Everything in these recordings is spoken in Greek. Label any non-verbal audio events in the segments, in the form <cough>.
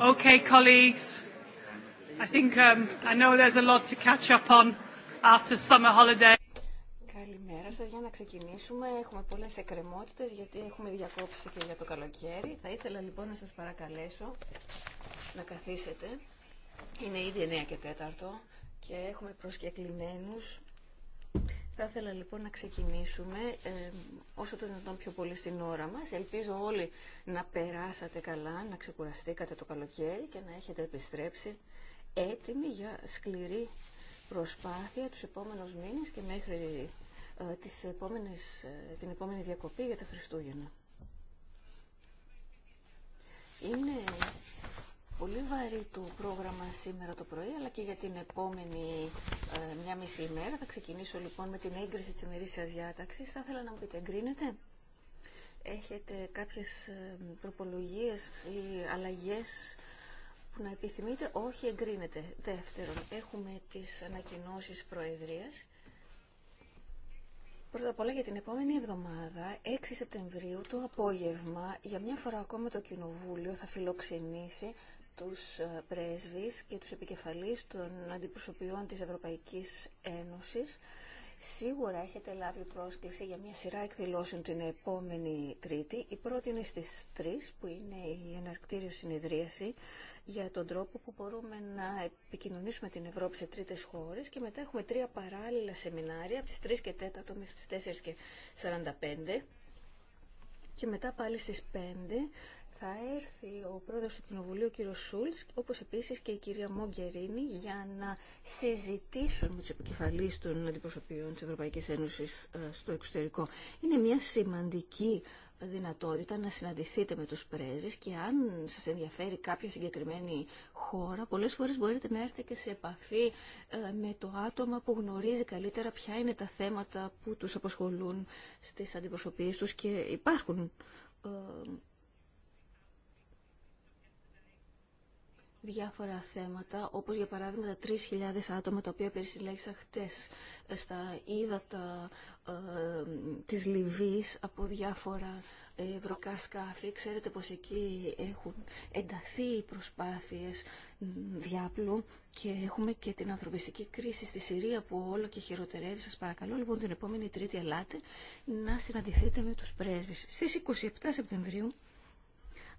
Okay, colleagues. I think um, I know there's a lot to catch up on after summer holiday. Καλημέρα σας. Για να ξεκινήσουμε, έχουμε πολλές εκκρεμότητες γιατί έχουμε διακόψει και για το καλοκαίρι. Θα ήθελα λοιπόν να σας παρακαλέσω να καθίσετε. Είναι ήδη 9 και 4 και έχουμε προσκεκλημένους θα ήθελα λοιπόν να ξεκινήσουμε όσο το δυνατόν πιο πολύ στην ώρα μας. Ελπίζω όλοι να περάσατε καλά, να ξεκουραστήκατε το καλοκαίρι και να έχετε επιστρέψει έτοιμοι για σκληρή προσπάθεια τους επόμενου μήνες και μέχρι ε, τις ε, την επόμενη διακοπή για τα Χριστούγεννα πολύ βαρύ το πρόγραμμα σήμερα το πρωί, αλλά και για την επόμενη ε, μια μισή ημέρα. Θα ξεκινήσω λοιπόν με την έγκριση της ημερήσιας διάταξης. Θα ήθελα να μου πείτε, εγκρίνετε. Έχετε κάποιες ε, ή αλλαγές που να επιθυμείτε. Όχι, εγκρίνετε. Δεύτερον, έχουμε τις ανακοινώσεις Προεδρίας. Πρώτα απ' όλα για την επόμενη εβδομάδα, 6 Σεπτεμβρίου το απόγευμα, για μια φορά ακόμα το Κοινοβούλιο θα φιλοξενήσει τους ε, πρέσβεις και τους επικεφαλείς των αντιπροσωπιών της Ευρωπαϊκής Ένωσης. Σίγουρα έχετε λάβει πρόσκληση για μια σειρά εκδηλώσεων την επόμενη Τρίτη. Η πρώτη είναι στις 3 που είναι η εναρκτήριο συνεδρίαση για τον τρόπο που μπορούμε να επικοινωνήσουμε την Ευρώπη σε τρίτες χώρες και μετά έχουμε τρία παράλληλα σεμινάρια από τις 3 και 4 μέχρι τις 4 και 45 και μετά πάλι στις 5 θα έρθει ο πρόεδρος του Κοινοβουλίου, ο κύριος Σούλς, όπως επίσης και η κυρία Μογκερίνη, για να συζητήσουν με τους επικεφαλείς των αντιπροσωπείων της Ευρωπαϊκής Ένωσης ε, στο εξωτερικό. Είναι μια σημαντική δυνατότητα να συναντηθείτε με τους πρέσβεις και αν σας ενδιαφέρει κάποια συγκεκριμένη χώρα, πολλές φορές μπορείτε να έρθετε και σε επαφή ε, με το άτομα που γνωρίζει καλύτερα ποια είναι τα θέματα που τους απασχολούν στις αντιπροσωπείς τους και υπάρχουν ε, διάφορα θέματα, όπως για παράδειγμα τα 3.000 άτομα τα οποία περισυλλέγησαν χτες στα ύδατα ε, της Λιβύης από διάφορα ευρωκά σκάφη. Ξέρετε πως εκεί έχουν ενταθεί οι προσπάθειες διάπλου και έχουμε και την ανθρωπιστική κρίση στη Συρία που όλο και χειροτερεύει. Σας παρακαλώ λοιπόν την επόμενη Τρίτη ελάτε να συναντηθείτε με τους πρέσβεις. Στις 27 Σεπτεμβρίου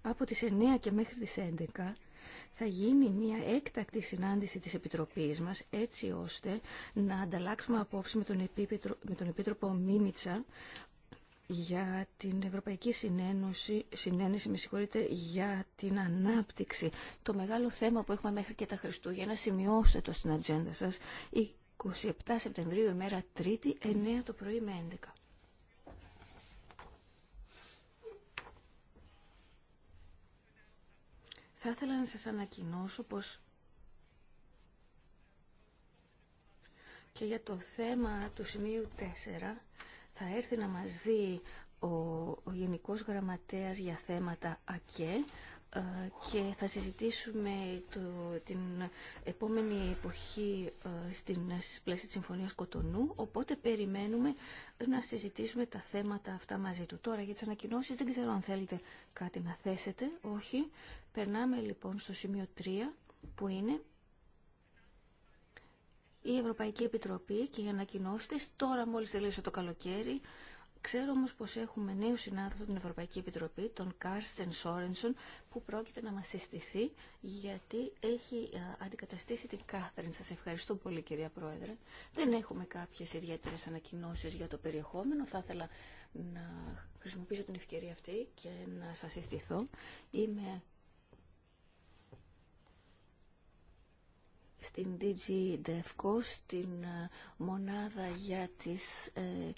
από τις 9 και μέχρι τις 11 θα γίνει μια έκτακτη συνάντηση της Επιτροπής μας έτσι ώστε να ανταλλάξουμε απόψη με τον, με τον Επίτροπο Μίμητσα για την Ευρωπαϊκή Συνένωση, Συνένεση με για την ανάπτυξη. Το μεγάλο θέμα που έχουμε μέχρι και τα Χριστούγεννα, σημειώστε το στην ατζέντα σας, 27 Σεπτεμβρίου, ημέρα Τρίτη, 9 το πρωί με 11. Θα ήθελα να σας ανακοινώσω πως και για το θέμα του σημείου 4 θα έρθει να μας δει ο, ο Γενικός Γραμματέας για θέματα ΑΚΕ ε, και θα συζητήσουμε το, την επόμενη εποχή ε, στην πλαίσια της Συμφωνίας Κοτονού, οπότε περιμένουμε να συζητήσουμε τα θέματα αυτά μαζί του. Τώρα για τις ανακοινώσεις δεν ξέρω αν θέλετε κάτι να θέσετε, όχι. Περνάμε λοιπόν στο σημείο 3 που είναι η Ευρωπαϊκή Επιτροπή και οι ανακοινώσει Τώρα μόλις τελείωσε το καλοκαίρι Ξέρω όμω πως έχουμε νέο συνάδελφο την Ευρωπαϊκή Επιτροπή, τον Κάρστεν Σόρενσον, που πρόκειται να μα συστηθεί γιατί έχει ε, αντικαταστήσει την Κάθριν. Σα ευχαριστώ πολύ κυρία Πρόεδρε. Δεν έχουμε κάποιες ιδιαίτερε ανακοινώσει για το περιεχόμενο. Θα ήθελα να χρησιμοποιήσω την ευκαιρία αυτή και να σας συστηθώ. Είμαι στην DG DEFCO, στην ε, μονάδα για τις ε,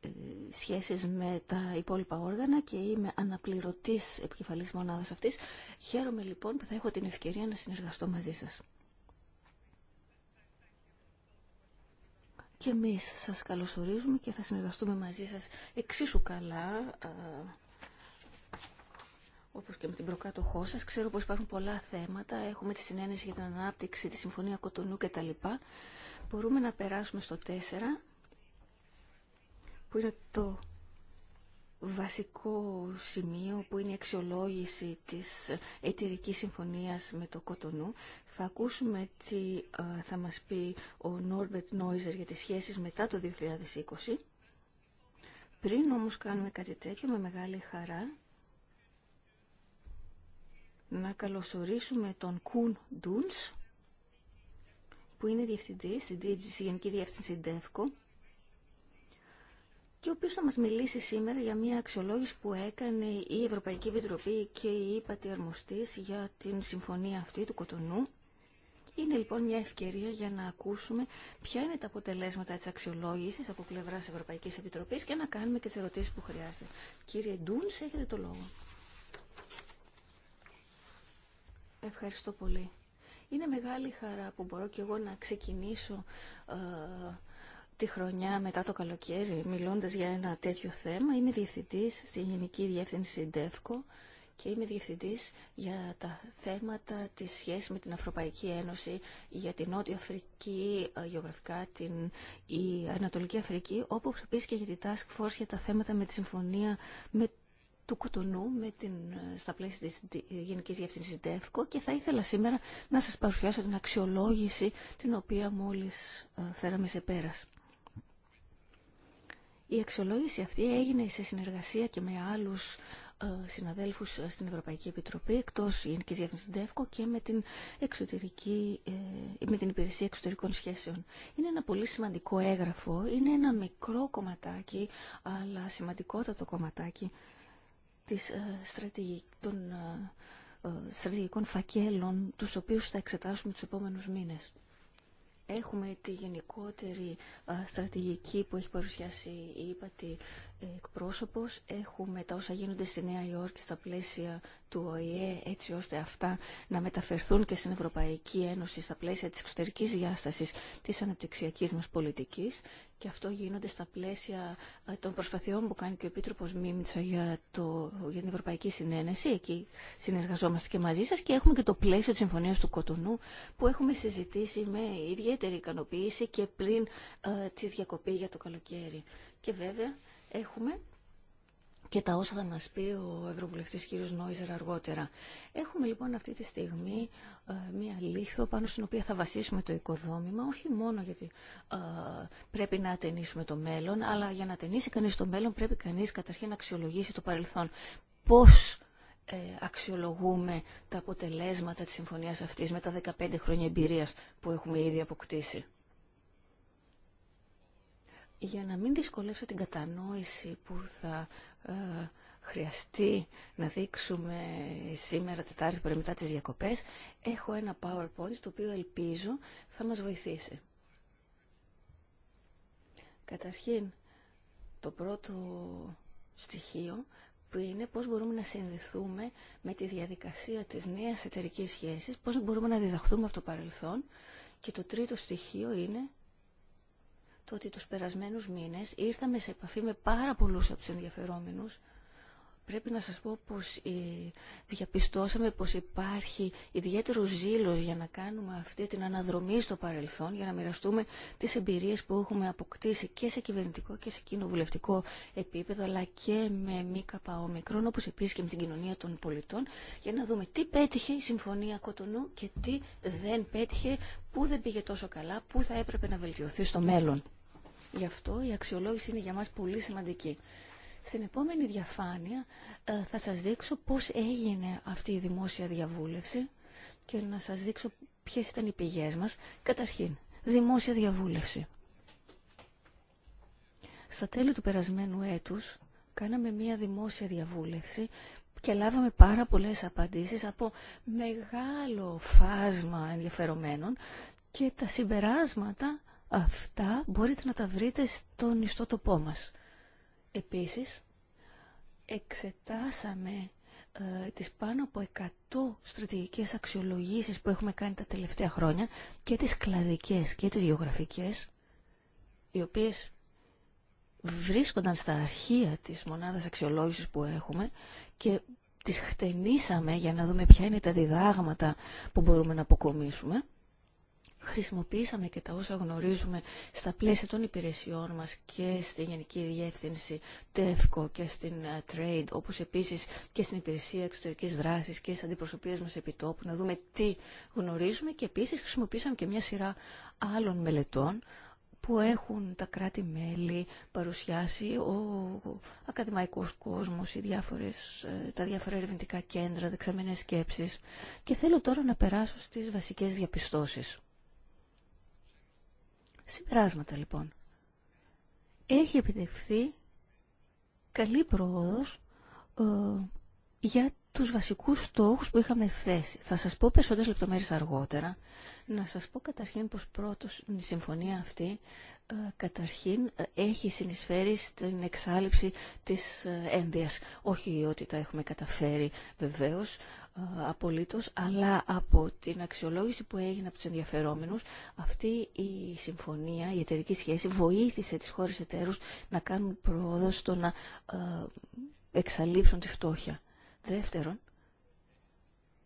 ε, σχέσεις με τα υπόλοιπα όργανα και είμαι αναπληρωτής επικεφαλής μονάδας αυτής. Χαίρομαι λοιπόν που θα έχω την ευκαιρία να συνεργαστώ μαζί σας. Και εμείς σας καλωσορίζουμε και θα συνεργαστούμε μαζί σας εξίσου καλά, όπως και με την προκάτοχό σας. Ξέρω πως υπάρχουν πολλά θέματα, έχουμε τη συνένεση για την ανάπτυξη, τη Συμφωνία Κοτονού κτλ. Μπορούμε να περάσουμε στο 4 που είναι το βασικό σημείο που είναι η αξιολόγηση της εταιρικής συμφωνίας με το Κοτονού. Θα ακούσουμε τι ε, θα μας πει ο Νόρμπετ Νόιζερ για τις σχέσεις μετά το 2020. Πριν όμως κάνουμε κάτι τέτοιο, με μεγάλη χαρά να καλωσορίσουμε τον Κουν Ντούνς, που είναι διευθυντής στην Γενική Διεύθυνση ΔΕΦΚΟ και ο οποίος θα μας μιλήσει σήμερα για μια αξιολόγηση που έκανε η Ευρωπαϊκή Επιτροπή και η ΥΠΑΤΗ Αρμοστής για την συμφωνία αυτή του Κοτονού. Είναι λοιπόν μια ευκαιρία για να ακούσουμε ποια είναι τα αποτελέσματα της αξιολόγησης από πλευράς Ευρωπαϊκής Επιτροπής και να κάνουμε και τις ερωτήσεις που χρειάζεται. Κύριε Ντούνς, έχετε το λόγο. Ευχαριστώ πολύ. Είναι μεγάλη χαρά που μπορώ και εγώ να ξεκινήσω ε, τη χρονιά μετά το καλοκαίρι, μιλώντας για ένα τέτοιο θέμα, είμαι διευθυντής στη Γενική Διεύθυνση ΔΕΦΚΟ και είμαι διευθυντής για τα θέματα της σχέσης με την Ευρωπαϊκή Ένωση, για την Νότια Αφρική, ε, γεωγραφικά την η Ανατολική Αφρική, όπου επίσης και για τη Task Force για τα θέματα με τη συμφωνία με του Κουτουνού με την, ε, στα πλαίσια της Γενικής Διευθυνσής ΔΕΦΚΟ και θα ήθελα σήμερα να σας παρουσιάσω την αξιολόγηση την οποία μόλις ε, φέραμε σε πέρας. Η αξιολόγηση αυτή έγινε σε συνεργασία και με άλλους ε, συναδέλφους ε, στην Ευρωπαϊκή Επιτροπή εκτός Γενικής Διεύθυνσης ΔΕΦΚΟ και με την, εξωτερική, ε, με την Υπηρεσία Εξωτερικών Σχέσεων. Είναι ένα πολύ σημαντικό έγγραφο, είναι ένα μικρό κομματάκι, αλλά σημαντικότατο κομματάκι της, των στρατηγικών φακέλων, τους οποίους θα εξετάσουμε τους επόμενους μήνες. Έχουμε τη γενικότερη στρατηγική που έχει παρουσιάσει η ΥΠΑΤΗ εκπρόσωπος. Έχουμε τα όσα γίνονται στη Νέα Υόρκη στα πλαίσια του ΟΗΕ έτσι ώστε αυτά να μεταφερθούν και στην Ευρωπαϊκή Ένωση στα πλαίσια της εξωτερικής διάστασης της αναπτυξιακής μας πολιτικής και αυτό γίνονται στα πλαίσια ε, των προσπαθειών που κάνει και ο επίτροπο Μίμητσα για, το, για την Ευρωπαϊκή Συνένεση. Εκεί συνεργαζόμαστε και μαζί σα, και έχουμε και το πλαίσιο τη Συμφωνία του Κοτονού που έχουμε συζητήσει με ιδιαίτερη ικανοποίηση και πλην ε, τη διακοπή για το καλοκαίρι. Και βέβαια Έχουμε και τα όσα θα μας πει ο Ευρωβουλευτής κ. Νόιζερ αργότερα. Έχουμε λοιπόν αυτή τη στιγμή ε, μία λίθο πάνω στην οποία θα βασίσουμε το οικοδόμημα, όχι μόνο γιατί ε, πρέπει να ατενίσουμε το μέλλον, αλλά για να ατενίσει κανείς το μέλλον πρέπει κανείς καταρχήν να αξιολογήσει το παρελθόν. Πώς ε, αξιολογούμε τα αποτελέσματα της συμφωνίας αυτής με τα 15 χρόνια εμπειρίας που έχουμε ήδη αποκτήσει για να μην δυσκολεύσω την κατανόηση που θα ε, χρειαστεί να δείξουμε σήμερα Τετάρτη πριν μετά τις διακοπές, έχω ένα PowerPoint το οποίο ελπίζω θα μας βοηθήσει. Καταρχήν, το πρώτο στοιχείο που είναι πώς μπορούμε να συνδεθούμε με τη διαδικασία της νέας εταιρικής σχέσης, πώς μπορούμε να διδαχθούμε από το παρελθόν και το τρίτο στοιχείο είναι το ότι τους περασμένους μήνες ήρθαμε σε επαφή με πάρα πολλούς από τους ενδιαφερόμενους. Πρέπει να σας πω πως διαπιστώσαμε πως υπάρχει ιδιαίτερο ζήλος για να κάνουμε αυτή την αναδρομή στο παρελθόν, για να μοιραστούμε τις εμπειρίες που έχουμε αποκτήσει και σε κυβερνητικό και σε κοινοβουλευτικό επίπεδο, αλλά και με μη καπαό όπω όπως επίσης και με την κοινωνία των πολιτών, για να δούμε τι πέτυχε η Συμφωνία Κοτονού και τι δεν πέτυχε, πού δεν πήγε τόσο καλά, πού θα έπρεπε να βελτιωθεί στο μέλλον. Γι' αυτό η αξιολόγηση είναι για μας πολύ σημαντική. Στην επόμενη διαφάνεια ε, θα σας δείξω πώς έγινε αυτή η δημόσια διαβούλευση και να σας δείξω ποιες ήταν οι πηγές μας. Καταρχήν, δημόσια διαβούλευση. Στα τέλη του περασμένου έτους κάναμε μία δημόσια διαβούλευση και λάβαμε πάρα πολλές απαντήσεις από μεγάλο φάσμα ενδιαφερομένων και τα συμπεράσματα Αυτά μπορείτε να τα βρείτε στον ιστότοπό μας. Επίσης, εξετάσαμε ε, τις πάνω από 100 στρατηγικές αξιολογήσεις που έχουμε κάνει τα τελευταία χρόνια και τις κλαδικές και τις γεωγραφικές, οι οποίες βρίσκονταν στα αρχεία της μονάδας αξιολόγησης που έχουμε και τις χτενίσαμε για να δούμε ποια είναι τα διδάγματα που μπορούμε να αποκομίσουμε χρησιμοποίησαμε και τα όσα γνωρίζουμε στα πλαίσια των υπηρεσιών μας και στη Γενική Διεύθυνση ΤΕΦΚΟ και στην ε, Trade, όπως επίσης και στην Υπηρεσία Εξωτερικής Δράσης και στις αντιπροσωπείες μας επιτόπου, να δούμε τι γνωρίζουμε και επίσης χρησιμοποίησαμε και μια σειρά άλλων μελετών που έχουν τα κράτη-μέλη παρουσιάσει, ο ακαδημαϊκός κόσμος, οι ε, τα διάφορα ερευνητικά κέντρα, δεξαμενές σκέψεις. Και θέλω τώρα να περάσω στις βασικές διαπιστώσεις. Συμπεράσματα λοιπόν. Έχει επιτευχθεί καλή πρόοδος ε, για τους βασικούς στόχους που είχαμε θέσει. Θα σας πω περισσότερες λεπτομέρειες αργότερα. Να σας πω καταρχήν πως πρώτος η συμφωνία αυτή ε, καταρχήν ε, έχει συνεισφέρει στην εξάλληψη της ένδυας. Όχι ότι τα έχουμε καταφέρει βεβαίως, απολύτως, αλλά από την αξιολόγηση που έγινε από τους ενδιαφερόμενους, αυτή η συμφωνία, η εταιρική σχέση βοήθησε τις χώρες εταίρους να κάνουν πρόοδο στο να ε, εξαλείψουν τη φτώχεια. Δεύτερον,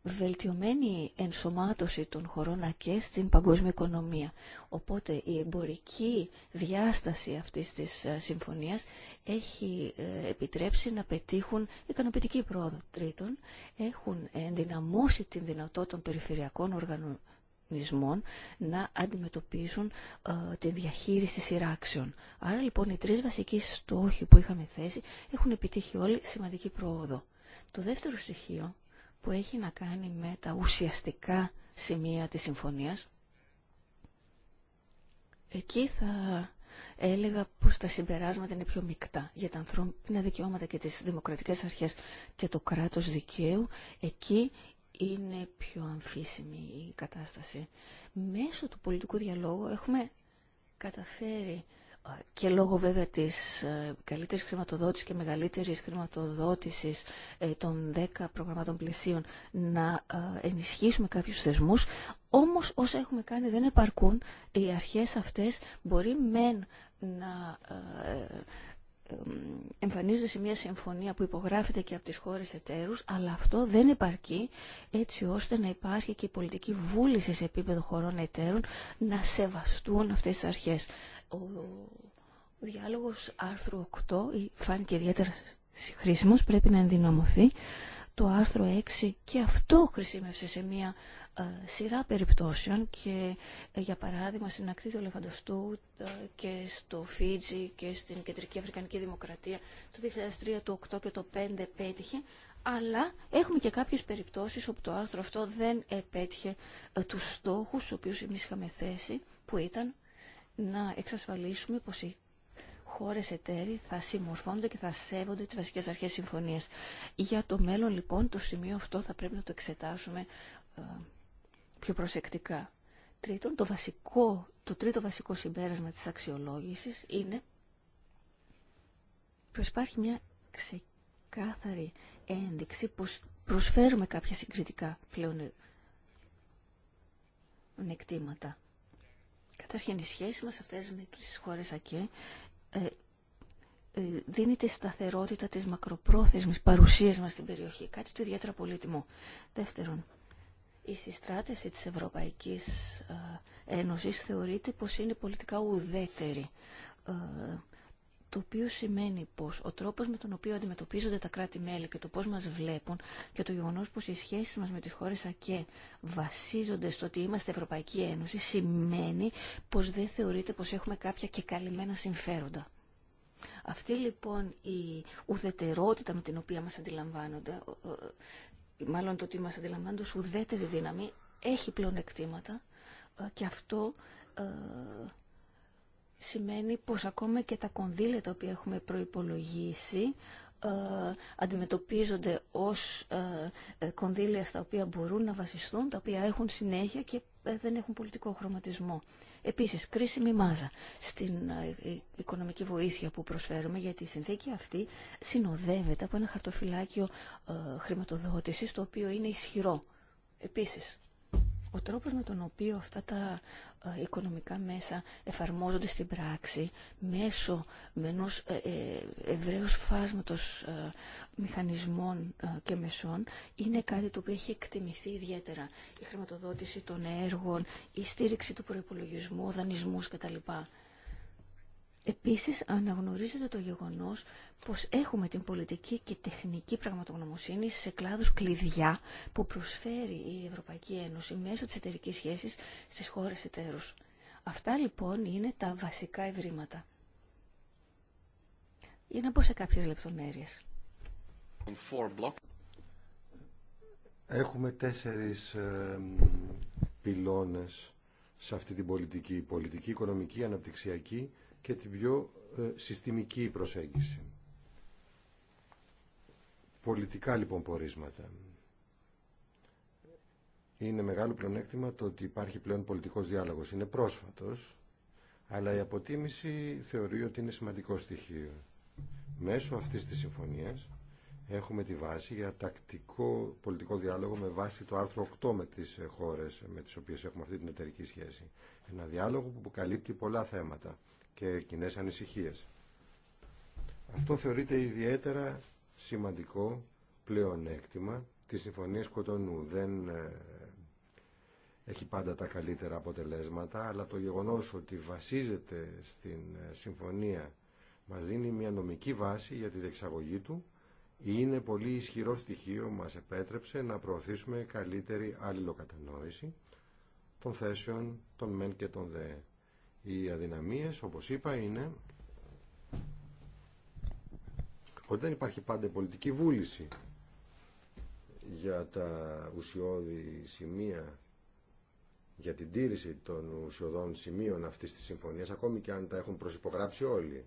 βελτιωμένη ενσωμάτωση των χωρών ακές στην παγκόσμια οικονομία. Οπότε η εμπορική διάσταση αυτής της ε, συμφωνίας έχει ε, επιτρέψει να πετύχουν ικανοποιητική πρόοδο. Τρίτον, έχουν ενδυναμώσει την δυνατότητα των περιφερειακών οργανισμών να αντιμετωπίσουν ε, τη διαχείριση σειράξεων. Άρα λοιπόν οι τρεις βασικοί στόχοι που είχαμε θέσει έχουν επιτύχει όλοι σημαντική πρόοδο. Το δεύτερο στοιχείο που έχει να κάνει με τα ουσιαστικά σημεία της συμφωνίας. Εκεί θα έλεγα πως τα συμπεράσματα είναι πιο μεικτά για τα ανθρώπινα δικαιώματα και τις δημοκρατικές αρχές και το κράτος δικαίου. Εκεί είναι πιο αμφίσιμη η κατάσταση. Μέσω του πολιτικού διαλόγου έχουμε καταφέρει και λόγω βέβαια της ε, καλύτερης χρηματοδότησης και μεγαλύτερης χρηματοδότησης ε, των 10 προγραμμάτων πλησίων να ε, ενισχύσουμε κάποιους θεσμούς, όμως όσα έχουμε κάνει δεν επαρκούν. Οι αρχές αυτές μπορεί μεν να εμφανίζονται σε μια συμφωνία που υπογράφεται και από τις χώρες εταίρους, αλλά αυτό δεν επαρκεί έτσι ώστε να υπάρχει και η πολιτική βούληση σε επίπεδο χωρών εταίρων να σεβαστούν αυτές τις αρχές. Ο διάλογος άρθρου 8 φάνηκε ιδιαίτερα χρήσιμος, πρέπει να ενδυναμωθεί. Το άρθρο 6 και αυτό χρησιμεύσε σε μια ε, σειρά περιπτώσεων και ε, για παράδειγμα στην ακτή του Λεφαντοστού ε, και στο Φίτζι και στην Κεντρική Αφρικανική Δημοκρατία το 2003, το 8 και το 5 πέτυχε αλλά έχουμε και κάποιες περιπτώσεις όπου το άρθρο αυτό δεν επέτυχε τους στόχους στους οποίους εμείς είχαμε θέσει που ήταν να εξασφαλίσουμε πως οι χώρες εταίροι θα συμμορφώνονται και θα σέβονται τις βασικές αρχές συμφωνίας. Για το μέλλον λοιπόν το σημείο αυτό θα πρέπει να το εξετάσουμε πιο προσεκτικά. Τρίτον, το, βασικό, το τρίτο βασικό συμπέρασμα της αξιολόγησης είναι πως υπάρχει μια ξεκάθαρη ένδειξη πως προσφέρουμε κάποια συγκριτικά πλεονεκτήματα. Καταρχήν η σχέση μας αυτές με τις χώρες ΑΚΕ ε, ε, δίνεται δίνει τη σταθερότητα της μακροπρόθεσμης παρουσίας μας στην περιοχή. Κάτι το ιδιαίτερα πολύτιμο. Δεύτερον, η συστράτευση της Ευρωπαϊκής ε, Ένωσης θεωρείται πως είναι πολιτικά ουδέτερη. Ε, το οποίο σημαίνει πως ο τρόπος με τον οποίο αντιμετωπίζονται τα κράτη-μέλη και το πώς μας βλέπουν και το γεγονός πως οι σχέσεις μας με τις χώρες ΑΚΕ βασίζονται στο ότι είμαστε Ευρωπαϊκή Ένωση σημαίνει πως δεν θεωρείται πως έχουμε κάποια και καλυμμένα συμφέροντα. Αυτή λοιπόν η ουδετερότητα με την οποία μας αντιλαμβάνονται ε, μάλλον το ότι μας αντιλαμβάνονται ως ουδέτερη δύναμη, έχει πλέον ε, και αυτό ε, σημαίνει πως ακόμα και τα κονδύλια τα οποία έχουμε προϋπολογίσει ε, αντιμετωπίζονται ως κονδύλια στα οποία μπορούν να βασιστούν, τα οποία έχουν συνέχεια και ε, δεν έχουν πολιτικό χρωματισμό. Επίσης, κρίσιμη μάζα στην ε, ε, οικονομική βοήθεια που προσφέρουμε, γιατί η συνθήκη αυτή συνοδεύεται από ένα χαρτοφυλάκιο χρηματοδότησης, το οποίο είναι ισχυρό. Επίσης, ο τρόπος με τον οποίο αυτά τα ε, οικονομικά μέσα εφαρμόζονται στην πράξη μέσω με ενό φάσματος φάσματο ε, μηχανισμών ε, και μεσών είναι κάτι το οποίο έχει εκτιμηθεί ιδιαίτερα. Η χρηματοδότηση των έργων, η στήριξη του προπολογισμού, δανεισμός κτλ. Επίσης αναγνωρίζεται το γεγονός πως έχουμε την πολιτική και τεχνική πραγματογνωμοσύνη σε κλάδους κλειδιά που προσφέρει η Ευρωπαϊκή Ένωση μέσω της εταιρικής σχέσης στις χώρες εταίρους. Αυτά λοιπόν είναι τα βασικά ευρήματα. Για να πω σε κάποιες λεπτομέρειες. Έχουμε τέσσερις ε, πυλώνες σε αυτή την πολιτική. Πολιτική, οικονομική, αναπτυξιακή και την πιο ε, συστημική προσέγγιση. Πολιτικά λοιπόν πορίσματα. Είναι μεγάλο πλεονέκτημα το ότι υπάρχει πλέον πολιτικός διάλογος. Είναι πρόσφατος, αλλά η αποτίμηση θεωρεί ότι είναι σημαντικό στοιχείο. Μέσω αυτής της συμφωνίας έχουμε τη βάση για τακτικό πολιτικό διάλογο με βάση το άρθρο 8 με τις χώρες με τις οποίες έχουμε αυτή την εταιρική σχέση. Ένα διάλογο που καλύπτει πολλά θέματα και κοινέ ανησυχίες. Αυτό θεωρείται ιδιαίτερα σημαντικό πλεονέκτημα της Συμφωνίας Κοτονού. Δεν ε, έχει πάντα τα καλύτερα αποτελέσματα, αλλά το γεγονός ότι βασίζεται στην ε, Συμφωνία μας δίνει μια νομική βάση για τη διεξαγωγή του είναι πολύ ισχυρό στοιχείο μας επέτρεψε να προωθήσουμε καλύτερη αλληλοκατανόηση των θέσεων των μεν και των δε. Οι αδυναμίες, όπως είπα, είναι ότι δεν υπάρχει πάντα πολιτική βούληση για τα ουσιώδη σημεία για την τήρηση των ουσιωδών σημείων αυτής της συμφωνίας ακόμη και αν τα έχουν προσυπογράψει όλοι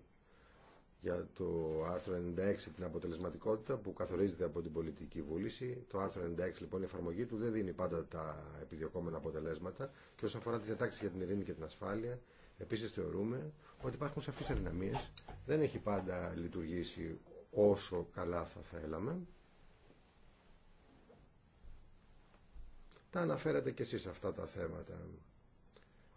για το άρθρο 96 την αποτελεσματικότητα που καθορίζεται από την πολιτική βούληση. Το άρθρο 96 λοιπόν η εφαρμογή του δεν δίνει πάντα τα επιδιωκόμενα αποτελέσματα και όσον αφορά τις διατάξεις για την ειρήνη και την ασφάλεια Επίσης θεωρούμε ότι υπάρχουν σαφείς αδυναμίες. Δεν έχει πάντα λειτουργήσει όσο καλά θα θέλαμε. Τα αναφέρατε και εσείς αυτά τα θέματα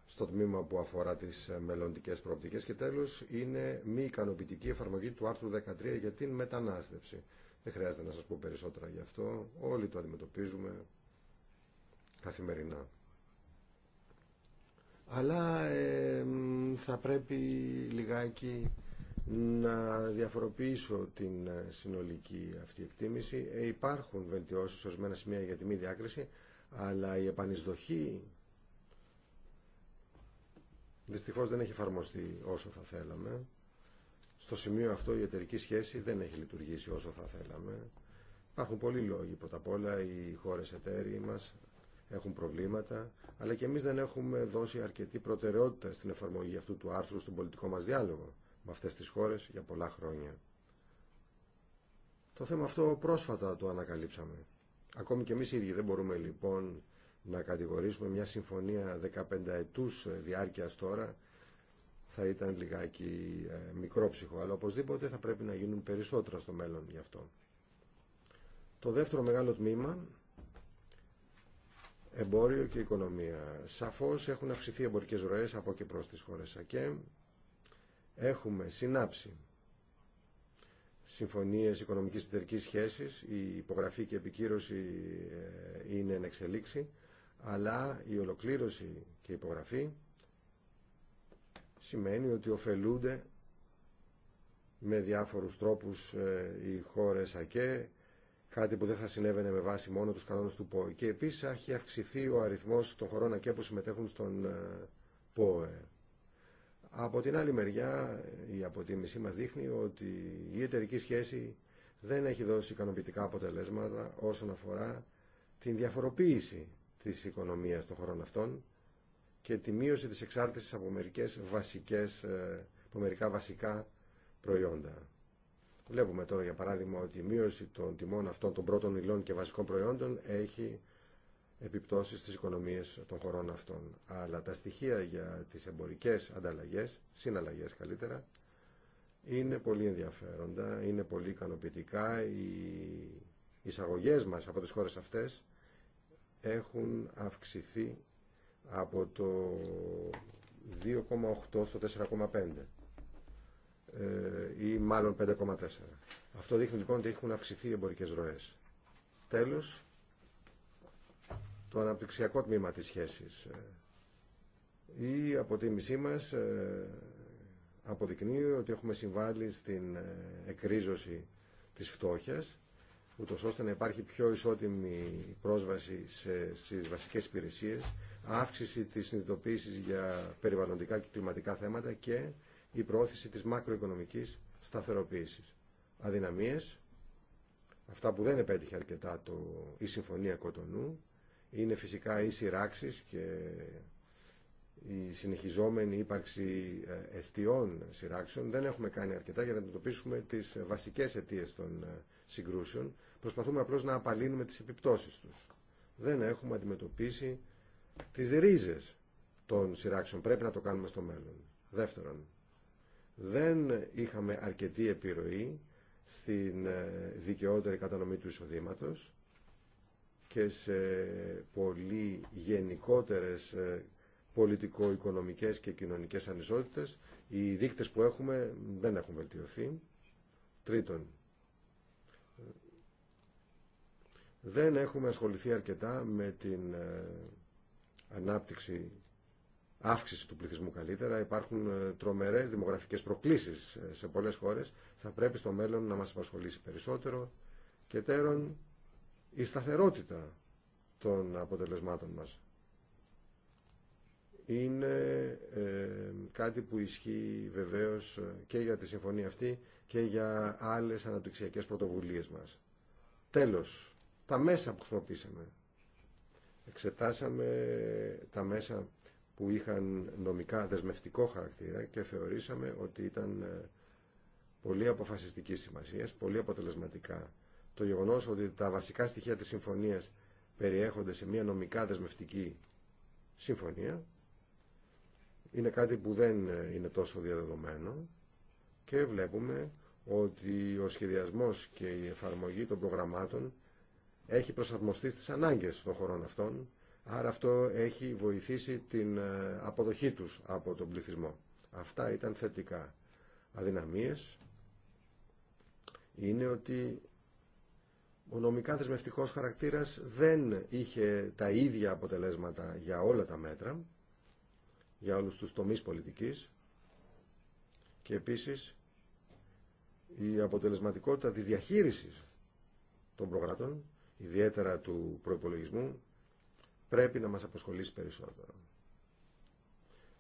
στο τμήμα που αφορά τις μελλοντικέ προοπτικές και τέλος είναι μη ικανοποιητική εφαρμογή του άρθρου 13 για την μετανάστευση. Δεν χρειάζεται να σας πω περισσότερα γι' αυτό. Όλοι το αντιμετωπίζουμε καθημερινά αλλά θα πρέπει λιγάκι να διαφοροποιήσω την ε, συνολική αυτή εκτίμηση. Ε, υπάρχουν βελτιώσεις ορισμένα σημεία για τη μη διάκριση, αλλά η επανεισδοχή δυστυχώς δεν έχει εφαρμοστεί όσο θα θέλαμε. Στο σημείο αυτό η εταιρική σχέση δεν έχει λειτουργήσει όσο θα θέλαμε. Υπάρχουν πολλοί λόγοι. Πρώτα απ' όλα οι χώρες εταίροι μας έχουν προβλήματα, αλλά και εμείς δεν έχουμε δώσει αρκετή προτεραιότητα στην εφαρμογή αυτού του άρθρου στον πολιτικό μας διάλογο με αυτές τις χώρες για πολλά χρόνια. Το θέμα αυτό πρόσφατα το ανακαλύψαμε. Ακόμη και εμείς οι ίδιοι δεν μπορούμε λοιπόν να κατηγορήσουμε μια συμφωνία 15 ετούς διάρκειας τώρα θα ήταν λιγάκι ε, μικρόψυχο, αλλά οπωσδήποτε θα πρέπει να γίνουν περισσότερα στο μέλλον γι' αυτό. Το δεύτερο μεγάλο τμήμα Εμπόριο και οικονομία. Σαφώς έχουν αυξηθεί εμπορικές ροές από και προς τις χώρες ΑΚΕ. Έχουμε συνάψει συμφωνίες οικονομικής εταιρικής σχέσης. Η υπογραφή και επικύρωση ε, είναι εν εξελίξη. Αλλά η ολοκλήρωση και η υπογραφή σημαίνει ότι ωφελούνται με διάφορους τρόπους ε, οι χώρες ΑΚΕ κάτι που δεν θα συνέβαινε με βάση μόνο τους κανόνες του ΠΟΕ. Και επίσης έχει αυξηθεί ο αριθμός των χωρών ΑΚΕ που συμμετέχουν στον ε, ΠΟΕ. Από την άλλη μεριά, η αποτίμησή μας δείχνει ότι η εταιρική σχέση δεν έχει δώσει ικανοποιητικά αποτελέσματα όσον αφορά την διαφοροποίηση της οικονομίας των χωρών αυτών και τη μείωση της εξάρτησης από, βασικές, ε, από μερικά βασικά προϊόντα. Βλέπουμε τώρα για παράδειγμα ότι η μείωση των τιμών αυτών των πρώτων υλών και βασικών προϊόντων έχει επιπτώσεις στις οικονομίες των χωρών αυτών. Αλλά τα στοιχεία για τις εμπορικές ανταλλαγές, συναλλαγές καλύτερα, είναι πολύ ενδιαφέροντα, είναι πολύ ικανοποιητικά. Οι εισαγωγές μας από τις χώρες αυτές έχουν αυξηθεί από το 2,8 στο 4,5. Ε, ή μάλλον 5,4. Αυτό δείχνει λοιπόν ότι έχουν αυξηθεί οι εμπορικές ροές. Τέλος, το αναπτυξιακό τμήμα της σχέσης. Ε, η αποτίμησή μας ε, αποδεικνύει ότι έχουμε συμβάλει στην εκρίζωση της φτώχειας, ούτως της φτωχειας ουτω ωστε να υπάρχει πιο ισότιμη πρόσβαση σε, στις βασικές υπηρεσίες, αύξηση της συνειδητοποίησης για περιβαλλοντικά και κλιματικά θέματα και η προώθηση της μακροοικονομικής σταθεροποίησης. Αδυναμίες, αυτά που δεν επέτυχε αρκετά το, η Συμφωνία Κοτονού, είναι φυσικά οι σειράξει και η συνεχιζόμενη ύπαρξη ε, εστιών σειράξεων. Δεν έχουμε κάνει αρκετά για να αντιμετωπίσουμε τις βασικές αιτίες των ε, συγκρούσεων. Προσπαθούμε απλώς να απαλύνουμε τις επιπτώσεις τους. Δεν έχουμε αντιμετωπίσει τις ρίζες των σειράξεων. Πρέπει να το κάνουμε στο μέλλον. Δεύτερον, δεν είχαμε αρκετή επιρροή στην ε, δικαιότερη κατανομή του εισοδήματο και σε πολύ γενικότερες ε, πολιτικο-οικονομικές και κοινωνικές ανισότητες οι δείκτες που έχουμε δεν έχουν βελτιωθεί. Τρίτον, δεν έχουμε ασχοληθεί αρκετά με την ε, ανάπτυξη αύξηση του πληθυσμού καλύτερα. Υπάρχουν ε, τρομερές δημογραφικές προκλήσεις ε, σε πολλές χώρες. Θα πρέπει στο μέλλον να μας απασχολήσει περισσότερο. Και τέρον, η σταθερότητα των αποτελεσμάτων μας. Είναι ε, κάτι που ισχύει βεβαίως και για τη συμφωνία αυτή και για άλλες αναπτυξιακές πρωτοβουλίες μας. Τέλος, τα μέσα που χρησιμοποίησαμε. Εξετάσαμε τα μέσα που είχαν νομικά δεσμευτικό χαρακτήρα και θεωρήσαμε ότι ήταν ε, πολύ αποφασιστική σημασία, πολύ αποτελεσματικά. Το γεγονός ότι τα βασικά στοιχεία της συμφωνίας περιέχονται σε μια νομικά δεσμευτική συμφωνία είναι κάτι που δεν ε, είναι τόσο διαδεδομένο και βλέπουμε ότι ο σχεδιασμός και η εφαρμογή των προγραμμάτων έχει προσαρμοστεί στις ανάγκες των χωρών αυτών Άρα αυτό έχει βοηθήσει την ε, αποδοχή τους από τον πληθυσμό. Αυτά ήταν θετικά. Αδυναμίες είναι ότι ο νομικά δεσμευτικός χαρακτήρας δεν είχε τα ίδια αποτελέσματα για όλα τα μέτρα, για όλους τους τομείς πολιτικής και επίσης η αποτελεσματικότητα της διαχείρισης των προγράτων, ιδιαίτερα του προϋπολογισμού, πρέπει να μας αποσχολήσει περισσότερο.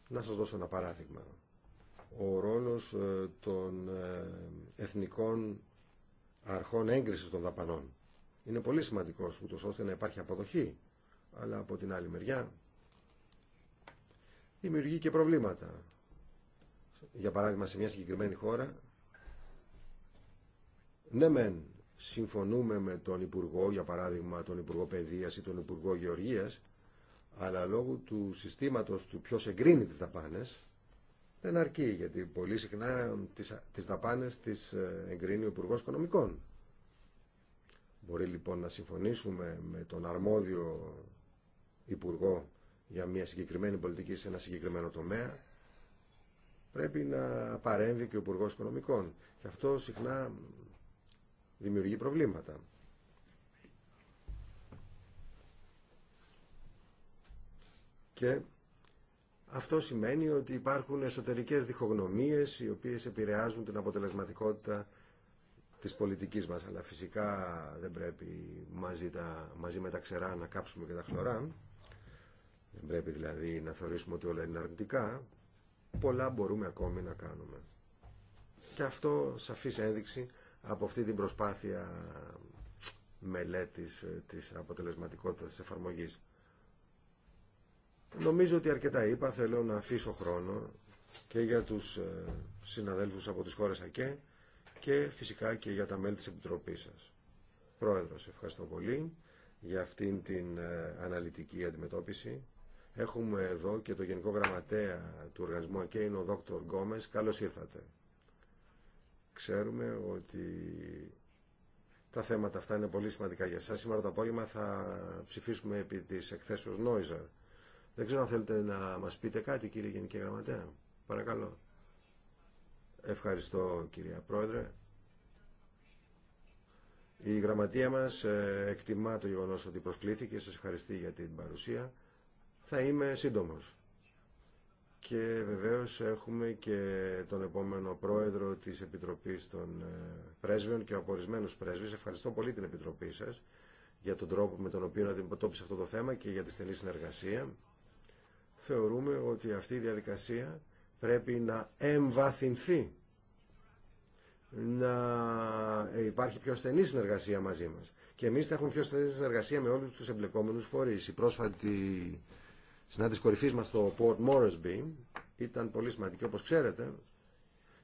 Να σας δώσω ένα παράδειγμα. Ο ρόλος ε, των ε, εθνικών αρχών έγκρισης των δαπανών είναι πολύ σημαντικός, ούτως ώστε να υπάρχει αποδοχή, αλλά από την άλλη μεριά δημιουργεί και προβλήματα. Για παράδειγμα, σε μια συγκεκριμένη χώρα, ναι μεν συμφωνούμε με τον Υπουργό, για παράδειγμα τον Υπουργό Παιδείας ή τον Υπουργό Γεωργίας, αλλά λόγω του συστήματος του ποιος εγκρίνει τις δαπάνες, δεν αρκεί, γιατί πολύ συχνά τις, τις δαπάνες τις ε, εγκρίνει ο Υπουργός Οικονομικών. Μπορεί λοιπόν να συμφωνήσουμε με τον αρμόδιο Υπουργό για μια συγκεκριμένη πολιτική σε ένα συγκεκριμένο τομέα, πρέπει να παρέμβει και ο Υπουργό Οικονομικών. Και αυτό συχνά δημιουργεί προβλήματα. Και αυτό σημαίνει ότι υπάρχουν εσωτερικές διχογνωμίες οι οποίες επηρεάζουν την αποτελεσματικότητα της πολιτικής μας. Αλλά φυσικά δεν πρέπει μαζί, τα, μαζί με τα ξερά να κάψουμε και τα χλωρά. Δεν πρέπει δηλαδή να θεωρήσουμε ότι όλα είναι αρνητικά. Πολλά μπορούμε ακόμη να κάνουμε. Και αυτό σαφής ένδειξη από αυτή την προσπάθεια μελέτης ε, της αποτελεσματικότητας της εφαρμογής. Νομίζω ότι αρκετά είπα, θέλω να αφήσω χρόνο και για τους ε, συναδέλφους από τις χώρες ΑΚΕ και φυσικά και για τα μέλη της Επιτροπής σας. Πρόεδρος, ευχαριστώ πολύ για αυτήν την ε, αναλυτική αντιμετώπιση. Έχουμε εδώ και το Γενικό Γραμματέα του Οργανισμού ΑΚΕ, είναι ο Δόκτωρ Γκόμες. Καλώς ήρθατε. Ξέρουμε ότι τα θέματα αυτά είναι πολύ σημαντικά για σας. Σήμερα το απόγευμα θα ψηφίσουμε επί της εκθέσεως Νόιζερ. Δεν ξέρω αν θέλετε να μας πείτε κάτι κύριε Γενική Γραμματέα. Παρακαλώ. Ευχαριστώ κυρία Πρόεδρε. Η γραμματεία μας ε, εκτιμά το γεγονός ότι προσκλήθηκε. Σας ευχαριστεί για την παρουσία. Θα είμαι σύντομος. Και βεβαίως έχουμε και τον επόμενο πρόεδρο της Επιτροπής των ε, Πρέσβεων και απορισμένους πρέσβεις. Ευχαριστώ πολύ την Επιτροπή σας για τον τρόπο με τον οποίο αντιμετώπισε αυτό το θέμα και για τη στενή συνεργασία. Θεωρούμε ότι αυτή η διαδικασία πρέπει να εμβαθυνθεί, να υπάρχει πιο στενή συνεργασία μαζί μας. Και εμείς θα έχουμε πιο στενή συνεργασία με όλους τους εμπλεκόμενους φορείς. Η πρόσφατη συνάντηση κορυφής μα στο Port Moresby ήταν πολύ σημαντική. Όπως ξέρετε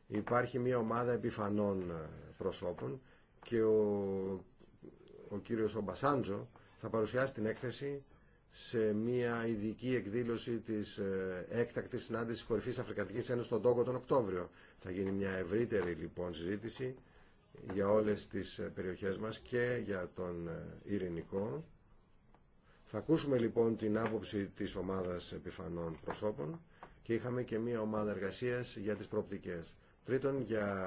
υπάρχει μια ομάδα επιφανών ε, προσώπων και ο, ο κύριος Ομπασάντζο θα παρουσιάσει την έκθεση σε μια ειδική εκδήλωση της ε, έκτακτη συνάντηση κορυφής Αφρικανικής Ένωση στον Τόγκο τον Οκτώβριο. Θα γίνει μια ευρύτερη λοιπόν συζήτηση για όλες τις ε, περιοχές μας και για τον ειρηνικό θα ακούσουμε λοιπόν την άποψη της ομάδας επιφανών προσώπων και είχαμε και μία ομάδα εργασίας για τις προοπτικές. Τρίτον, για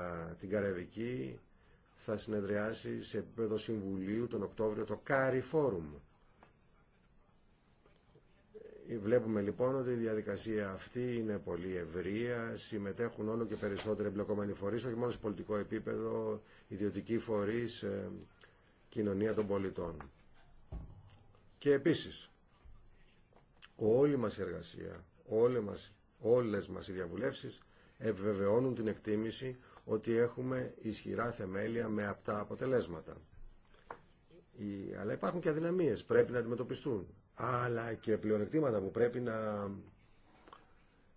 την Καραϊβική θα συνεδριάσει σε επίπεδο Συμβουλίου τον Οκτώβριο το Κάρι Φόρουμ. Βλέπουμε λοιπόν ότι η διαδικασία αυτή είναι πολύ ευρεία, συμμετέχουν όλο και περισσότεροι εμπλεκόμενοι φορείς, όχι μόνο σε πολιτικό επίπεδο, ιδιωτικοί φορείς, ε, κοινωνία των πολιτών. Και επίσης, όλη μας η εργασία, όλη μας, όλες μας οι διαβουλεύσεις επιβεβαιώνουν την εκτίμηση ότι έχουμε ισχυρά θεμέλια με αυτά αποτελέσματα. Αλλά υπάρχουν και αδυναμίες, πρέπει να αντιμετωπιστούν. Αλλά και πλεονεκτήματα που πρέπει να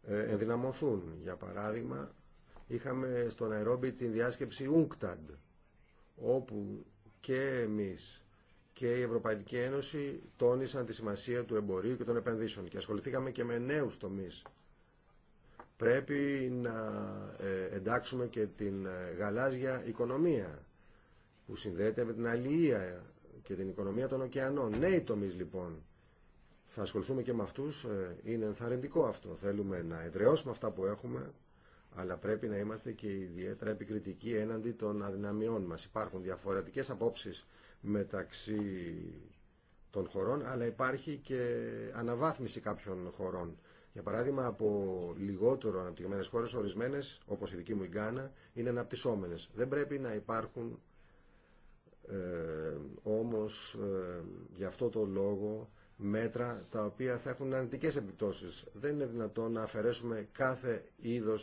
ε, ενδυναμωθούν. Για παράδειγμα, είχαμε στον Αερόμπι την διάσκεψη UNCTAD, όπου και εμείς και η Ευρωπαϊκή Ένωση τόνισαν τη σημασία του εμπορίου και των επενδύσεων και ασχοληθήκαμε και με νέους τομείς. Πρέπει να ε, εντάξουμε και την ε, γαλάζια οικονομία που συνδέεται με την αλληλεία και την οικονομία των ωκεανών. Νέοι τομείς λοιπόν. Θα ασχοληθούμε και με αυτούς. Ε, είναι ενθαρρυντικό αυτό. Θέλουμε να εδραιώσουμε αυτά που έχουμε αλλά πρέπει να είμαστε και ιδιαίτερα επικριτικοί έναντι των αδυναμιών μας. Υπάρχουν διαφορετικές απόψεις μεταξύ των χωρών, αλλά υπάρχει και αναβάθμιση κάποιων χωρών. Για παράδειγμα, από λιγότερο αναπτυγμένε χώρες, ορισμένες, όπως η δική μου η Γκάνα, είναι αναπτυσσόμενες. Δεν πρέπει να υπάρχουν ε, όμως ε, γι' αυτό το λόγο μέτρα τα οποία θα έχουν αρνητικέ επιπτώσει. Δεν είναι δυνατόν να αφαιρέσουμε κάθε είδο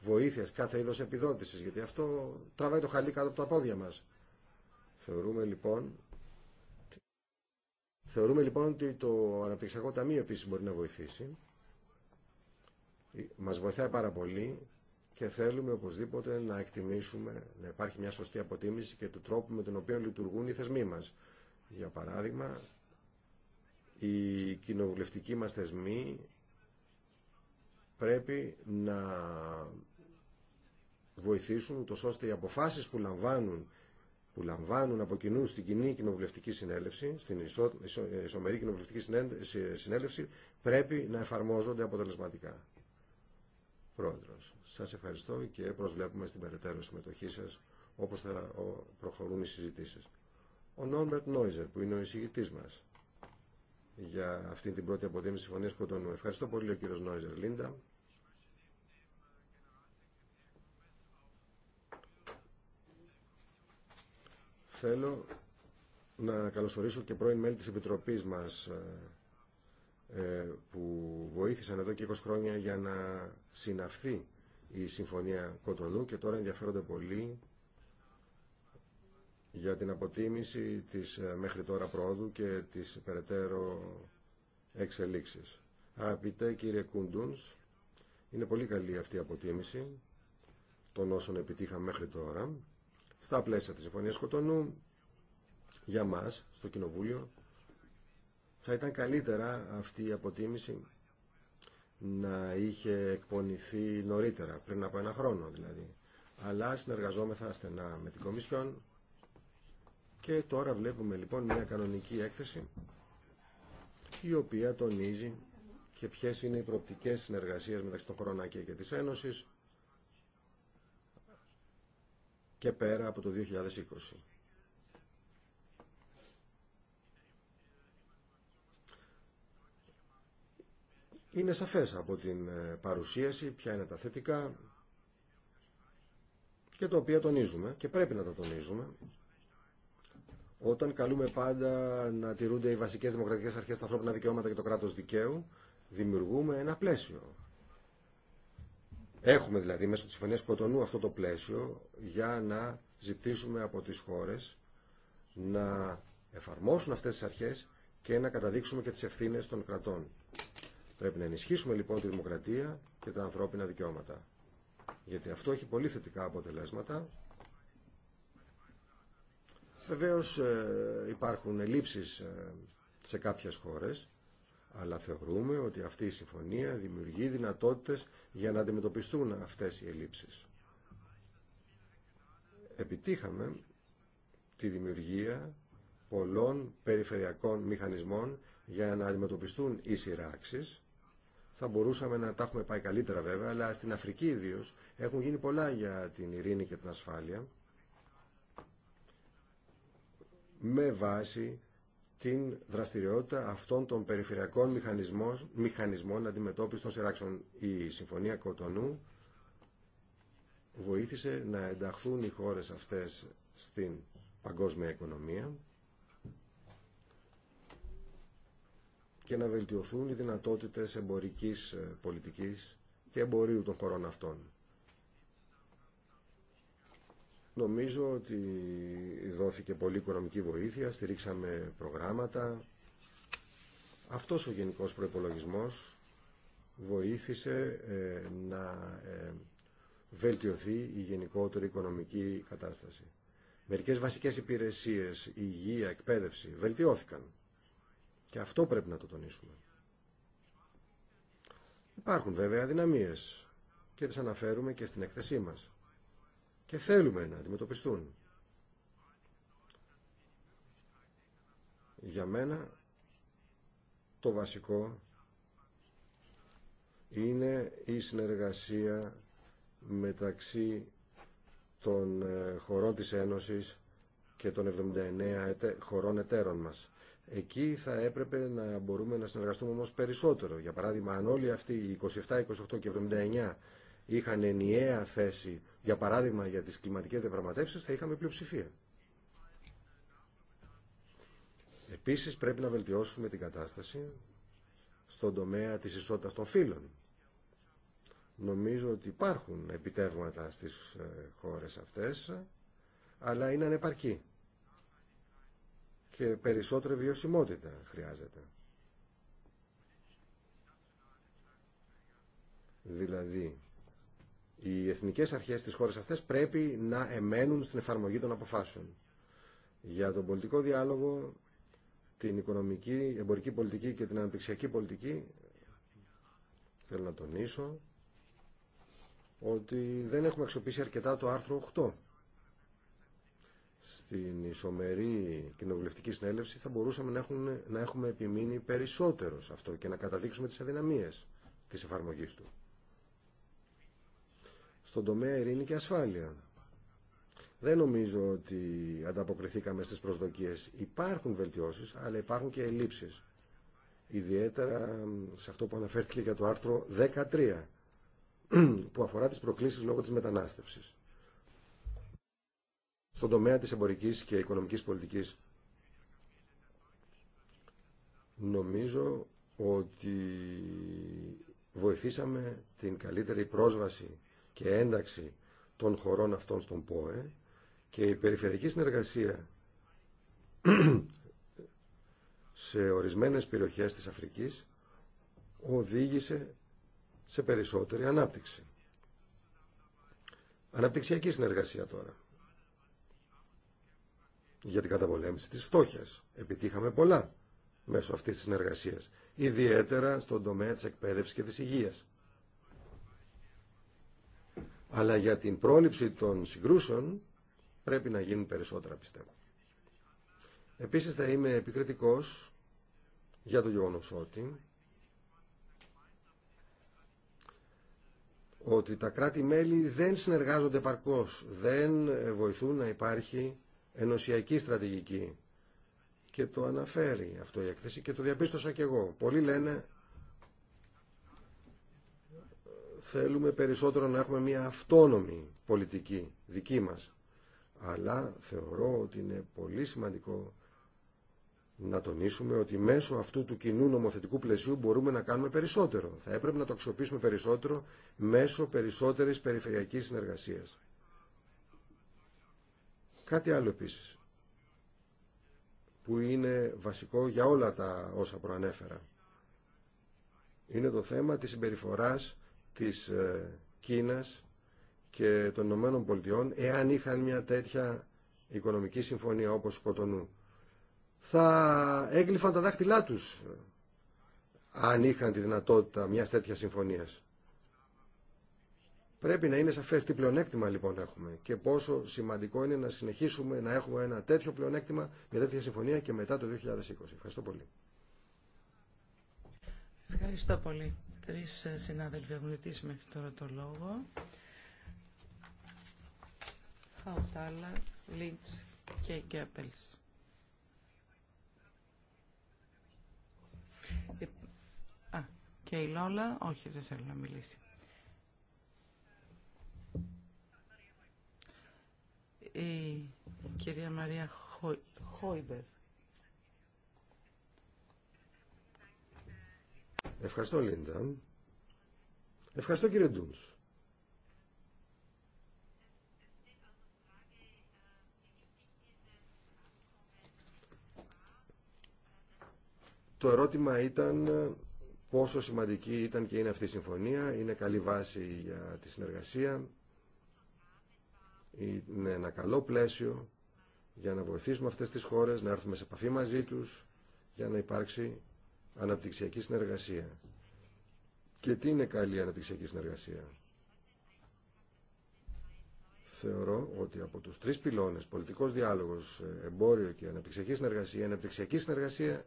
βοήθεια κάθε είδο επιδότηση, γιατί αυτό τραβάει το χαλί κάτω από τα πόδια μα. Θεωρούμε λοιπόν, θεωρούμε λοιπόν ότι το Αναπτυξιακό Ταμείο επίσης μπορεί να βοηθήσει. Μας βοηθάει πάρα πολύ και θέλουμε οπωσδήποτε να εκτιμήσουμε, να υπάρχει μια σωστή αποτίμηση και του τρόπου με τον οποίο λειτουργούν οι θεσμοί μας. Για παράδειγμα, οι κοινοβουλευτικοί μας θεσμοί πρέπει να βοηθήσουν, ούτως ώστε οι αποφάσεις που λαμβάνουν που λαμβάνουν από κοινού στην κοινή κοινοβουλευτική συνέλευση, στην ισο, ισομερή κοινοβουλευτική συνέλευση, πρέπει να εφαρμόζονται αποτελεσματικά. Πρόεδρος, σας ευχαριστώ και προσβλέπουμε στην περαιτέρω συμμετοχή σας όπως θα προχωρούν οι συζητήσεις. Ο Νόρμπερτ Νόιζερ που είναι ο εισηγητή μα για αυτή την πρώτη τη συμφωνία, Κοντονού. Ευχαριστώ πολύ ο κύριο Νόιζερ Λίντα. Θέλω να καλωσορίσω και πρώην μέλη της Επιτροπής μας ε, ε, που βοήθησαν εδώ και 20 χρόνια για να συναυθεί η Συμφωνία Κοτονού και τώρα ενδιαφέρονται πολύ για την αποτίμηση της ε, μέχρι τώρα πρόοδου και της περαιτέρω εξελίξης. Αγαπητέ κύριε Κούντουνς, είναι πολύ καλή αυτή η αποτίμηση των όσων επιτύχαμε μέχρι τώρα στα πλαίσια της Συμφωνίας Κοτονού για μας στο Κοινοβούλιο θα ήταν καλύτερα αυτή η αποτίμηση να είχε εκπονηθεί νωρίτερα, πριν από ένα χρόνο δηλαδή. Αλλά συνεργαζόμεθα στενά με την Κομισιόν και τώρα βλέπουμε λοιπόν μια κανονική έκθεση η οποία τονίζει και ποιες είναι οι προοπτικές συνεργασίες μεταξύ των Χρονάκια και της Ένωσης και πέρα από το 2020. Είναι σαφές από την ε, παρουσίαση ποια είναι τα θετικά και το οποίο τονίζουμε και πρέπει να τα τονίζουμε όταν καλούμε πάντα να τηρούνται οι βασικές δημοκρατικές αρχές, τα ανθρώπινα δικαιώματα και το κράτος δικαίου, δημιουργούμε ένα πλαίσιο Έχουμε δηλαδή μέσω της συμφωνία Κοτονού αυτό το πλαίσιο για να ζητήσουμε από τις χώρες να εφαρμόσουν αυτές τις αρχές και να καταδείξουμε και τις ευθύνες των κρατών. Πρέπει να ενισχύσουμε λοιπόν τη δημοκρατία και τα ανθρώπινα δικαιώματα. Γιατί αυτό έχει πολύ θετικά αποτελέσματα. Βεβαίως ε, υπάρχουν ελλείψεις ε, σε κάποιες χώρες αλλά θεωρούμε ότι αυτή η συμφωνία δημιουργεί δυνατότητες για να αντιμετωπιστούν αυτές οι ελλείψεις. Επιτύχαμε τη δημιουργία πολλών περιφερειακών μηχανισμών για να αντιμετωπιστούν οι σειράξεις. Θα μπορούσαμε να τα έχουμε πάει καλύτερα βέβαια, αλλά στην Αφρική ιδίω έχουν γίνει πολλά για την ειρήνη και την ασφάλεια με βάση την δραστηριότητα αυτών των περιφερειακών μηχανισμών, μηχανισμών αντιμετώπισης των σειράξεων. Η Συμφωνία Κοτονού βοήθησε να ενταχθούν οι χώρες αυτές στην παγκόσμια οικονομία και να βελτιωθούν οι δυνατότητες εμπορικής ε, πολιτικής και εμπορίου των χωρών αυτών. Νομίζω ότι δόθηκε πολύ οικονομική βοήθεια, στηρίξαμε προγράμματα. Αυτός ο γενικός προϋπολογισμός βοήθησε ε, να ε, βελτιωθεί η γενικότερη οικονομική κατάσταση. Μερικές βασικές υπηρεσίες, υγεία, εκπαίδευση, βελτιώθηκαν. Και αυτό πρέπει να το τονίσουμε. Υπάρχουν βέβαια δυναμίες και τις αναφέρουμε και στην εκθεσή μας και θέλουμε να αντιμετωπιστούν. Για μένα το βασικό είναι η συνεργασία μεταξύ των ε, χωρών της Ένωσης και των 79 χωρών εταίρων μας. Εκεί θα έπρεπε να μπορούμε να συνεργαστούμε όμως περισσότερο. Για παράδειγμα, αν όλοι αυτοί οι 27, 28 και 79 είχαν ενιαία θέση για παράδειγμα για τις κλιματικές διαπραγματεύσεις, θα είχαμε πλειοψηφία. Επίσης πρέπει να βελτιώσουμε την κατάσταση στον τομέα της ισότητας των φύλων. Νομίζω ότι υπάρχουν επιτεύγματα στις ε, χώρες αυτές, αλλά είναι ανεπαρκή. Και περισσότερη βιωσιμότητα χρειάζεται. Δηλαδή, οι εθνικές αρχές της χώρας αυτές πρέπει να εμένουν στην εφαρμογή των αποφάσεων. Για τον πολιτικό διάλογο, την οικονομική, εμπορική πολιτική και την αναπτυξιακή πολιτική, θέλω να τονίσω ότι δεν έχουμε αξιοποιήσει αρκετά το άρθρο 8 στην ισομερή κοινοβουλευτική συνέλευση θα μπορούσαμε να, να έχουμε επιμείνει περισσότερο σε αυτό και να καταδείξουμε τις αδυναμίες της εφαρμογής του στον τομέα ειρήνη και ασφάλεια. Δεν νομίζω ότι ανταποκριθήκαμε στις προσδοκίες. Υπάρχουν βελτιώσεις, αλλά υπάρχουν και ελλείψεις. Ιδιαίτερα σε αυτό που αναφέρθηκε για το άρθρο 13, <clears throat> που αφορά τις προκλήσεις λόγω της μετανάστευσης. Στον τομέα της εμπορικής και οικονομικής πολιτικής νομίζω ότι βοηθήσαμε την καλύτερη πρόσβαση και ένταξη των χωρών αυτών στον ΠΟΕ και η περιφερειακή συνεργασία <clears throat> σε ορισμένες περιοχές της Αφρικής οδήγησε σε περισσότερη ανάπτυξη. Αναπτυξιακή συνεργασία τώρα. Για την καταπολέμηση της φτώχειας. Επιτύχαμε πολλά μέσω αυτής της συνεργασίας. Ιδιαίτερα στον τομέα της εκπαίδευσης και της υγείας. Αλλά για την πρόληψη των συγκρούσεων πρέπει να γίνουν περισσότερα πιστεύω. Επίσης θα είμαι επικριτικός για το γεγονός ότι ότι τα κράτη-μέλη δεν συνεργάζονται παρκώς, δεν βοηθούν να υπάρχει ενωσιακή στρατηγική. Και το αναφέρει αυτό η έκθεση και το διαπίστωσα και εγώ. Πολλοί λένε θέλουμε περισσότερο να έχουμε μια αυτόνομη πολιτική δική μας. Αλλά θεωρώ ότι είναι πολύ σημαντικό να τονίσουμε ότι μέσω αυτού του κοινού νομοθετικού πλαισίου μπορούμε να κάνουμε περισσότερο. Θα έπρεπε να το αξιοποιήσουμε περισσότερο μέσω περισσότερης περιφερειακής συνεργασίας. Κάτι άλλο επίσης, που είναι βασικό για όλα τα όσα προανέφερα. Είναι το θέμα της συμπεριφοράς της ε, Κίνας και των Ηνωμένων Πολιτειών εάν είχαν μια τέτοια οικονομική συμφωνία όπως Κοτονού. Θα έγκλειφαν τα δάχτυλά τους ε, αν είχαν τη δυνατότητα μια τέτοια συμφωνίας. Πρέπει να είναι σαφές τι πλεονέκτημα λοιπόν έχουμε και πόσο σημαντικό είναι να συνεχίσουμε να έχουμε ένα τέτοιο πλεονέκτημα, μια τέτοια συμφωνία και μετά το 2020. Ευχαριστώ πολύ. Ευχαριστώ πολύ. Τρεις ε, συνάδελφοι έχουν ζητήσει μέχρι τώρα το λόγο. Χαουτάλα, Λίντς και Γκέπελς. Ε, α, και η Λόλα, όχι δεν θέλω να μιλήσει. Η κυρία Μαρία Χόιμπερ. Ευχαριστώ, Λίντα. Ευχαριστώ, κύριε Ντούνς. Το ερώτημα ήταν πόσο σημαντική ήταν και είναι αυτή η συμφωνία. Είναι καλή βάση για τη συνεργασία. Είναι ένα καλό πλαίσιο για να βοηθήσουμε αυτές τις χώρες να έρθουμε σε επαφή μαζί τους για να υπάρξει αναπτυξιακή συνεργασία. Και τι είναι καλή αναπτυξιακή συνεργασία. Θεωρώ ότι από τους τρεις πυλώνες, πολιτικός διάλογος, εμπόριο και αναπτυξιακή συνεργασία, η αναπτυξιακή συνεργασία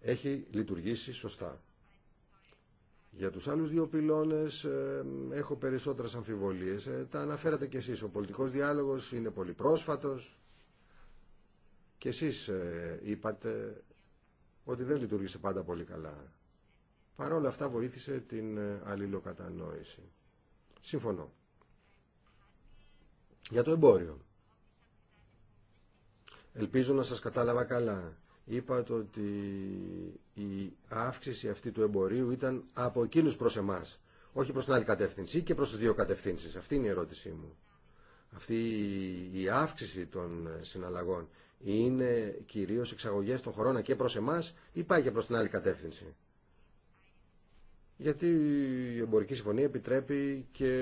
έχει λειτουργήσει σωστά. Για τους άλλους δύο πυλώνες ε, έχω περισσότερες αμφιβολίες. Ε, τα αναφέρατε κι εσείς. Ο πολιτικός διάλογος είναι πολύ πρόσφατος. Και εσείς ε, είπατε ότι δεν λειτουργήσε πάντα πολύ καλά. Παρ' όλα αυτά βοήθησε την ε, αλληλοκατανόηση. Συμφωνώ. Για το εμπόριο. Ελπίζω να σας κατάλαβα καλά. Είπατε ότι η αύξηση αυτή του εμπορίου ήταν από εκείνους προς εμάς. Όχι προς την άλλη κατεύθυνση και προς τις δύο κατευθύνσεις. Αυτή είναι η ερώτησή μου. Αυτή η αύξηση των ε, συναλλαγών είναι κυρίως εξαγωγές των χωρών και προς εμάς ή πάει και προς την άλλη κατεύθυνση. Γιατί η εμπορική συμφωνία επιτρέπει και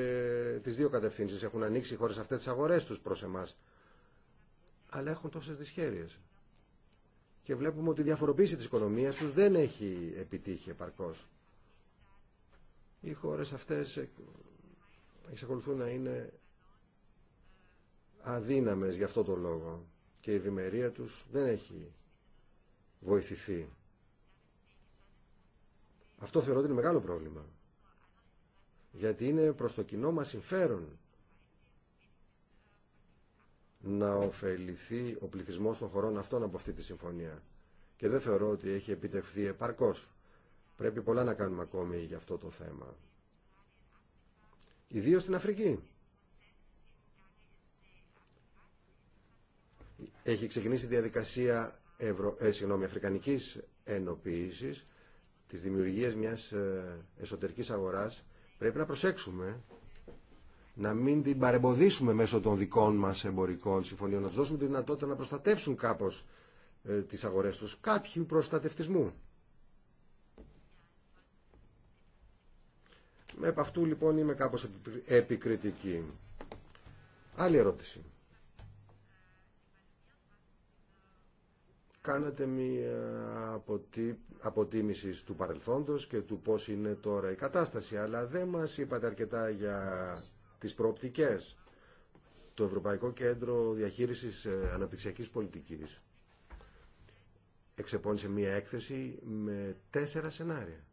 τις δύο κατευθύνσεις. Έχουν ανοίξει οι χώρες αυτές τις αγορές τους προς εμάς. Αλλά έχουν τόσες δυσχέρειες. Και βλέπουμε ότι η διαφοροποίηση της οικονομίας τους δεν έχει επιτύχει επαρκώς. Οι χώρες αυτές εξακολουθούν να είναι αδύναμες γι' αυτό το λόγο και η ευημερία τους δεν έχει βοηθηθεί. Αυτό θεωρώ ότι είναι μεγάλο πρόβλημα. Γιατί είναι προς το κοινό μας συμφέρον να ωφεληθεί ο πληθυσμός των χωρών αυτών από αυτή τη συμφωνία. Και δεν θεωρώ ότι έχει επιτευχθεί επαρκώς. Πρέπει πολλά να κάνουμε ακόμη για αυτό το θέμα. Ιδίως στην Αφρική. έχει ξεκινήσει η διαδικασία ευρω, ε, συγγνώμη, αφρικανικής ενοποίησης, της δημιουργίας μιας ε, εσωτερικής αγοράς, πρέπει να προσέξουμε να μην την παρεμποδίσουμε μέσω των δικών μας εμπορικών συμφωνιών, να τους δώσουμε τη δυνατότητα να προστατεύσουν κάπως ε, τις αγορές τους, κάποιου προστατευτισμού. Με επ' αυτού λοιπόν είμαι κάπως επικριτική. Άλλη ερώτηση. Κάνατε μια αποτίμηση του παρελθόντος και του πώς είναι τώρα η κατάσταση, αλλά δεν μας είπατε αρκετά για τις προοπτικές. Το Ευρωπαϊκό Κέντρο Διαχείρισης ε, Αναπτυξιακής Πολιτικής εξεπώνησε μια έκθεση με τέσσερα σενάρια.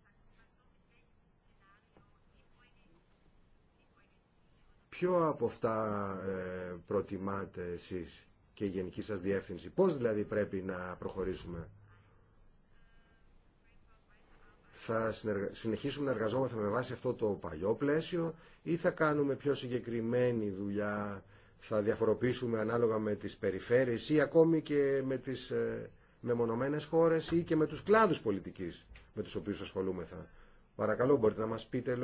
Ποιο από αυτά ε, προτιμάτε εσείς και η γενική σας διεύθυνση. Πώς δηλαδή πρέπει να προχωρήσουμε. Θα συνεχίσουμε να εργαζόμαστε με βάση αυτό το παλιό πλαίσιο ή θα κάνουμε πιο συγκεκριμένη δουλειά, θα διαφοροποιήσουμε ανάλογα με τις περιφέρειες ή ακόμη και με τις ε, μεμονωμένες χώρες ή και με τους κλάδους πολιτικής με τους οποίους ασχολούμεθα. Παρακαλώ, μπορείτε να μας πείτε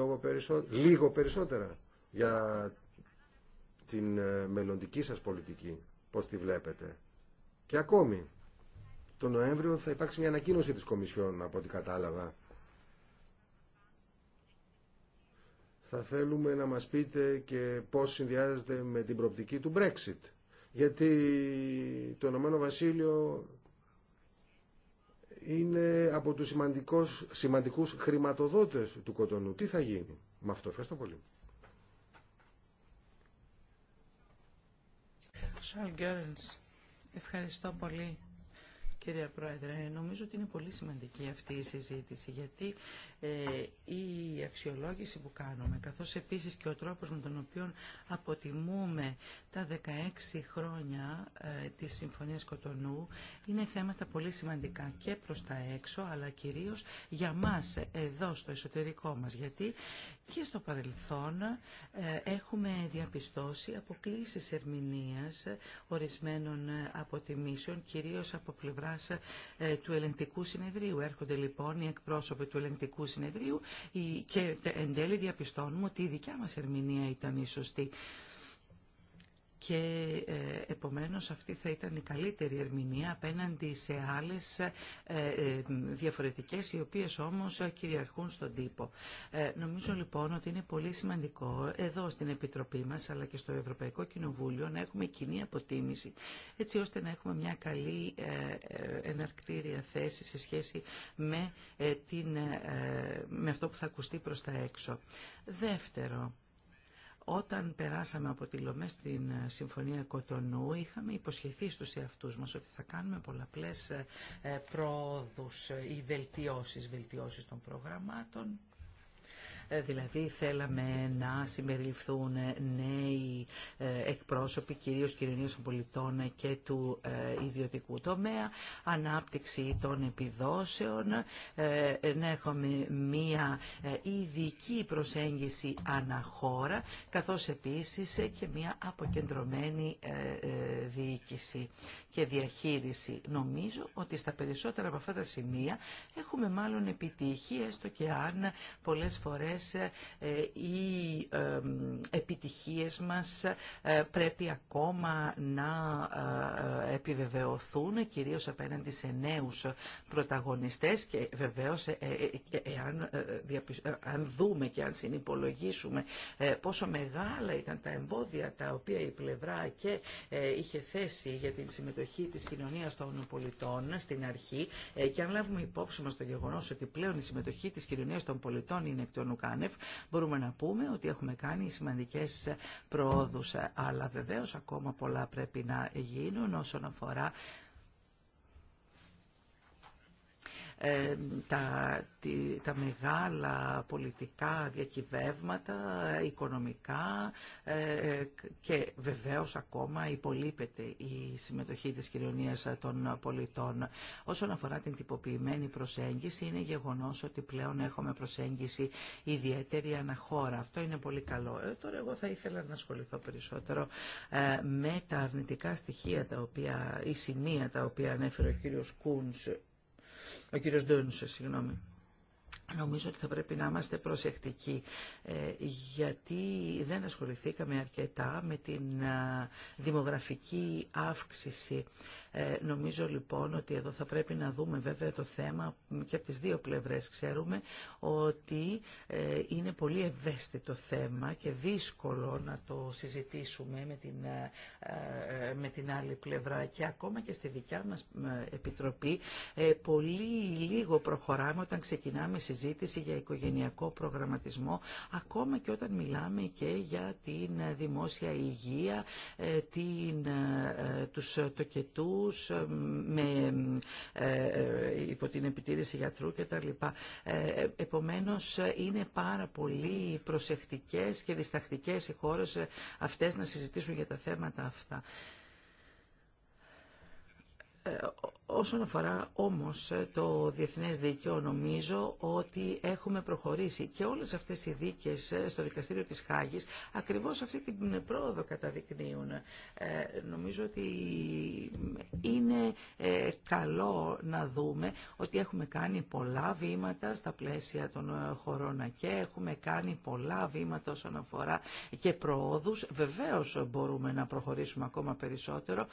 λίγο περισσότερα για την ε, μελλοντική σας πολιτική πώς τη βλέπετε. Και ακόμη, το Νοέμβριο θα υπάρξει μια ανακοίνωση της Κομισιόν, από ό,τι κατάλαβα. Θα θέλουμε να μας πείτε και πώς συνδυάζεται με την προοπτική του Brexit. Γιατί το Ηνωμένο Βασίλειο είναι από τους σημαντικούς, σημαντικούς χρηματοδότες του Κοτονού. Τι θα γίνει με αυτό. Ευχαριστώ πολύ. Ευχαριστώ πολύ. Κύριε Πρόεδρε, νομίζω ότι είναι πολύ σημαντική αυτή η συζήτηση γιατί ε, η αξιολόγηση που κάνουμε καθώς επίσης και ο τρόπος με τον οποίο αποτιμούμε τα 16 χρόνια ε, της Συμφωνίας Κοτονού είναι θέματα πολύ σημαντικά και προς τα έξω αλλά κυρίως για μας εδώ στο εσωτερικό μας γιατί και στο παρελθόν ε, έχουμε διαπιστώσει αποκλήσεις ερμηνείας ορισμένων αποτιμήσεων κυρίως από πλευρά ε, του ελεγκτικού συνεδρίου. Έρχονται λοιπόν οι εκπρόσωποι του ελεγκτικού συνεδρίου και εν τέλει διαπιστώνουμε ότι η δικιά μας ερμηνεία ήταν η σωστή και ε, επομένως αυτή θα ήταν η καλύτερη ερμηνεία απέναντι σε άλλες ε, ε, διαφορετικές οι οποίες όμως κυριαρχούν στον τύπο. Νομίζω λοιπόν ότι είναι πολύ σημαντικό εδώ στην Επιτροπή μας αλλά και στο Ευρωπαϊκό Κοινοβούλιο να έχουμε κοινή αποτίμηση έτσι ώστε να έχουμε μια καλή εναρκτήρια θέση σε σχέση με, την, με αυτό που θα ακουστεί προς τα έξω. Δεύτερο, όταν περάσαμε από τη Λομέ στην ε, Συμφωνία Κοτονού είχαμε υποσχεθεί στους εαυτούς μας ότι θα κάνουμε πολλαπλές ε, ε, πρόοδους ή βελτιώσεις, βελτιώσεις των προγραμμάτων ε, δηλαδή θέλαμε να συμπεριληφθούν νέοι ε, εκπρόσωποι, κυρίως κοινωνίας των πολιτών και του ε, ιδιωτικού τομέα, ανάπτυξη των επιδόσεων, να έχουμε μία ειδική προσέγγιση αναχώρα, καθώς επίσης και μία αποκεντρωμένη διοίκηση και διαχείριση. Νομίζω ότι στα περισσότερα από αυτά τα σημεία έχουμε μάλλον επιτύχει, έστω και αν πολλές φορές ε, οι ε, επιτυχίες μας ε, πρέπει ακόμα να επιβεβαιωθούν κυρίως απέναντι σε νέους πρωταγωνιστές και βεβαίως εάν αν δούμε και αν συνυπολογίσουμε πόσο μεγάλα ήταν τα εμπόδια τα οποία η πλευρά και είχε θέσει για την συμμετοχή της κοινωνίας των πολιτών στην αρχή και αν λάβουμε υπόψη μας το γεγονός ότι πλέον η συμμετοχή της κοινωνίας των πολιτών είναι εκ των μπορούμε να πούμε ότι έχουμε κάνει σημαντικές προόδους αλλά βεβαίως ακόμα πολλά πρέπει να γίνουν όσον αφορά Ε, τα, τα μεγάλα πολιτικά διακυβεύματα, οικονομικά ε, ε, και βεβαίως ακόμα υπολείπεται η συμμετοχή της κοινωνίας των πολιτών. Όσον αφορά την τυποποιημένη προσέγγιση, είναι γεγονός ότι πλέον έχουμε προσέγγιση ιδιαίτερη αναχώρα. Αυτό είναι πολύ καλό. Ε, τώρα εγώ θα ήθελα να ασχοληθώ περισσότερο με τα αρνητικά στοιχεία, τα οποία, η σημεία τα οποία ανέφερε ο κύριος Κούνς ο κύριος Ντόνουσε, συγγνώμη. Νομίζω ότι θα πρέπει να είμαστε προσεκτικοί, ε, γιατί δεν ασχοληθήκαμε αρκετά με την ε, δημογραφική αύξηση ε, νομίζω λοιπόν ότι εδώ θα πρέπει να δούμε βέβαια το θέμα και από τις δύο πλευρές ξέρουμε ότι ε, είναι πολύ ευαίσθητο θέμα και δύσκολο να το συζητήσουμε με την, ε, με την άλλη πλευρά και ακόμα και στη δικιά μας Επιτροπή πολύ λίγο προχωράμε όταν ξεκινάμε συζήτηση για οικογενειακό προγραμματισμό ακόμα και όταν μιλάμε και για την δημόσια υγεία, την, τους ε, με, ε, ε, υπό την επιτήρηση γιατρού λοιπά Επομένως είναι πάρα πολύ προσεκτικές και διστακτικές οι χώρες αυτές να συζητήσουν για τα θέματα αυτά. Ε, όσον αφορά όμως ε, το διεθνές δίκαιο, νομίζω ότι έχουμε προχωρήσει και όλες αυτές οι δίκες ε, στο δικαστήριο της Χάγης ακριβώς αυτή την πρόοδο καταδεικνύουν. νομίζω ότι είναι καλό να δούμε ότι έχουμε κάνει πολλά βήματα στα πλαίσια των χωρών και έχουμε κάνει πολλά βήματα όσον αφορά και προόδους. Βεβαίως μπορούμε να προχωρήσουμε ακόμα περισσότερο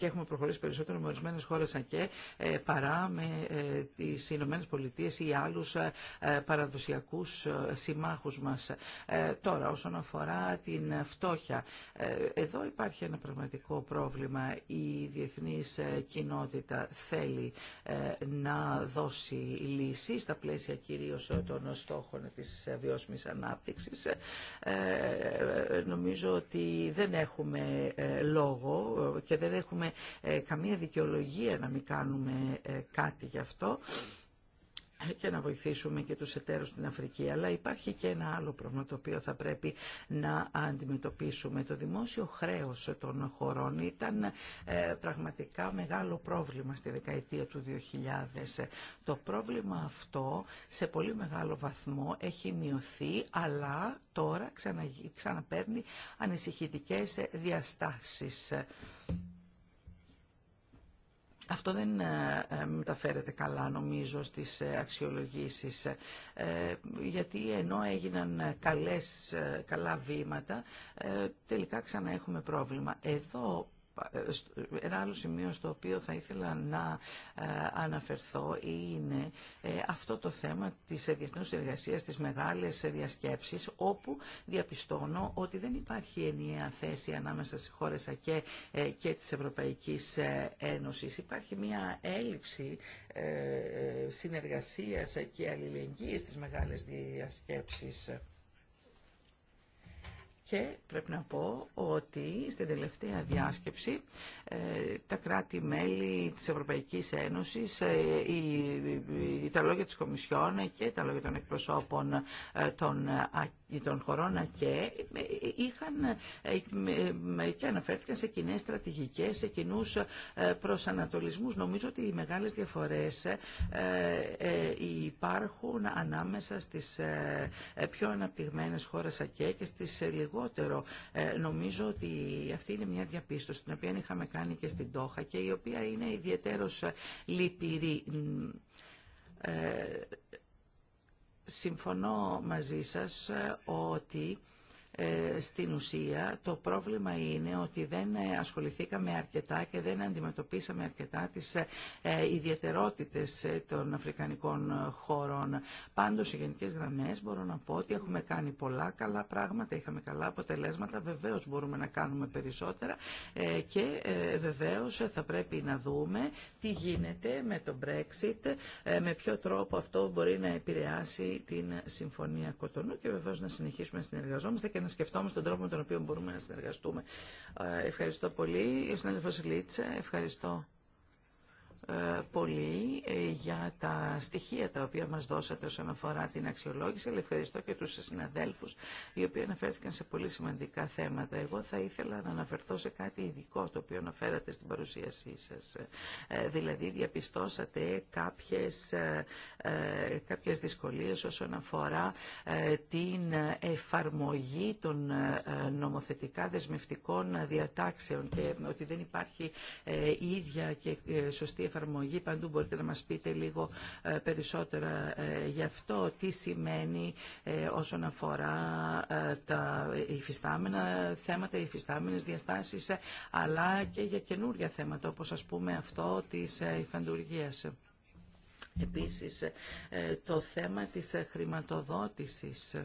και έχουμε προχωρήσει περισσότερο με ορισμένε χώρε ΑΚΕ παρά με ε, τι Ηνωμένε Πολιτείε ή άλλου ε, ε, παραδοσιακού συμμάχου μα. Τώρα, όσον αφορά την φτώχεια, εδώ υπάρχει ένα πραγματικό πρόβλημα. Η διεθνή κοινότητα θέλει να δώσει λύση στα πλαίσια κυρίω των στόχων τη βιώσιμη ανάπτυξη. Νομίζω ότι δεν έχουμε λόγο και δεν έχουμε έχουμε ε, καμία δικαιολογία να μην κάνουμε ε, κάτι γι' αυτό και να βοηθήσουμε και τους εταίρους στην Αφρική. Αλλά υπάρχει και ένα άλλο πρόβλημα το οποίο θα πρέπει να αντιμετωπίσουμε. Το δημόσιο χρέος των χωρών ήταν ε, πραγματικά μεγάλο πρόβλημα στη δεκαετία του 2000. Το πρόβλημα αυτό σε πολύ μεγάλο βαθμό έχει μειωθεί, αλλά τώρα ξανα, ξαναπαίρνει ανησυχητικές διαστάσεις. Αυτό δεν ε, ε, μεταφέρεται καλά νομίζω στις ε, αξιολογήσεις γιατί ενώ έγιναν καλές, καλά βήματα τελικά ξανά έχουμε πρόβλημα. Εδώ ένα άλλο σημείο στο οποίο θα ήθελα να ε, αναφερθώ είναι ε, αυτό το θέμα της διεθνούς συνεργασίας, της μεγάλες διασκέψεις, όπου διαπιστώνω ότι δεν υπάρχει ενιαία θέση ανάμεσα στις χώρες ε, και της Ευρωπαϊκής Ένωσης. Υπάρχει μια έλλειψη συνεργασίας και αλληλεγγύης στις μεγάλες διασκέψεις. Και πρέπει να πω ότι στην τελευταία διάσκεψη ε, τα κράτη-μέλη της Ευρωπαϊκής Ένωσης, ε, τα λόγια της Κομισιόν και τα λόγια των εκπροσώπων ε, των των χωρών ΑΚΕ είχαν ε, και αναφέρθηκαν σε κοινέ στρατηγικές, σε κοινού ε, προσανατολισμούς. Νομίζω ότι οι μεγάλες διαφορές ε, υπάρχουν ανάμεσα στις πιο αναπτυγμένες χώρες ΑΚΕ και στις λιγότερο. Νομίζω ότι αυτή είναι μια διαπίστωση την οποία είχαμε κάνει και στην Τόχα και η οποία είναι ιδιαίτερος λυπηρή συμφωνώ μαζί σας ε, ότι ε, στην ουσία το πρόβλημα είναι ότι δεν ασχοληθήκαμε αρκετά και δεν αντιμετωπίσαμε αρκετά τις ε, ε, ιδιαιτερότητες των αφρικανικών χωρών. Πάντως, σε γενικές γραμμές μπορώ να πω ότι έχουμε κάνει πολλά καλά πράγματα, είχαμε καλά αποτελέσματα, βεβαίως μπορούμε να κάνουμε περισσότερα και βεβαίως θα πρέπει να δούμε τι γίνεται με το Brexit, με ποιο τρόπο αυτό μπορεί να επηρεάσει την Συμφωνία Κοτονού και βεβαίως να συνεχίσουμε να συνεργαζόμαστε και να σκεφτόμαστε τον τρόπο με τον οποίο μπορούμε να συνεργαστούμε. Ε, ευχαριστώ πολύ. Ο συνάδελφο ευχαριστώ ε, πολύ ε, για τα στοιχεία τα οποία μας δώσατε όσον αφορά την αξιολόγηση, αλλά ευχαριστώ και τους συναδέλφους οι οποίοι αναφέρθηκαν σε πολύ σημαντικά θέματα. Εγώ θα ήθελα να αναφερθώ σε κάτι ειδικό το οποίο αναφέρατε στην παρουσίασή σας. Ε, δηλαδή διαπιστώσατε κάποιες, κάποιες δυσκολίες όσον αφορά την εφαρμογή των νομοθετικά δεσμευτικών διατάξεων και ότι δεν υπάρχει ίδια και σωστή εφαρμογή εφαρμογή παντού. Μπορείτε να μας πείτε λίγο ε, περισσότερα ε, γι' αυτό, τι σημαίνει ε, όσον αφορά τα υφιστάμενα θέματα, οι υφιστάμενες διαστάσεις, αλλά και για καινούργια θέματα, όπως ας πούμε αυτό της υφαντουργίας. Επίσης, το θέμα της χρηματοδότησης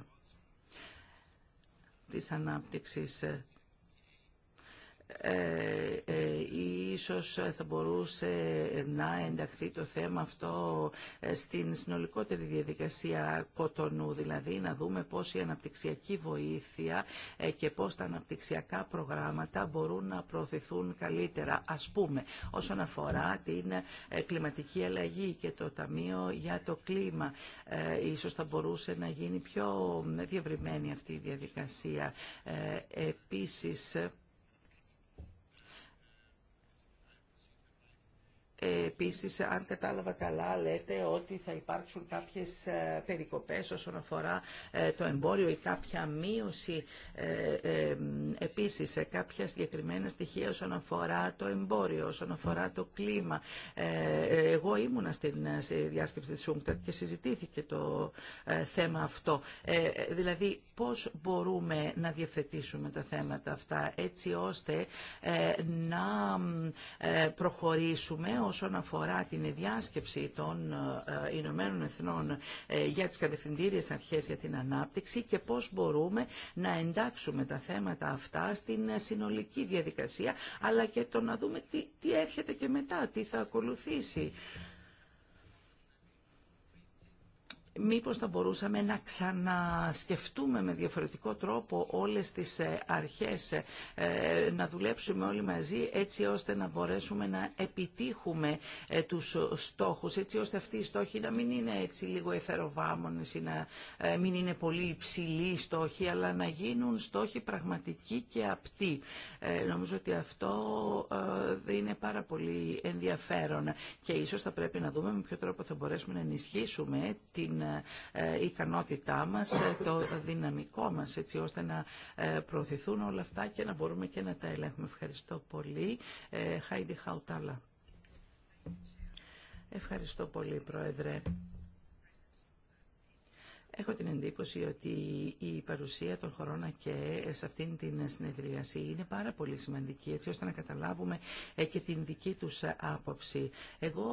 της ανάπτυξης ε, ε, ίσως θα μπορούσε να ενταχθεί το θέμα αυτό ε, στην συνολικότερη διαδικασία κοτονού, δηλαδή να δούμε πώς η αναπτυξιακή βοήθεια ε, και πώς τα αναπτυξιακά προγράμματα μπορούν να προωθηθούν καλύτερα. Ας πούμε, όσον αφορά την ε, κλιματική αλλαγή και το Ταμείο για το Κλίμα, ε, ίσως θα μπορούσε να γίνει πιο διευρυμένη αυτή η διαδικασία. επίσης, Ε, επίσης, αν κατάλαβα καλά, λέτε ότι θα υπάρξουν κάποιες ε, περικοπές όσον αφορά ε, το εμπόριο ή κάποια μείωση. Επίσης, κάποια συγκεκριμένα στοιχεία όσον αφορά το εμπόριο, όσον αφορά το κλίμα. Εγώ ήμουνα στην διάσκεψη της και συζητήθηκε το θέμα αυτό. Δηλαδή, πώς μπορούμε να διευθετήσουμε τα θέματα αυτά έτσι ώστε να προχωρήσουμε όσον αφορά την διάσκεψη των ε, Ηνωμένων Εθνών ε, για τις κατευθυντήριες αρχές για την ανάπτυξη και πώς μπορούμε να εντάξουμε τα θέματα αυτά στην ε, συνολική διαδικασία αλλά και το να δούμε τι, τι έρχεται και μετά, τι θα ακολουθήσει μήπως θα μπορούσαμε να ξανασκεφτούμε με διαφορετικό τρόπο όλες τις ε, αρχές, ε, να δουλέψουμε όλοι μαζί έτσι ώστε να μπορέσουμε να επιτύχουμε ε, τους στόχους, έτσι ώστε αυτοί οι στόχοι να μην είναι έτσι λίγο εθεροβάμονες ή να μην είναι πολύ υψηλοί οι στόχοι, αλλά να γίνουν στόχοι πραγματικοί και απτοί. Νομίζω ότι αυτό είναι πάρα πολύ ενδιαφέρον και ίσως θα πρέπει να δούμε με ποιο τρόπο θα μπορέσουμε να ενισχύσουμε την ε, ικανότητά μας, ε, το δυναμικό μας, έτσι ώστε να ε, προωθηθούν όλα αυτά και να μπορούμε και να τα ελέγχουμε. Ευχαριστώ πολύ. Χάιντι Χαουτάλα. Ευχαριστώ πολύ, Πρόεδρε. Έχω την εντύπωση ότι η παρουσία των χωρών και σε αυτήν την συνεδρίαση είναι πάρα πολύ σημαντική έτσι ώστε να καταλάβουμε ε, και την δική τους άποψη. Εγώ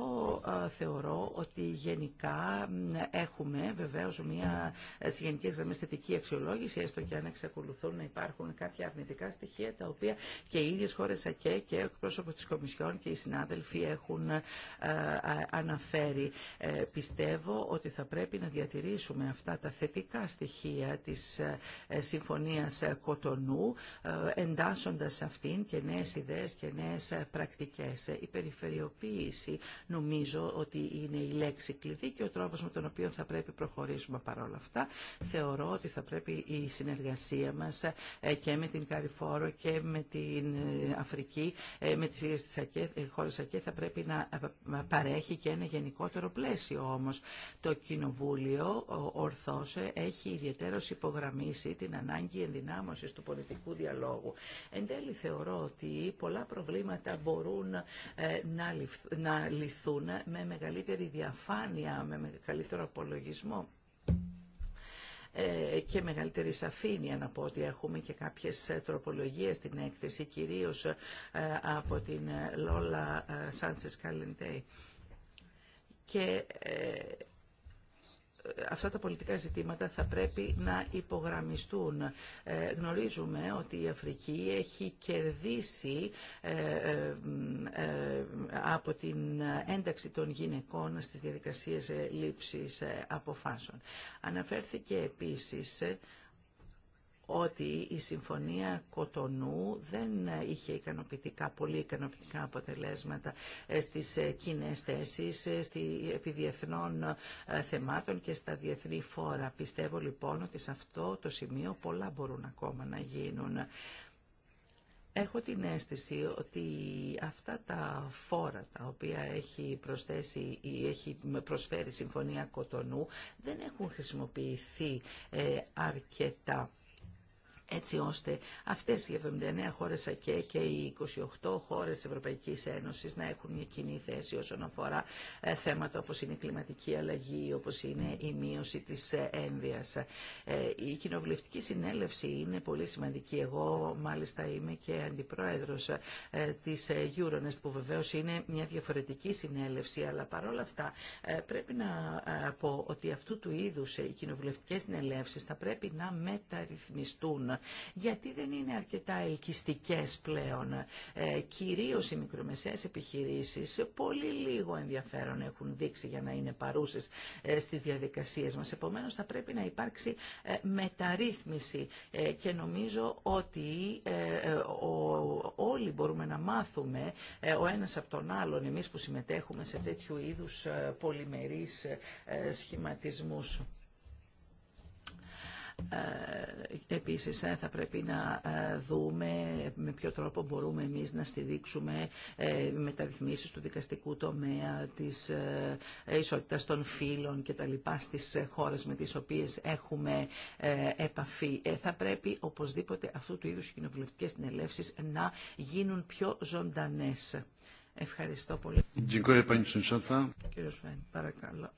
ε, θεωρώ ότι γενικά έχουμε βεβαίως μια ε, γενική γραμμή θετική αξιολόγηση έστω και αν εξακολουθούν να υπάρχουν κάποια αρνητικά στοιχεία τα οποία και οι ίδιες χώρες ΑΚΕ και ο πρόσωπο της Κομισιόν και οι συνάδελφοι έχουν αναφέρει. Πιστεύω ότι θα πρέπει να διατηρήσουμε αυτά τα θετικά στοιχεία της ε, ε, Συμφωνίας ε, Κοτονού, εντάσσοντας αυτήν και νέες ιδέες και νέες πρακτικές. Η περιφερειοποίηση νομίζω ότι είναι η λέξη κλειδί και ο τρόπος με τον οποίο θα πρέπει προχωρήσουμε παρόλα αυτά. Θεωρώ ότι θα πρέπει η συνεργασία μας και με την Καριφόρο και με την Αφρική, με τις χώρες ΑΚΕ θα πρέπει να παρέχει και ένα γενικότερο πλαίσιο όμως. Το Κοινοβούλιο έχει ιδιαίτερο υπογραμμίσει την ανάγκη ενδυνάμωσης του πολιτικού διαλόγου. Εν τέλει θεωρώ ότι πολλά προβλήματα μπορούν ε, να λυθούν με μεγαλύτερη διαφάνεια, με μεγαλύτερο απολογισμό ε, και μεγαλύτερη σαφήνεια να πω ότι έχουμε και κάποιες ε, τροπολογίες στην έκθεση, κυρίως από την Λόλα Σάντσες Καλεντέη. Και αυτά τα πολιτικά ζητήματα θα πρέπει να υπογραμμιστούν. Ε, γνωρίζουμε ότι η Αφρική έχει κερδίσει ε, ε, από την ένταξη των γυναικών στις διαδικασίες λήψης αποφάσεων. Αναφέρθηκε επίσης ότι η Συμφωνία Κοτονού δεν είχε ικανοποιητικά, πολύ ικανοποιητικά αποτελέσματα ε, στις ε, κοινέ θέσει ε, στη, επί διεθνών θεμάτων και στα διεθνή φόρα. Πιστεύω λοιπόν ότι σε αυτό το σημείο πολλά μπορούν ακόμα να γίνουν. Έχω την αίσθηση ότι αυτά τα φόρα τα οποία έχει, προσθέσει ή έχει προσφέρει η Συμφωνία Κοτονού δεν έχουν χρησιμοποιηθεί αρκετά έτσι ώστε αυτές οι 79 χώρες ΑΚΕ και οι 28 χώρες της Ευρωπαϊκής Ένωσης να έχουν μια κοινή θέση όσον αφορά ε, θέματα όπως είναι η κλιματική αλλαγή, όπως είναι η μείωση της ε, ένδυας. Ε, η κοινοβουλευτική συνέλευση είναι πολύ σημαντική. Εγώ μάλιστα είμαι και αντιπρόεδρος της Euronest που βεβαίως είναι μια διαφορετική συνέλευση, αλλά παρόλα αυτά πρέπει να πω ότι αυτού του είδους οι κοινοβουλευτικές συνελεύσεις θα πρέπει να μεταρρυθμιστούν γιατί δεν είναι αρκετά ελκυστικές πλέον. Ε, κυρίως οι μικρομεσαίες επιχειρήσεις πολύ λίγο ενδιαφέρον έχουν δείξει για να είναι παρούσες ε, στις διαδικασίες μας. Επομένως θα πρέπει να υπάρξει ε, μεταρρύθμιση ε, και νομίζω ότι όλοι μπορούμε να μάθουμε ο ένας από τον άλλον εμείς που συμμετέχουμε σε τέτοιου είδους πολυμερείς σχηματισμούς. Ε, επίσης ε, θα πρέπει να ε, δούμε με ποιο τρόπο μπορούμε εμείς να στηρίξουμε μεταρρυθμίσεις του δικαστικού τομέα, της ισότητας των φύλων και τα λοιπά στις χώρες με τις οποίες έχουμε επαφή. Θα πρέπει οπωσδήποτε αυτού του είδους οι κοινοβουλευτικές συνελεύσεις να γίνουν πιο ζωντανές. Ευχαριστώ πολύ. Κύριε Σφέν, παρακαλώ.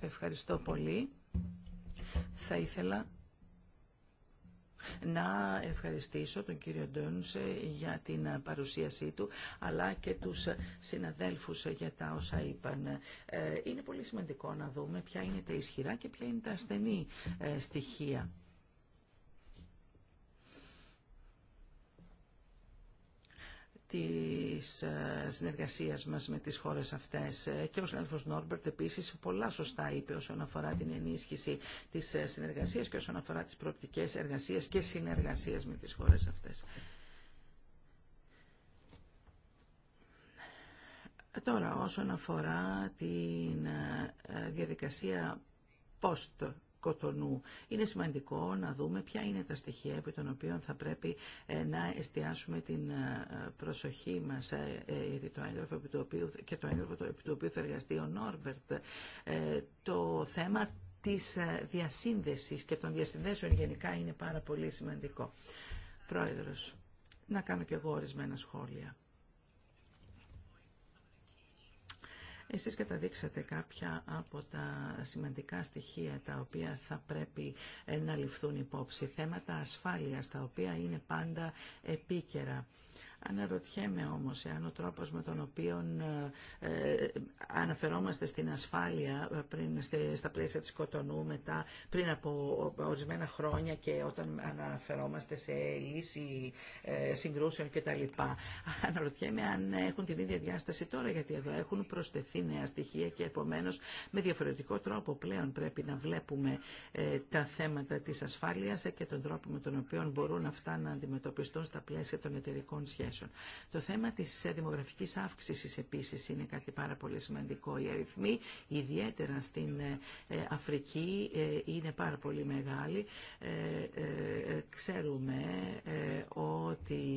Ευχαριστώ πολύ. Θα ήθελα να ευχαριστήσω τον κύριο Ντόνς ε, για την ε, παρουσίασή του, αλλά και τους ε, συναδέλφους για τα όσα είπαν. Είναι πολύ σημαντικό να δούμε ποια είναι τα ισχυρά και ποια είναι τα ασθενή στοιχεία της ε, συνεργασίας μας με τις χώρες αυτές. Ε, και ο συνάδελφος Νόρμπερτ επίσης πολλά σωστά είπε όσον αφορά την ενίσχυση της ε, συνεργασίας και όσον αφορά τις προοπτικές εργασίες και συνεργασίες με τις χώρες αυτές. Τώρα, όσον αφορά την διαδικασία post είναι σημαντικό να δούμε ποια είναι τα στοιχεία επί των οποίων θα πρέπει ε, να εστιάσουμε την ε, προσοχή μας ε, γιατί επί του οποίου, και το έγγραφο επί του οποίου θα εργαστεί ο Νόρμπερτ. Το θέμα της διασύνδεσης και των διασυνδέσεων γενικά είναι πάρα πολύ σημαντικό. Πρόεδρος, να κάνω και εγώ ορισμένα σχόλια. Εσείς καταδείξατε κάποια από τα σημαντικά στοιχεία τα οποία θα πρέπει ε, να ληφθούν υπόψη. Θέματα ασφάλειας τα οποία είναι πάντα επίκαιρα. Αναρωτιέμαι όμως εάν ο τρόπος με τον οποίο ε, ε, αναφερόμαστε στην ασφάλεια ε, πριν, στα πλαίσια της Κοτονού μετά πριν από ορισμένα χρόνια και όταν αναφερόμαστε σε λύση συγκρούσεων κτλ. Αναρωτιέμαι αν έχουν την ίδια διάσταση τώρα γιατί εδώ έχουν προσθεθεί νέα στοιχεία και επομένως με διαφορετικό τρόπο πλέον πρέπει να βλέπουμε τα θέματα της ασφάλειας και τον τρόπο με τον οποίο μπορούν αυτά να αντιμετωπιστούν στα πλαίσια των εταιρικών σχέσεων. Το θέμα της δημογραφικής αύξησης επίσης είναι κάτι πάρα πολύ σημαντικό. Οι αριθμοί, ιδιαίτερα στην ε, ε, Αφρική, ε, είναι πάρα πολύ μεγάλοι. Ξέρουμε ότι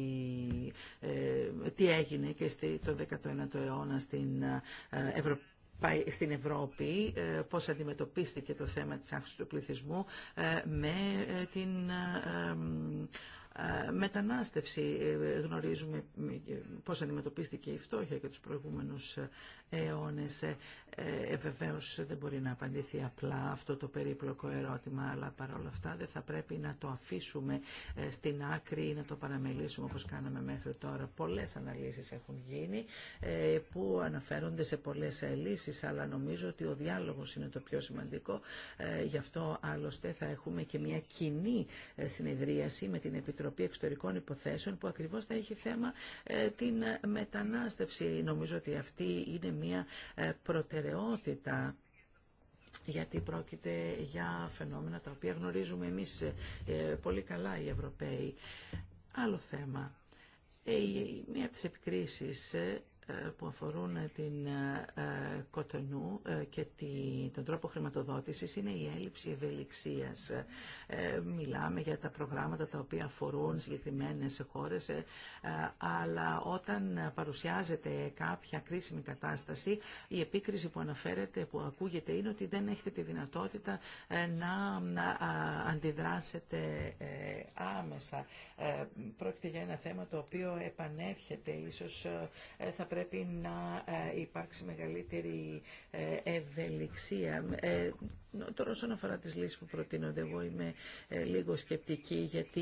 τι έγινε και το 19ο αιώνα στην στην Ευρώπη πώς αντιμετωπίστηκε το θέμα της αύξησης του πληθυσμού με την ε, μετανάστευση. Ε, γνωρίζουμε ε, πώς αντιμετωπίστηκε η φτώχεια και τους προηγούμενους Αιώνε. Ε, ε, βεβαίως δεν μπορεί να απαντηθεί απλά αυτό το περίπλοκο ερώτημα, αλλά παρόλα αυτά δεν θα πρέπει να το αφήσουμε ε, στην άκρη ή να το παραμελήσουμε όπω κάναμε μέχρι τώρα. Πολλέ αναλύσει έχουν γίνει ε, που αναφέρονται σε πολλέ λύσει, αλλά νομίζω ότι ο διάλογο είναι το πιο σημαντικό. Γι' αυτό άλλωστε θα έχουμε και μια κοινή συνεδρίαση με την Επιτροπή Εξωτερικών Υποθέσεων που ακριβώ θα έχει θέμα την μετανάστευση. Νομίζω ότι αυτή είναι μία ε, προτεραιότητα γιατί πρόκειται για φαινόμενα τα οποία γνωρίζουμε εμείς ε, ε, πολύ καλά οι Ευρωπαίοι. Άλλο θέμα. Μία από τις επικρίσεις ε, που αφορούν ε, την ε, Κοτονού και τον τρόπο χρηματοδότησης είναι η έλλειψη ευελιξίας. Μιλάμε για τα προγράμματα τα οποία αφορούν συγκεκριμένες χώρες, αλλά όταν παρουσιάζεται κάποια κρίσιμη κατάσταση, η επίκριση που αναφέρεται, που ακούγεται, είναι ότι δεν έχετε τη δυνατότητα να αντιδράσετε άμεσα. Πρόκειται για ένα θέμα το οποίο επανέρχεται, ίσως θα πρέπει να ε, υπάρξει μεγαλύτερη ε, ευελιξία. Ε, τώρα όσον αφορά τις λύσεις που προτείνονται, εγώ είμαι λίγο σκεπτική γιατί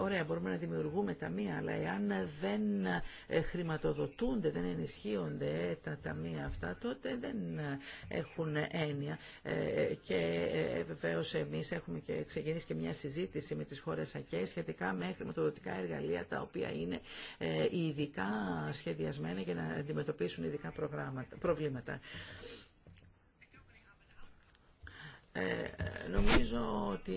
ωραία μπορούμε να δημιουργούμε ταμεία, αλλά εάν δεν χρηματοδοτούνται, δεν ενισχύονται τα ταμεία αυτά, τότε δεν έχουν έννοια. Και βεβαίω εμείς έχουμε και ξεκινήσει και μια συζήτηση με τις χώρες ΑΚΕ σχετικά με χρηματοδοτικά εργαλεία τα οποία είναι ειδικά σχεδιασμένα σχεδιασμένα για να αντιμετωπίσουν ειδικά προβλήματα. Ε, νομίζω ότι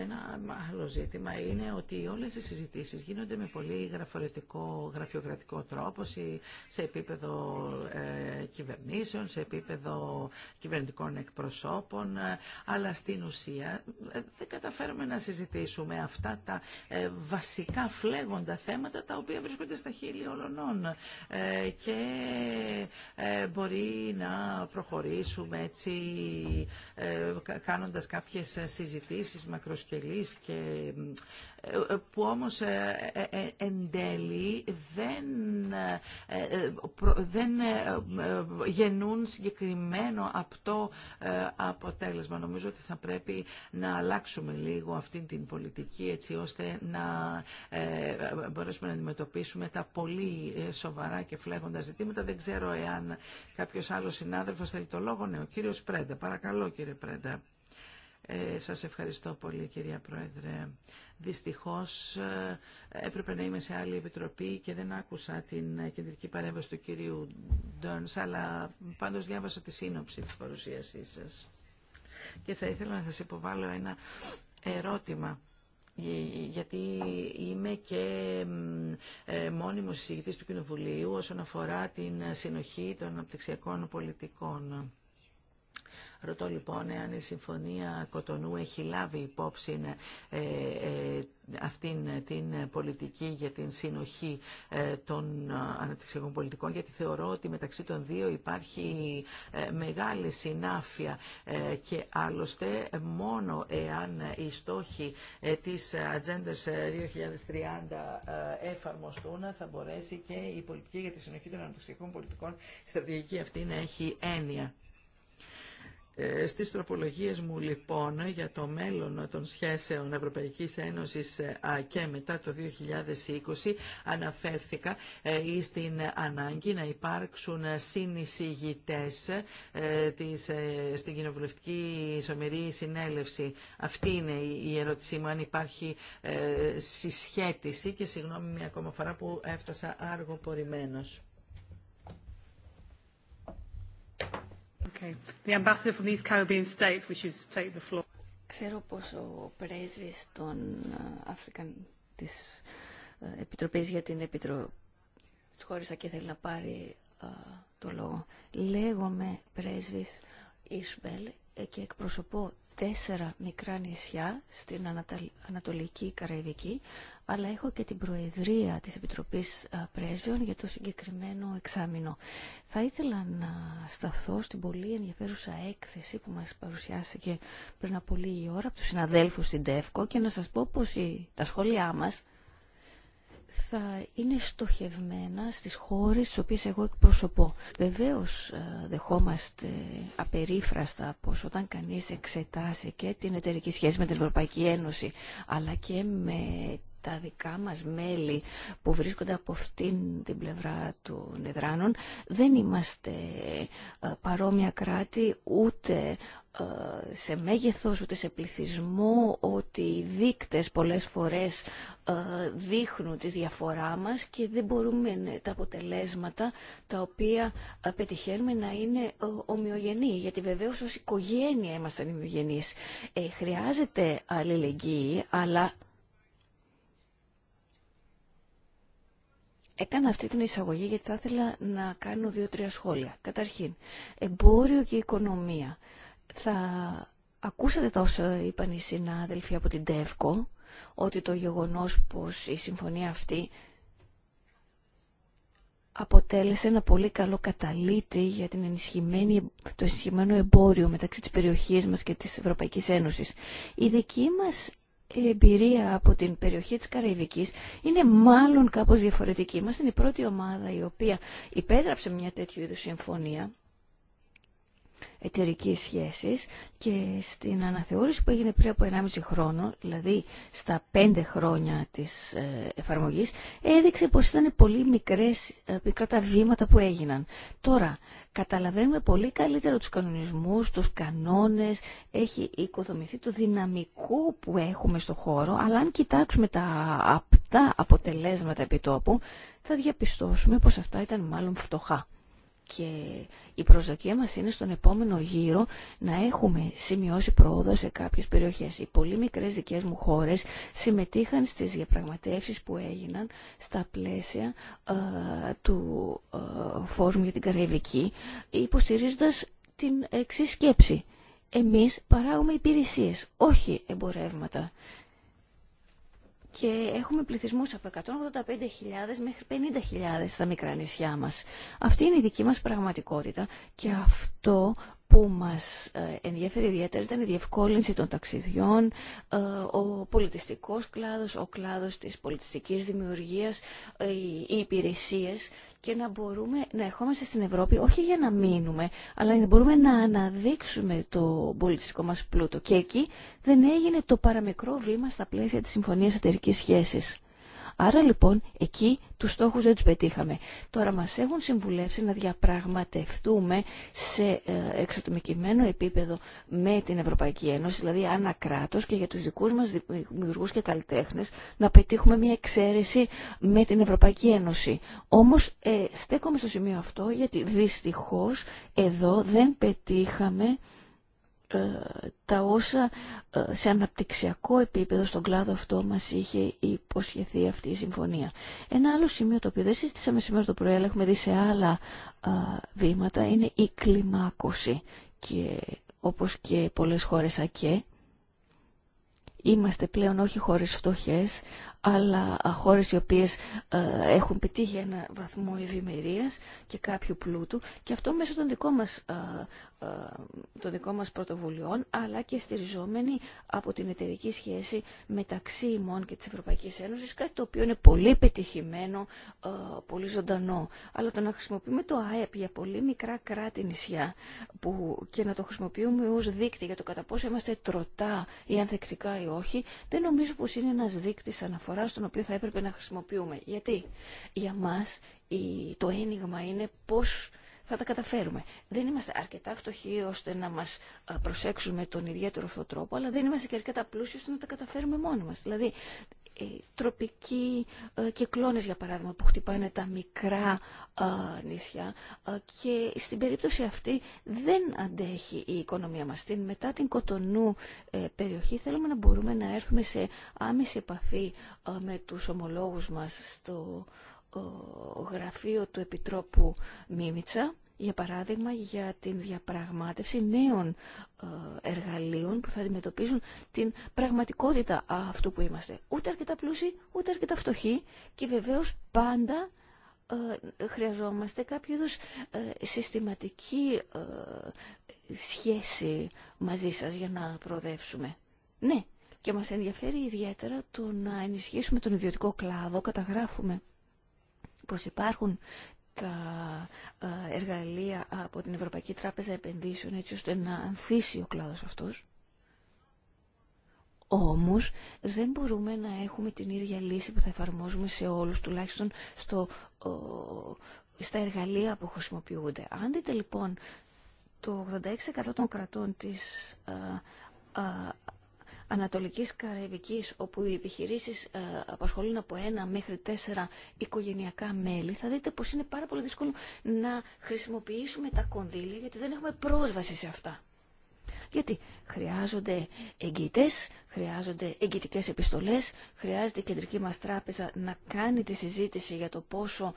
ένα άλλο ζήτημα είναι ότι όλες οι συζητήσεις γίνονται με πολύ γραφειοκρατικό, γραφειοκρατικό τρόπο σε επίπεδο ε, κυβερνήσεων, σε επίπεδο κυβερνητικών εκπροσώπων, ε, αλλά στην ουσία δεν καταφέρουμε να συζητήσουμε αυτά τα βασικά φλέγοντα θέματα τα οποία βρίσκονται στα χείλη όλων και μπορεί να προχωρήσουμε έτσι κάνοντας κάποιες συζητήσεις μακροσκελής και που όμως ε, ε, ε, εν τέλει δεν, δεν γεννούν συγκεκριμένο αυτό αποτέλεσμα. Νομίζω ότι θα πρέπει να αλλάξουμε λίγο αυτή την πολιτική έτσι ώστε να μπορέσουμε να αντιμετωπίσουμε τα πολύ σοβαρά και φλέγοντα ζητήματα. Δεν ξέρω εάν κάποιος άλλος συνάδελφος θέλει το λόγο. Ναι, ο κύριος Πρέντα. Παρακαλώ κύριε Πρέντα. Ε, σας ευχαριστώ πολύ κυρία Πρόεδρε. Δυστυχώς ε, έπρεπε να είμαι σε άλλη επιτροπή και δεν άκουσα την ε, κεντρική παρέμβαση του κυρίου Ντόνς, αλλά πάντως διάβασα τη σύνοψη της παρουσίασής σας. Και θα ήθελα να σας υποβάλω ένα ερώτημα γιατί είμαι και ε, μόνιμος συζητητής του Κοινοβουλίου όσον αφορά την συνοχή των αναπτυξιακών πολιτικών. Ρωτώ λοιπόν εάν η Συμφωνία Κοτονού έχει λάβει υπόψη ε, ε, αυτήν την πολιτική για την συνοχή ε, των αναπτυξιακών πολιτικών, γιατί θεωρώ ότι μεταξύ των δύο υπάρχει μεγάλη συνάφεια και άλλωστε μόνο εάν οι στόχοι της Ατζέντα 2030 εφαρμοστούν θα μπορέσει και η πολιτική για τη συνοχή των αναπτυξιακών πολιτικών η στρατηγική αυτή να έχει έννοια. Ε, στις τροπολογίες μου λοιπόν για το μέλλον των σχέσεων Ευρωπαϊκής Ένωσης ε, και μετά το 2020 αναφέρθηκα στην ε, ανάγκη να υπάρξουν συνεισηγητές της, στην Κοινοβουλευτική Ισομερή Συνέλευση. Αυτή είναι η ερώτησή μου, αν υπάρχει συσχέτιση και συγγνώμη μια ακόμα φορά που έφτασα άργο πορημένος. Ξέρω πως ο πρέσβης των Αφρικαν... Ε, της ε, Επιτροπής για την Επιτροπή της και θέλει να πάρει ε, το λόγο. Λέγομαι πρέσβης Ισμπέλ και εκπροσωπώ τέσσερα μικρά νησιά στην Ανατολική Καραϊβική αλλά έχω και την Προεδρία της Επιτροπής ε, Πρέσβεων για το συγκεκριμένο εξάμεινο. Θα ήθελα να σταθώ στην πολύ ενδιαφέρουσα έκθεση που μας παρουσιάστηκε πριν από λίγη ώρα από τους συναδέλφους στην ΤΕΦΚΟ και να σας πω πως τα σχόλιά μας θα είναι στοχευμένα στις χώρες στις οποίες εγώ εκπροσωπώ. Βεβαίως ε, δεχόμαστε απερίφραστα πως όταν κανείς εξετάσει και την εταιρική σχέση με την Ευρωπαϊκή Ένωση αλλά και με τα δικά μας μέλη που βρίσκονται από αυτήν την πλευρά των νεδράνων, δεν είμαστε ε, παρόμοια κράτη ούτε ε, σε μέγεθος ούτε σε πληθυσμό ότι οι δείκτες πολλές φορές ε, δείχνουν τη διαφορά μας και δεν μπορούμε τα αποτελέσματα τα οποία πετυχαίνουμε να είναι ομοιογενή γιατί βεβαίως ως οικογένεια είμαστε ομοιογενείς. Ε, χρειάζεται αλληλεγγύη αλλά Έκανα αυτή την εισαγωγή γιατί θα ήθελα να κάνω δύο-τρία σχόλια. Καταρχήν, εμπόριο και οικονομία. Θα ακούσατε τόσο είπαν οι συνάδελφοι από την ΤΕΦΚΟ, ότι το γεγονός πως η συμφωνία αυτή αποτέλεσε ένα πολύ καλό καταλήτη για την ενισχυμένη, το ενισχυμένο εμπόριο μεταξύ της περιοχής μας και της Ευρωπαϊκής Ένωσης. Η δική μας η εμπειρία από την περιοχή της Καραϊβικής είναι μάλλον κάπως διαφορετική. Είμαστε η πρώτη ομάδα η οποία υπέγραψε μια τέτοιου είδους συμφωνία εταιρικής σχέσης και στην αναθεώρηση που έγινε πριν από 1,5 χρόνο, δηλαδή στα 5 χρόνια της ε, εφαρμογής, έδειξε πως ήταν πολύ μικρές, ε, μικρά τα βήματα που έγιναν. Τώρα, Καταλαβαίνουμε πολύ καλύτερα τους κανονισμούς, τους κανόνες, έχει οικοδομηθεί το δυναμικό που έχουμε στο χώρο, αλλά αν κοιτάξουμε τα απτά αποτελέσματα επιτόπου, θα διαπιστώσουμε πως αυτά ήταν μάλλον φτωχά και η προσδοκία μας είναι στον επόμενο γύρο να έχουμε σημειώσει πρόοδο σε κάποιες περιοχές. Οι πολύ μικρές δικές μου χώρες συμμετείχαν στις διαπραγματεύσεις που έγιναν στα πλαίσια ε, του ε, Φόρουμ για την Καραϊβική υποστηρίζοντας την εξή σκέψη. Εμείς παράγουμε υπηρεσίες, όχι εμπορεύματα και έχουμε πληθυσμούς από 185.000 μέχρι 50.000 στα μικρά νησιά μας. Αυτή είναι η δική μας πραγματικότητα και αυτό που μας ε, ενδιαφέρει ιδιαίτερα ήταν η διευκόλυνση των ταξιδιών, ε, ο πολιτιστικός κλάδος, ο κλάδος της πολιτιστικής δημιουργίας, ε, οι υπηρεσίες και να μπορούμε να ερχόμαστε στην Ευρώπη όχι για να μείνουμε, αλλά να μπορούμε να αναδείξουμε το πολιτιστικό μας πλούτο. Και εκεί δεν έγινε το παραμικρό βήμα στα πλαίσια της Συμφωνίας Εταιρικής Σχέσης. Άρα λοιπόν εκεί τους στόχους δεν τους πετύχαμε. Τώρα μας έχουν συμβουλεύσει να διαπραγματευτούμε σε ε, εξατομικημένο επίπεδο με την Ευρωπαϊκή Ένωση, δηλαδή ανά και για τους δικούς μας δημιουργούς και καλλιτέχνες να πετύχουμε μια εξαίρεση με την Ευρωπαϊκή Ένωση. Όμως ε, στέκομαι στο σημείο αυτό γιατί δυστυχώς εδώ δεν πετύχαμε ε, τα όσα ε, σε αναπτυξιακό επίπεδο στον κλάδο αυτό μας είχε υποσχεθεί αυτή η συμφωνία. Ένα άλλο σημείο το οποίο δεν συζητήσαμε σήμερα το πρωί, αλλά έχουμε δει σε άλλα βήματα, είναι η κλιμάκωση. Και όπως και πολλές χώρες ΑΚΕ, είμαστε πλέον όχι χώρες φτωχές, αλλά χώρες οι οποίες έχουν πετύχει ένα βαθμό ευημερία και κάποιου πλούτου και αυτό μέσω των δικών μας, των μας πρωτοβουλειών αλλά και στηριζόμενοι από την εταιρική σχέση μεταξύ ημών και της Ευρωπαϊκής Ένωσης κάτι το οποίο είναι πολύ πετυχημένο, πολύ ζωντανό. Αλλά το να χρησιμοποιούμε το ΑΕΠ για πολύ μικρά κράτη νησιά που και να το χρησιμοποιούμε ως δείκτη για το κατά πόσο είμαστε τροτά ή ανθεκτικά ή όχι δεν νομίζω πως είναι ένας δείκτης αναφορά αναφορά στον οποίο θα έπρεπε να χρησιμοποιούμε. Γιατί για μας το ένιγμα είναι πώς θα τα καταφέρουμε. Δεν είμαστε αρκετά φτωχοί ώστε να μας ε, προσέξουμε τον ιδιαίτερο αυτό τρόπο, αλλά δεν είμαστε και αρκετά πλούσιοι ώστε να τα καταφέρουμε μόνοι μας. Δηλαδή, ε, τροπικοί ε, κυκλώνες για παράδειγμα που χτυπάνε τα μικρά ε, νησιά και στην περίπτωση αυτή δεν αντέχει η οικονομία μας. Την μετά την Κοτονού περιοχή θέλουμε να μπορούμε να έρθουμε σε άμεση επαφή με τους ομολόγους μας στο γραφείο του Επιτρόπου Μίμητσα για παράδειγμα για την διαπραγμάτευση νέων ε, εργαλείων που θα αντιμετωπίζουν την πραγματικότητα αυτού που είμαστε. Ούτε αρκετά πλούσιοι, ούτε αρκετά φτωχοί και βεβαίως πάντα ε, χρειαζόμαστε κάποιο είδους ε, συστηματική σχέση μαζί σας για να προοδεύσουμε. Ναι, και μας ενδιαφέρει ιδιαίτερα το να ενισχύσουμε τον ιδιωτικό κλάδο, καταγράφουμε πως υπάρχουν τα ε, εργαλεία από την Ευρωπαϊκή Τράπεζα Επενδύσεων έτσι ώστε να ανθίσει ο κλάδος αυτός. Όμως δεν μπορούμε να έχουμε την ίδια λύση που θα εφαρμόζουμε σε όλους, τουλάχιστον στο, στα εργαλεία που χρησιμοποιούνται. Αν δείτε λοιπόν το 86% των κρατών της ε, ε, Ανατολικής Καραϊβικής, όπου οι επιχειρήσεις ε, απασχολούν από ένα μέχρι τέσσερα οικογενειακά μέλη, θα δείτε πως είναι πάρα πολύ δύσκολο να χρησιμοποιήσουμε τα κονδύλια, γιατί δεν έχουμε πρόσβαση σε αυτά γιατί χρειάζονται εγγυητές, χρειάζονται εγγυητικές επιστολές, χρειάζεται η κεντρική μας τράπεζα να κάνει τη συζήτηση για το πόσο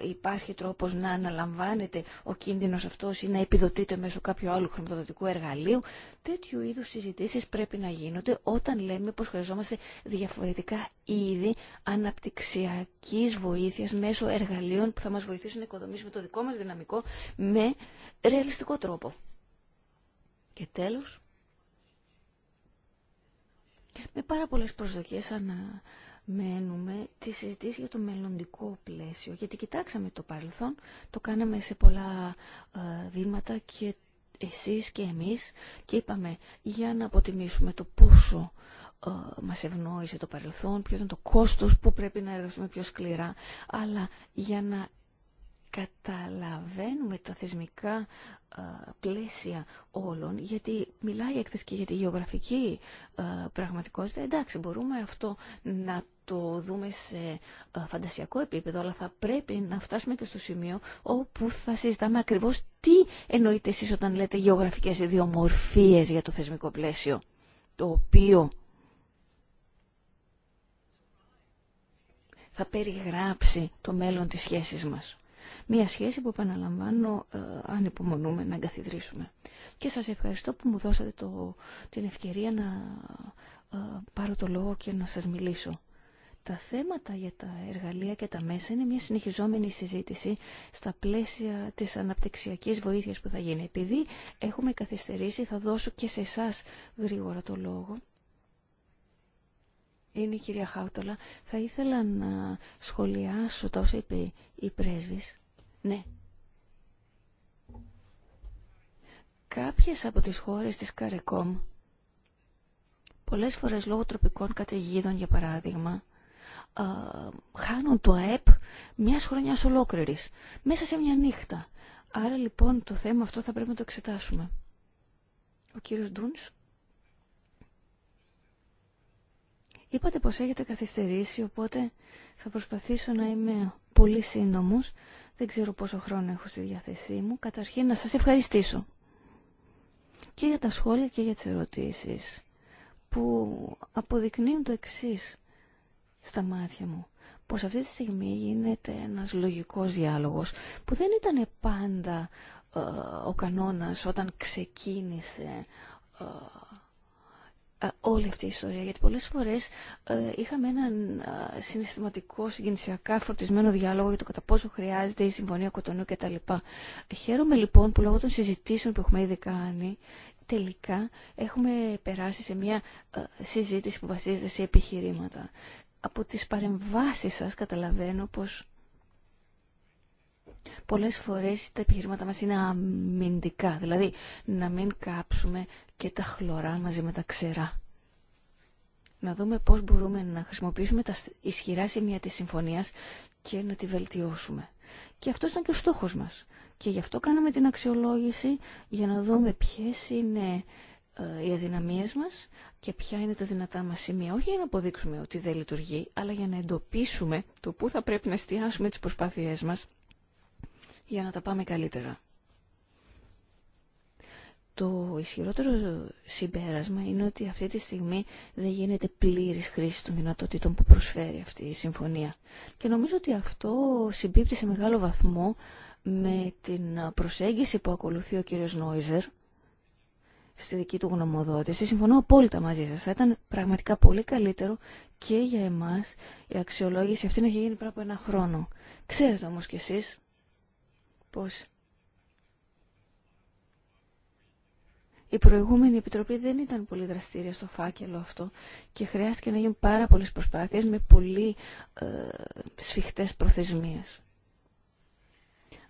ε, υπάρχει τρόπος να αναλαμβάνεται ο κίνδυνος αυτός ή να επιδοτείται μέσω κάποιου άλλου χρηματοδοτικού εργαλείου. Τέτοιου είδους συζητήσεις πρέπει να γίνονται όταν λέμε πως χρειαζόμαστε διαφορετικά είδη αναπτυξιακής βοήθειας μέσω εργαλείων που θα μας βοηθήσουν να οικοδομήσουμε το δικό μας δυναμικό με ρεαλιστικό τρόπο. Και τέλος, με πάρα πολλές προσδοκίες αναμένουμε τη συζήτηση για το μελλοντικό πλαίσιο. Γιατί κοιτάξαμε το παρελθόν, το κάναμε σε πολλά ε, βήματα και εσείς και εμείς και είπαμε για να αποτιμήσουμε το πόσο ε, μας ευνόησε το παρελθόν, ποιο ήταν το κόστος που πρέπει να εργαστούμε πιο σκληρά, αλλά για να καταλαβαίνουμε τα θεσμικά πλαίσια όλων, γιατί μιλάει έκθεση και για τη γεωγραφική πραγματικότητα. Εντάξει, μπορούμε αυτό να το δούμε σε φαντασιακό επίπεδο, αλλά θα πρέπει να φτάσουμε και στο σημείο όπου θα συζητάμε ακριβώς τι εννοείται εσείς όταν λέτε γεωγραφικές ιδιομορφίες για το θεσμικό πλαίσιο, το οποίο θα περιγράψει το μέλλον της σχέσης μας. Μια σχέση που επαναλαμβάνω ε, αν υπομονούμε να εγκαθιδρύσουμε. Και σας ευχαριστώ που μου δώσατε το, την ευκαιρία να ε, πάρω το λόγο και να σας μιλήσω. Τα θέματα για τα εργαλεία και τα μέσα είναι μια συνεχιζόμενη συζήτηση στα πλαίσια της αναπτυξιακής βοήθειας που θα γίνει. Επειδή έχουμε καθυστερήσει θα δώσω και σε εσά γρήγορα το λόγο. Είναι η κυρία Χάουτολα. Θα ήθελα να σχολιάσω τα όσα είπε η πρέσβης. Ναι. Κάποιες από τις χώρες της Καρεκόμ, πολλές φορές λόγω τροπικών καταιγίδων για παράδειγμα, α, χάνουν το ΑΕΠ μια χρονιάς ολόκληρης, μέσα σε μια νύχτα. Άρα λοιπόν το θέμα αυτό θα πρέπει να το εξετάσουμε. Ο κύριος Ντούνς. Είπατε πως έχετε καθυστερήσει, οπότε θα προσπαθήσω να είμαι πολύ σύντομος δεν ξέρω πόσο χρόνο έχω στη διάθεσή μου. Καταρχήν να σας ευχαριστήσω και για τα σχόλια και για τις ερωτήσεις που αποδεικνύουν το εξή στα μάτια μου. Πως αυτή τη στιγμή γίνεται ένας λογικός διάλογος που δεν ήταν πάντα ε, ο κανόνας όταν ξεκίνησε ε, ε, όλη αυτή η ιστορία. Γιατί πολλές φορές ε, είχαμε έναν ε, συναισθηματικό, συγκινησιακά φορτισμένο διάλογο για το κατά πόσο χρειάζεται η Συμφωνία Κοτονού κτλ. Χαίρομαι λοιπόν που λόγω των συζητήσεων που έχουμε ήδη κάνει τελικά έχουμε περάσει σε μια συζήτηση που βασίζεται σε επιχειρήματα. Από τις παρεμβάσεις σας καταλαβαίνω πως Πολλές φορές τα επιχειρήματα μας είναι αμυντικά, δηλαδή να μην κάψουμε και τα χλωρά μαζί με τα ξερά. Να δούμε πώς μπορούμε να χρησιμοποιήσουμε τα ισχυρά σημεία της συμφωνίας και να τη βελτιώσουμε. Και αυτό ήταν και ο στόχος μας. Και γι' αυτό κάναμε την αξιολόγηση για να δούμε ποιες είναι ε, οι αδυναμίες μας και ποια είναι τα δυνατά μας σημεία. Όχι για να αποδείξουμε ότι δεν λειτουργεί, αλλά για να εντοπίσουμε το πού θα πρέπει να εστιάσουμε τις προσπάθειές μας για να τα πάμε καλύτερα. Το ισχυρότερο συμπέρασμα είναι ότι αυτή τη στιγμή δεν γίνεται πλήρης χρήση των δυνατοτήτων που προσφέρει αυτή η συμφωνία. Και νομίζω ότι αυτό συμπίπτει σε μεγάλο βαθμό με την προσέγγιση που ακολουθεί ο κύριος Νόιζερ στη δική του γνωμοδότηση. Συμφωνώ απόλυτα μαζί σας. Θα ήταν πραγματικά πολύ καλύτερο και για εμάς η αξιολόγηση αυτή να έχει γίνει πριν από ένα χρόνο. Ξέρετε όμως κι εσείς πως η προηγούμενη επιτροπή δεν ήταν πολύ δραστήρια στο φάκελο αυτό και χρειάστηκε να γίνουν πάρα πολλές προσπάθειες με πολύ ε, σφιχτές προθεσμίες.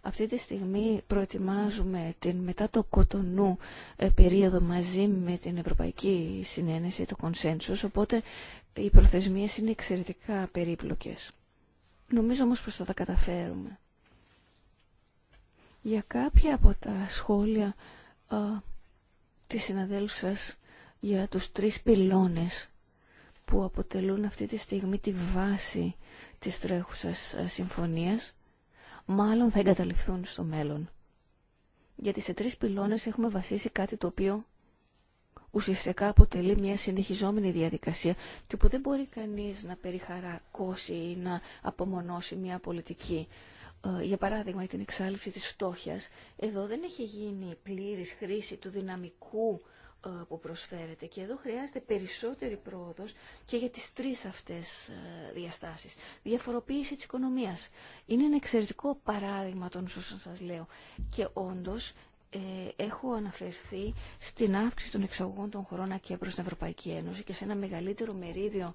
Αυτή τη στιγμή προετοιμάζουμε την μετά το κοτονού ε, περίοδο μαζί με την Ευρωπαϊκή Συνένεση, το Consensus, οπότε οι προθεσμίες είναι εξαιρετικά περίπλοκες. Νομίζω όμως πως θα τα καταφέρουμε για κάποια από τα σχόλια α, της συναδέλφου σας για τους τρεις πυλώνες που αποτελούν αυτή τη στιγμή τη βάση της τρέχουσας συμφωνίας, μάλλον θα εγκαταλειφθούν στο μέλλον. Γιατί σε τρεις πυλώνες έχουμε βασίσει κάτι το οποίο ουσιαστικά αποτελεί μια συνεχιζόμενη διαδικασία και που δεν μπορεί κανείς να περιχαρακώσει ή να απομονώσει μια πολιτική ε, για παράδειγμα την εξάλληψη της φτώχειας, εδώ δεν έχει γίνει πλήρης χρήση του δυναμικού ε, που προσφέρεται και εδώ χρειάζεται περισσότερη πρόοδος και για τις τρεις αυτές ε, διαστάσεις. Διαφοροποίηση της οικονομίας. Είναι ένα εξαιρετικό παράδειγμα των όσων σας λέω και όντως έχω αναφερθεί στην αύξηση των εξαγωγών των χωρών και προς την Ευρωπαϊκή Ένωση και σε ένα μεγαλύτερο μερίδιο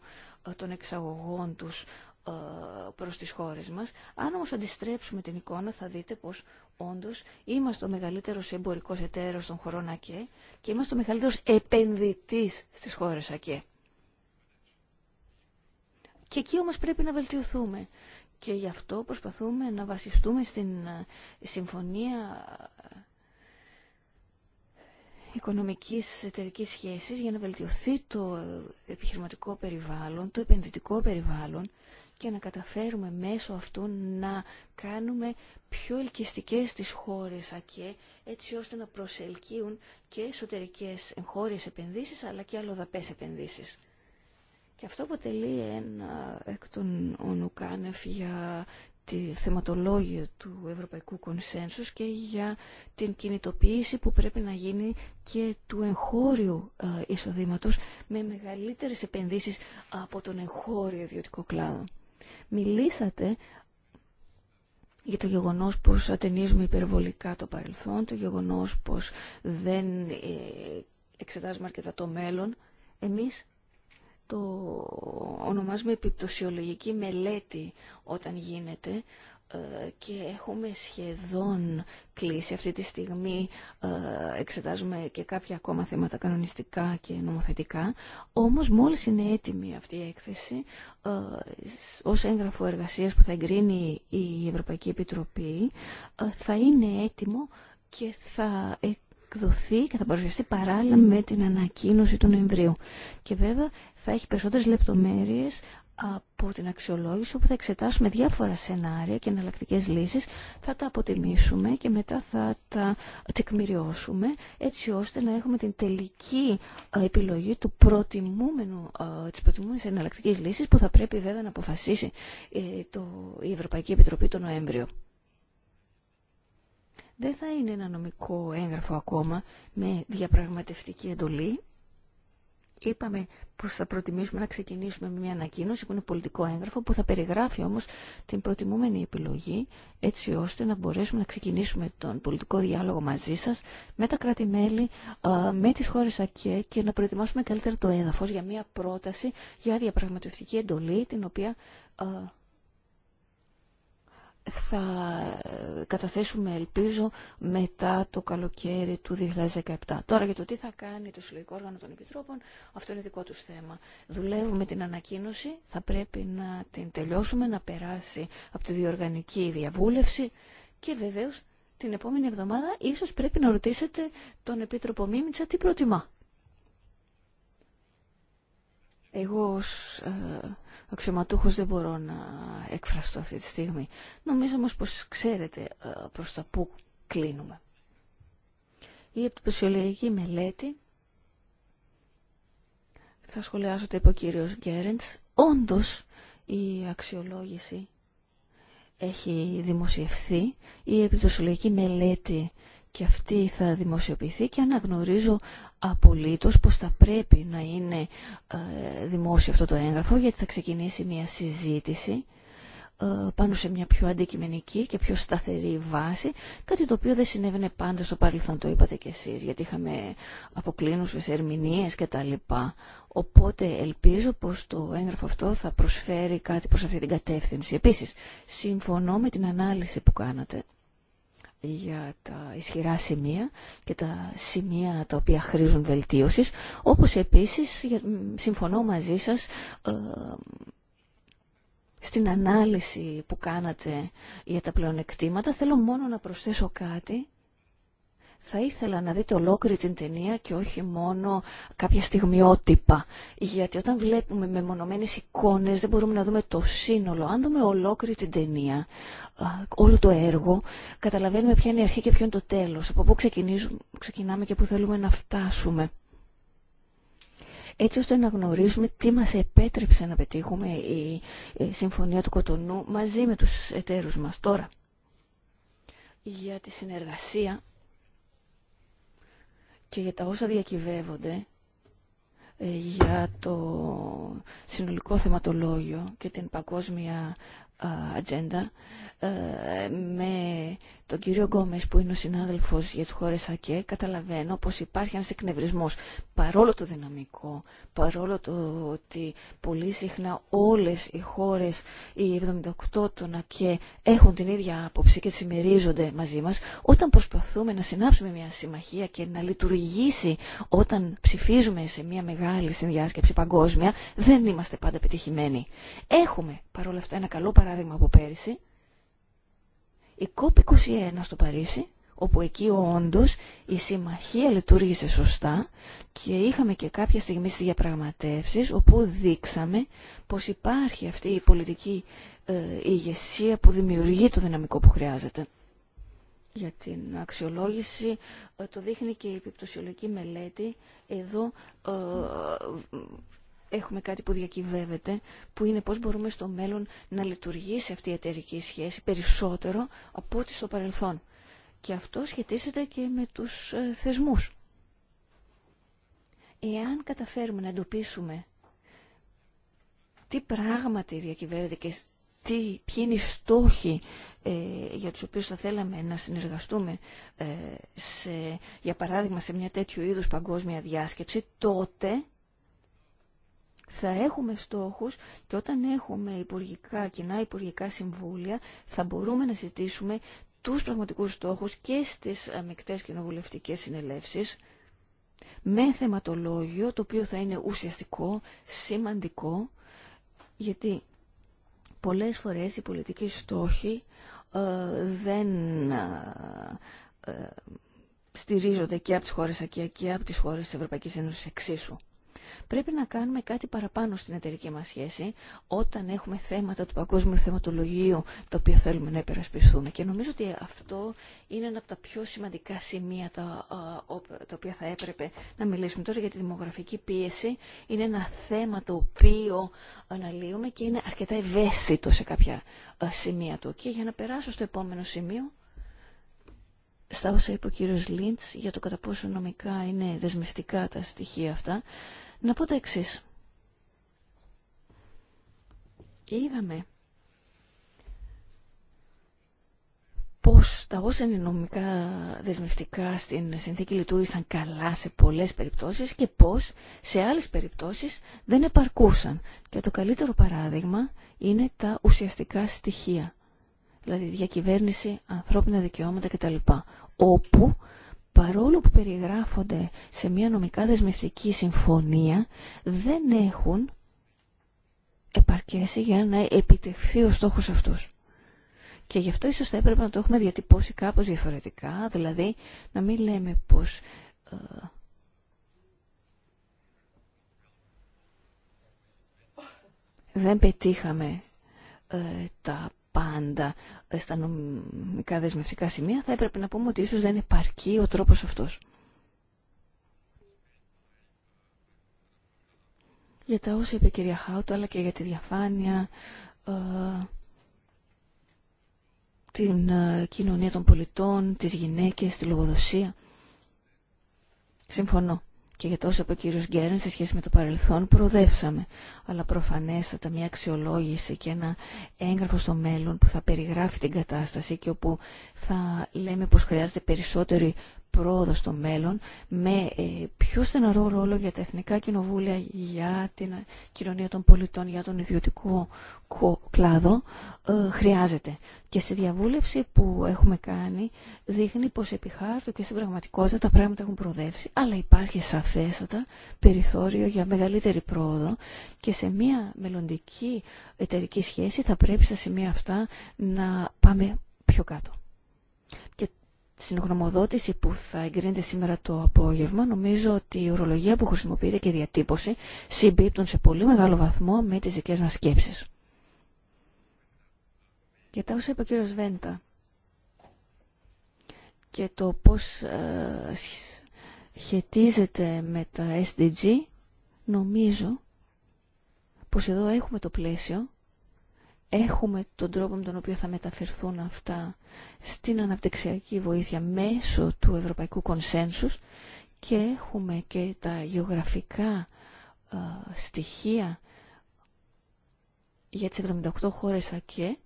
των εξαγωγών τους ε, προς τις χώρες μας. Αν όμως αντιστρέψουμε την εικόνα θα δείτε πως όντως είμαστε ο μεγαλύτερος εμπορικός εταίρος των χωρών ΑΚΕ και είμαστε ο μεγαλύτερος επενδυτής στις χώρες ΑΚΕ. Και εκεί όμως πρέπει να βελτιωθούμε. Και γι' αυτό προσπαθούμε να βασιστούμε στην ε, συμφωνία ε, οικονομικής εταιρικής σχέσης για να βελτιωθεί το επιχειρηματικό περιβάλλον, το επενδυτικό περιβάλλον και να καταφέρουμε μέσω αυτού να κάνουμε πιο ελκυστικές τις χώρες ΑΚΕ έτσι ώστε να προσελκύουν και εσωτερικές εγχώριες επενδύσεις αλλά και αλλοδαπές επενδύσεις. Και αυτό αποτελεί ένα εκ των ονουκάνευ για τη θεματολογία του Ευρωπαϊκού Κονσένσους και για την κινητοποίηση που πρέπει να γίνει και του εγχώριου ε, εισοδήματος με μεγαλύτερες επενδύσεις από τον εγχώριο ιδιωτικό κλάδο. Μιλήσατε για το γεγονός πως ατενίζουμε υπερβολικά το παρελθόν, το γεγονός πως δεν ε, εξετάζουμε αρκετά το μέλλον. Εμείς το ονομάζουμε επιπτωσιολογική μελέτη όταν γίνεται και έχουμε σχεδόν κλείσει αυτή τη στιγμή. Ε, εξετάζουμε και κάποια ακόμα θέματα κανονιστικά και νομοθετικά. Όμως μόλις είναι έτοιμη αυτή η έκθεση ε, ως έγγραφο εργασίας που θα εγκρίνει η Ευρωπαϊκή Επιτροπή ε, θα είναι έτοιμο και θα εκδοθεί και θα παρουσιαστεί παράλληλα με την ανακοίνωση του Νοεμβρίου. Και βέβαια θα έχει περισσότερες λεπτομέρειες από την αξιολόγηση όπου θα εξετάσουμε διάφορα σενάρια και εναλλακτικέ λύσεις, θα τα αποτιμήσουμε και μετά θα τα τεκμηριώσουμε έτσι ώστε να έχουμε την τελική ε, επιλογή του προτιμούμενου, ε, της προτιμούμενης εναλλακτικής λύσης που θα πρέπει βέβαια να αποφασίσει ε, το, η Ευρωπαϊκή Επιτροπή το Νοέμβριο. Δεν θα είναι ένα νομικό έγγραφο ακόμα με διαπραγματευτική εντολή, Είπαμε πως θα προτιμήσουμε να ξεκινήσουμε με μια ανακοίνωση που είναι πολιτικό έγγραφο που θα περιγράφει όμως την προτιμούμενη επιλογή έτσι ώστε να μπορέσουμε να ξεκινήσουμε τον πολιτικό διάλογο μαζί σας με τα κράτη-μέλη, με τις χώρες ΑΚΕ και να προετοιμάσουμε καλύτερα το έδαφος για μια πρόταση για διαπραγματευτική εντολή την οποία θα καταθέσουμε ελπίζω μετά το καλοκαίρι του 2017. Τώρα για το τι θα κάνει το Συλλογικό Όργανο των Επιτρόπων, αυτό είναι δικό του θέμα. Δουλεύουμε την ανακοίνωση, θα πρέπει να την τελειώσουμε, να περάσει από τη διοργανική διαβούλευση και βεβαίως την επόμενη εβδομάδα ίσως πρέπει να ρωτήσετε τον Επίτροπο Μίμητσα τι προτιμά. Εγώ ως, ε, αξιωματούχος δεν μπορώ να εκφραστώ αυτή τη στιγμή. Νομίζω όμως πως ξέρετε ε, προς τα που κλείνουμε. Η επιπτωσιολογική μελέτη, θα σχολιάσω το είπε ο κύριος Γκέρεντς, όντως η αξιολόγηση έχει δημοσιευθεί, η επιπτωσιολογική μελέτη και αυτή θα δημοσιοποιηθεί και αναγνωρίζω απολύτως πως θα πρέπει να είναι ε, δημόσιο αυτό το έγγραφο γιατί θα ξεκινήσει μια συζήτηση ε, πάνω σε μια πιο αντικειμενική και πιο σταθερή βάση, κάτι το οποίο δεν συνέβαινε πάντα στο παρελθόν, το είπατε κι εσείς, γιατί είχαμε αποκλίνουσες ερμηνείες κτλ. Οπότε ελπίζω πως το έγγραφο αυτό θα προσφέρει κάτι προς αυτή την κατεύθυνση. Επίσης, συμφωνώ με την ανάλυση που κάνατε για τα ισχυρά σημεία και τα σημεία τα οποία χρήζουν βελτίωσης, όπως επίσης συμφωνώ μαζί σας ε, στην ανάλυση που κάνατε για τα πλεονεκτήματα. Θέλω μόνο να προσθέσω κάτι θα ήθελα να δείτε ολόκληρη την ταινία και όχι μόνο κάποια στιγμιότυπα. Γιατί όταν βλέπουμε μεμονωμένες εικόνες δεν μπορούμε να δούμε το σύνολο. Αν δούμε ολόκληρη την ταινία, όλο το έργο, καταλαβαίνουμε ποια είναι η αρχή και ποιο είναι το τέλος. Από πού ξεκινάμε και πού θέλουμε να φτάσουμε έτσι ώστε να γνωρίζουμε τι μας επέτρεψε να πετύχουμε η Συμφωνία του Κοτονού μαζί με τους εταίρους μας τώρα. Για τη συνεργασία και για τα όσα διακυβεύονται ε, για το συνολικό θεματολόγιο και την παγκόσμια ατζέντα ε, με τον κύριο Γκόμε, που είναι ο συνάδελφο για τι χώρε ΑΚΕ καταλαβαίνω πω υπάρχει ένα εκνευρισμό. παρόλο το δυναμικό, παρόλο το ότι πολύ συχνά όλε οι χώρε, οι 78 των ΑΚΕ έχουν την ίδια άποψη και συμμερίζονται μαζί μα, όταν προσπαθούμε να συνάψουμε μια συμμαχία και να λειτουργήσει όταν ψηφίζουμε σε μια μεγάλη συνδιάσκεψη παγκόσμια δεν είμαστε πάντα πετυχημένοι. Έχουμε παρόλα αυτά ένα καλό παράδειγμα από πέρυσι η COP21 στο Παρίσι, όπου εκεί όντω η συμμαχία λειτουργήσε σωστά και είχαμε και κάποια στιγμή στις διαπραγματεύσεις όπου δείξαμε πως υπάρχει αυτή η πολιτική ε, ηγεσία που δημιουργεί το δυναμικό που χρειάζεται. Για την αξιολόγηση ε, το δείχνει και η επιπτωσιολογική μελέτη. Εδώ ε, έχουμε κάτι που διακυβεύεται, που είναι πώς μπορούμε στο μέλλον να λειτουργήσει αυτή η εταιρική σχέση περισσότερο από ό,τι στο παρελθόν. Και αυτό σχετίζεται και με τους ε, θεσμούς. Εάν καταφέρουμε να εντοπίσουμε τι πράγματι διακυβεύεται και τι, ποιοι είναι οι στόχοι ε, για τους οποίους θα θέλαμε να συνεργαστούμε, ε, σε, για παράδειγμα σε μια τέτοιου είδους παγκόσμια διάσκεψη, τότε θα έχουμε στόχους και όταν έχουμε υπουργικά, κοινά υπουργικά συμβούλια θα μπορούμε να συζητήσουμε τους πραγματικούς στόχους και στις αμυκτές κοινοβουλευτικές συνελεύσεις με θεματολόγιο το οποίο θα είναι ουσιαστικό, σημαντικό γιατί πολλές φορές οι πολιτικοί στόχοι ε, δεν ε, ε, στηρίζονται και από τις χώρες ΑΚΙΑ και από τις χώρες της Ευρωπαϊκής Ένωσης εξίσου. Πρέπει να κάνουμε κάτι παραπάνω στην εταιρική μας σχέση όταν έχουμε θέματα του παγκόσμιου θεματολογίου τα οποία θέλουμε να υπερασπιστούμε. Και νομίζω ότι αυτό είναι ένα από τα πιο σημαντικά σημεία τα, τα οποία θα έπρεπε να μιλήσουμε τώρα για τη δημογραφική πίεση. Είναι ένα θέμα το οποίο αναλύουμε και είναι αρκετά ευαίσθητο σε κάποια σημεία του. Και για να περάσω στο επόμενο σημείο, στα όσα είπε ο κύριος Λίντς για το κατά πόσο νομικά είναι δεσμευτικά τα στοιχεία αυτά. Να πω τα εξή. Είδαμε πως τα όσα είναι νομικά δεσμευτικά στην συνθήκη λειτουργήσαν καλά σε πολλές περιπτώσεις και πως σε άλλες περιπτώσεις δεν επαρκούσαν. Και το καλύτερο παράδειγμα είναι τα ουσιαστικά στοιχεία. Δηλαδή διακυβέρνηση, ανθρώπινα δικαιώματα κτλ. Όπου παρόλο που περιγράφονται σε μια νομικά δεσμευτική συμφωνία, δεν έχουν επαρκέσει για να επιτευχθεί ο στόχος αυτός. Και γι' αυτό ίσως θα έπρεπε να το έχουμε διατυπώσει κάπως διαφορετικά, δηλαδή να μην λέμε πως... Ε, δεν πετύχαμε ε, τα πάντα στα νομικά δεσμευτικά σημεία, θα έπρεπε να πούμε ότι ίσως δεν επαρκεί ο τρόπος αυτός. Για τα όσα είπε η κυρία Χάουτο, αλλά και για τη διαφάνεια, ε, την ε, κοινωνία των πολιτών, τις γυναίκες, τη λογοδοσία. Συμφωνώ και για τόσο από ο κύριος Γκέρν σε σχέση με το παρελθόν προοδεύσαμε. Αλλά προφανέστατα μια αξιολόγηση και ένα έγγραφο στο μέλλον που θα περιγράφει την κατάσταση και όπου θα λέμε πως χρειάζεται περισσότερη πρόοδο στο μέλλον με ε, πιο στεναρό ρόλο για τα εθνικά κοινοβούλια, για την ε, κοινωνία των πολιτών, για τον ιδιωτικό κλάδο ε, χρειάζεται. Και στη διαβούλευση που έχουμε κάνει δείχνει πως επί χάρτου και στην πραγματικότητα τα πράγματα έχουν προοδεύσει, αλλά υπάρχει σαφέστατα περιθώριο για μεγαλύτερη πρόοδο και σε μια μελλοντική εταιρική σχέση θα πρέπει στα σημεία αυτά να πάμε πιο κάτω στην γνωμοδότηση που θα εγκρίνεται σήμερα το απόγευμα, νομίζω ότι η ορολογία που χρησιμοποιείται και η διατύπωση συμπίπτουν σε πολύ μεγάλο βαθμό με τις δικές μας σκέψεις. Και τα όσα είπε ο κύριος Βέντα και το πώς ε, σχετίζεται με τα SDG, νομίζω πως εδώ έχουμε το πλαίσιο έχουμε τον τρόπο με τον οποίο θα μεταφερθούν αυτά στην αναπτυξιακή βοήθεια μέσω του Ευρωπαϊκού Κονσένσους και έχουμε και τα γεωγραφικά ε, στοιχεία για τις 78 χώρες ΑΚΕ,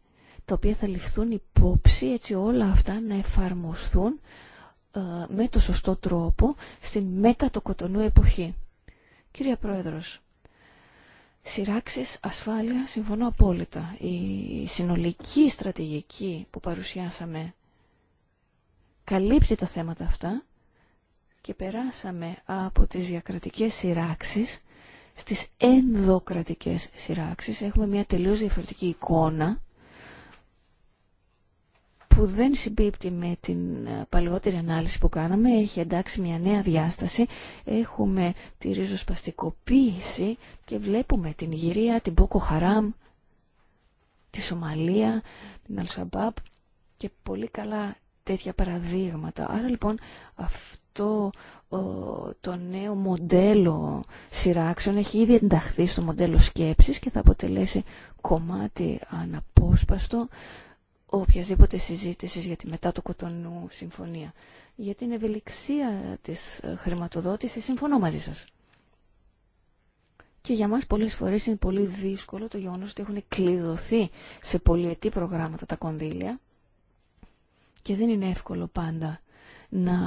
τα οποία θα ληφθούν υπόψη έτσι όλα αυτά να εφαρμοστούν ε, με το σωστό τρόπο στην μετά εποχή. Κυρία Πρόεδρος, σειράξεις ασφάλεια συμφωνώ απόλυτα. Η συνολική στρατηγική που παρουσιάσαμε καλύπτει τα θέματα αυτά και περάσαμε από τις διακρατικές σειράξεις στις ενδοκρατικές σειράξεις. Έχουμε μια τελείως διαφορετική εικόνα που δεν συμπίπτει με την ε, παλαιότερη ανάλυση που κάναμε. Έχει εντάξει μια νέα διάσταση. Έχουμε τη ριζοσπαστικοποίηση και βλέπουμε την Ιγυρία, την Πόκο Χαράμ, τη Σομαλία, την Αλσαμπάπ και πολύ καλά τέτοια παραδείγματα. Άρα λοιπόν αυτό το νέο μοντέλο σειράξεων έχει ήδη ενταχθεί στο μοντέλο σκέψης και θα αποτελέσει κομμάτι αναπόσπαστο οποιασδήποτε συζήτηση για τη μετά του Κοτονού συμφωνία. Για την ευελιξία της ε, χρηματοδότησης συμφωνώ μαζί σας. Και για μας πολλές φορές είναι πολύ δύσκολο το γεγονός ότι έχουν κλειδωθεί σε πολυετή προγράμματα τα κονδύλια και δεν είναι εύκολο πάντα να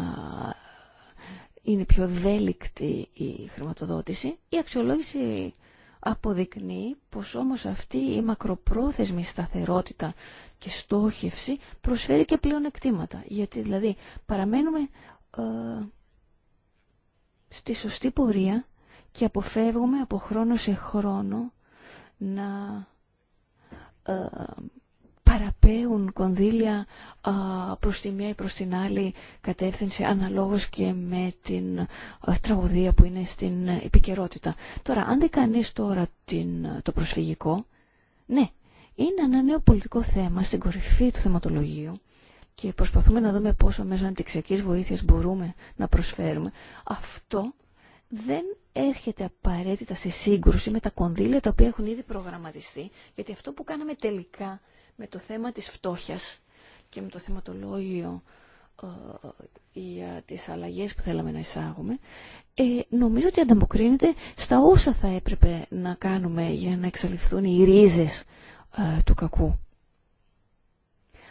είναι πιο ευέλικτη η χρηματοδότηση. Η αξιολόγηση αποδεικνύει πως όμως αυτή η μακροπρόθεσμη σταθερότητα και στόχευση προσφέρει και πλέον εκτήματα. Γιατί δηλαδή παραμένουμε ε, στη σωστή πορεία και αποφεύγουμε από χρόνο σε χρόνο να ε, παραπέουν κονδύλια προς τη μία ή προς την άλλη κατεύθυνση αναλόγως και με την τραγωδία που είναι στην επικαιρότητα. Τώρα, αν δεν κανείς τώρα την, το προσφυγικό, ναι, είναι ένα νέο πολιτικό θέμα στην κορυφή του θεματολογίου και προσπαθούμε να δούμε πόσο μέσω αντιξιακής βοήθειας μπορούμε να προσφέρουμε. Αυτό δεν έρχεται απαραίτητα σε σύγκρουση με τα κονδύλια τα οποία έχουν ήδη προγραμματιστεί, γιατί αυτό που κάναμε τελικά με το θέμα της φτώχειας και με το θεματολόγιο ε, για τις αλλαγές που θέλαμε να εισάγουμε, ε, νομίζω ότι ανταποκρίνεται στα όσα θα έπρεπε να κάνουμε για να εξαλειφθούν οι ρίζες ε, του κακού.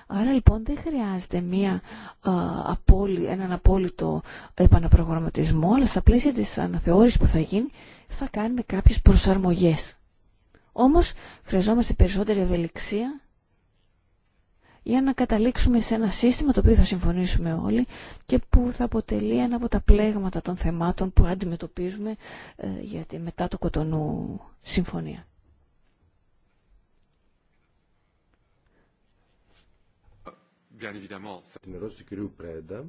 Άρα λοιπόν δεν χρειάζεται μία, α, έναν απόλυτο επαναπρογραμματισμό, αλλά στα πλαίσια της αναθεώρησης που θα γίνει θα κάνουμε κάποιες προσαρμογές. Όμως χρειαζόμαστε περισσότερη ευελιξία για να καταλήξουμε σε ένα σύστημα το οποίο θα συμφωνήσουμε όλοι και που θα αποτελεί ένα από τα πλέγματα των θεμάτων που αντιμετωπίζουμε ε, για τη μετά το Κοτονού Συμφωνία. Την ερώτηση του κυρίου Πρέντα,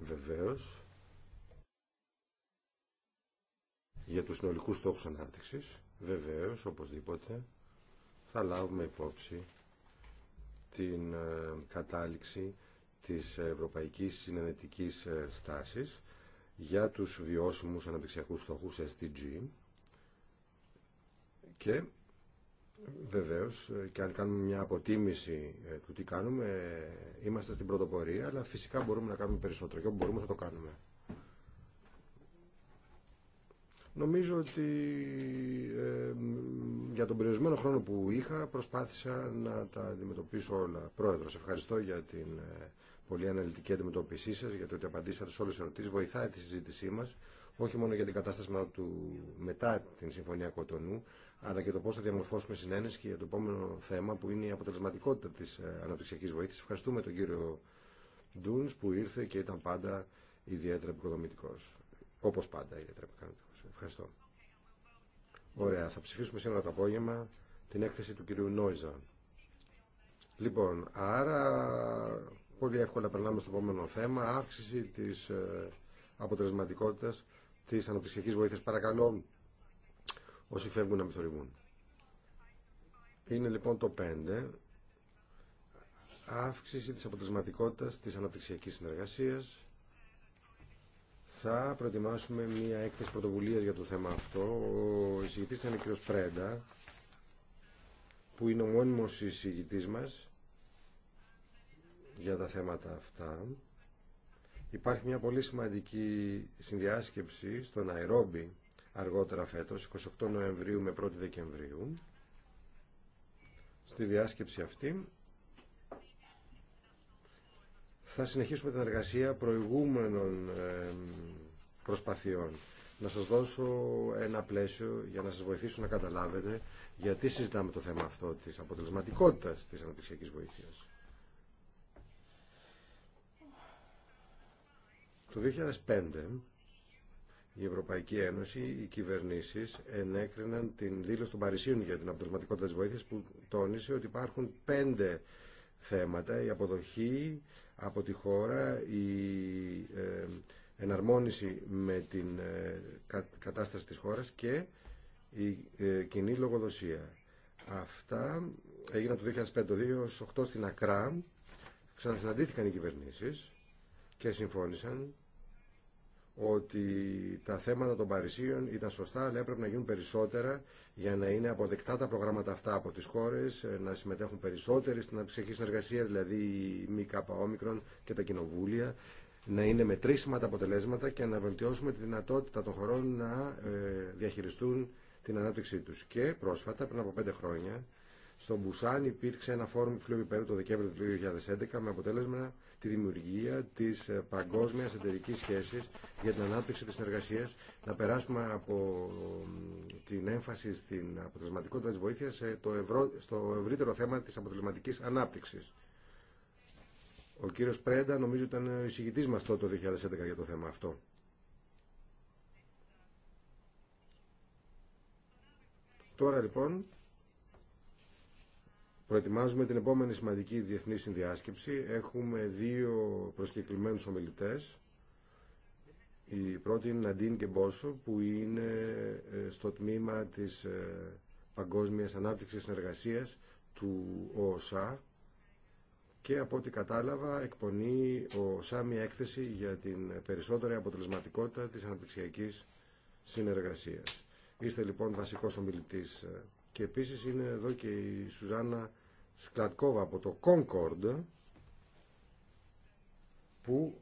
βεβαίως, για τους συνολικούς στόχους ανάπτυξης, βεβαίως, οπωσδήποτε, θα λάβουμε υπόψη την ε, κατάληξη της Ευρωπαϊκής Συνενετικής ε, Στάσης για τους βιώσιμους αναπτυξιακούς στόχους SDG και βεβαίως ε, και αν κάνουμε μια αποτίμηση του τι κάνουμε είμαστε στην πρωτοπορία αλλά φυσικά μπορούμε να κάνουμε περισσότερο και όπου μπορούμε θα το κάνουμε. Νομίζω ότι ε, για τον περιορισμένο χρόνο που είχα προσπάθησα να τα αντιμετωπίσω όλα. Πρόεδρος, ευχαριστώ για την ε, πολύ αναλυτική αντιμετώπιση σας, για το ότι απαντήσατε σε όλες τις ερωτήσεις. Βοηθάει τη συζήτησή μας, όχι μόνο για την κατάσταση του μετά την Συμφωνία Κοτονού, αλλά και το πώς θα διαμορφώσουμε συνένεση και για το επόμενο θέμα που είναι η αποτελεσματικότητα της ε, αναπτυξιακής βοήθησης. Ευχαριστούμε τον κύριο Ντούνς που ήρθε και ήταν πάντα ιδιαίτερα επικοδομητικός. Όπως πάντα η Επιτροπή Ευχαριστώ. Ωραία, θα ψηφίσουμε σήμερα το απόγευμα την έκθεση του κυρίου Νόιζα. Λοιπόν, άρα πολύ εύκολα περνάμε στο επόμενο θέμα, αύξηση της ε, αποτελεσματικότητα, της αναπτυξιακή βοήθειας. Παρακαλώ όσοι φεύγουν να μην θορυβούν. Είναι λοιπόν το 5, αύξηση της αποτελεσματικότητα τη αναπτυξιακή συνεργασία θα προετοιμάσουμε μια έκθεση πρωτοβουλία για το θέμα αυτό. Ο εισηγητής θα είναι ο κ. Πρέντα, που είναι ο μόνιμος εισηγητής μας για τα θέματα αυτά. Υπάρχει μια πολύ σημαντική συνδιάσκεψη στο Ναϊρόμπι αργότερα φέτος, 28 Νοεμβρίου με 1 Δεκεμβρίου. Στη διάσκεψη αυτή θα συνεχίσουμε την εργασία προηγούμενων προσπαθειών. Να σας δώσω ένα πλαίσιο για να σας βοηθήσω να καταλάβετε γιατί συζητάμε το θέμα αυτό της αποτελεσματικότητας της αναπτυξιακής βοήθειας. Το 2005 η Ευρωπαϊκή Ένωση, οι κυβερνήσεις ενέκριναν την δήλωση των Παρισίων για την αποτελεσματικότητα της βοήθειας που τόνισε ότι υπάρχουν πέντε θέματα, η αποδοχή από τη χώρα, η ε, εναρμόνιση με την ε, κατάσταση της χώρας και η ε, κοινή λογοδοσία. Αυτά έγιναν το 2005-2008 στην Ακρά, ξανασυναντήθηκαν οι κυβερνήσεις και συμφώνησαν ότι τα θέματα των Παρισίων ήταν σωστά, αλλά έπρεπε να γίνουν περισσότερα για να είναι αποδεκτά τα προγράμματα αυτά από τις χώρες, ε, να συμμετέχουν περισσότεροι στην ψυχική συνεργασία, δηλαδή η ΜΚΟ και τα κοινοβούλια, να είναι μετρήσιμα τα αποτελέσματα και να βελτιώσουμε τη δυνατότητα των χωρών να ε, διαχειριστούν την ανάπτυξή τους. Και πρόσφατα, πριν από πέντε χρόνια, στο Μπουσάν υπήρξε ένα φόρουμ υψηλού επίπεδου το Δεκέμβριο του 2011 με αποτέλεσμα τη δημιουργία της ε, παγκόσμιας εταιρικής σχέσης για την ανάπτυξη της συνεργασίας, να περάσουμε από την έμφαση στην αποτελεσματικότητα της βοήθειας στο ευρύτερο θέμα της αποτελεσματικής ανάπτυξης. Ο κύριος Πρέντα νομίζω ήταν ο εισηγητής μας τότε το 2011 για το θέμα αυτό. Τώρα λοιπόν Προετοιμάζουμε την επόμενη σημαντική διεθνή συνδιάσκεψη. Έχουμε δύο προσκεκλημένου ομιλητέ, Η πρώτη είναι Ναντίν Κεμπόσο, που είναι ε, στο τμήμα τη ε, Παγκόσμια Ανάπτυξη συνεργασία του ΟΟΣΑ και από ό,τι κατάλαβα εκπονεί ο ΟΣΑ μια έκθεση για την περισσότερη αποτελεσματικότητα της αναπτυξιακής συνεργασίας. Είστε λοιπόν βασικό ομιλητής ε. και επίσης είναι εδώ και η Σουζάννα Σκλατκόβα από το Concord που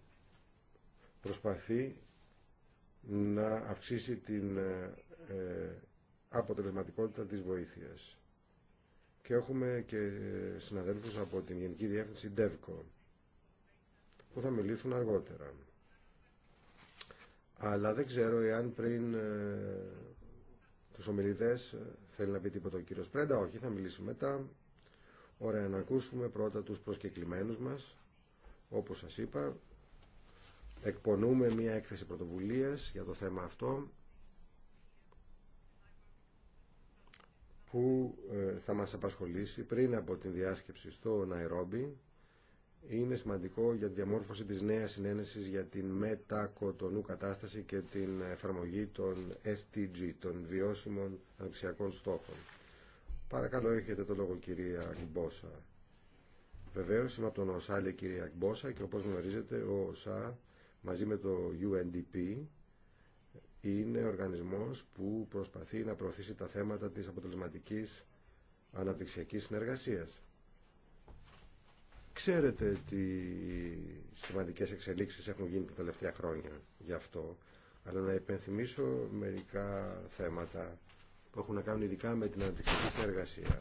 προσπαθεί να αυξήσει την ε, ε, αποτελεσματικότητα της βοήθειας. Και έχουμε και ε, συναδέλφους από την Γενική Διεύθυνση Ντεύκο που θα μιλήσουν αργότερα. Αλλά δεν ξέρω εάν πριν τους ομιλητές θέλει να πει τίποτα ο κύριος Πρέντα. Όχι, θα μιλήσει μετά. Ωραία, να ακούσουμε πρώτα τους προσκεκλημένους μας. Όπως σας είπα, εκπονούμε μια έκθεση πρωτοβουλίας για το θέμα αυτό που ε, θα μας απασχολήσει πριν από την διάσκεψη στο Ναϊρόμπι είναι σημαντικό για τη διαμόρφωση της νέας συνένεσης για την μετακοτονού κατάσταση και την εφαρμογή των STG, των βιώσιμων αναπτυξιακών στόχων. Παρακαλώ, έχετε το λόγο, κυρία Γκμπόσα. Βεβαίω, είμαι από τον ΟΣΑ, λέει κυρία Γκμπόσα, και όπω γνωρίζετε, ο ΟΣΑ μαζί με το UNDP είναι οργανισμός που προσπαθεί να προωθήσει τα θέματα της αποτελεσματικής αναπτυξιακή συνεργασίας. Ξέρετε τι σημαντικές εξελίξεις έχουν γίνει τα τελευταία χρόνια γι' αυτό, αλλά να υπενθυμίσω μερικά θέματα που έχουν να κάνουν ειδικά με την αναπτυξιακή συνεργασία,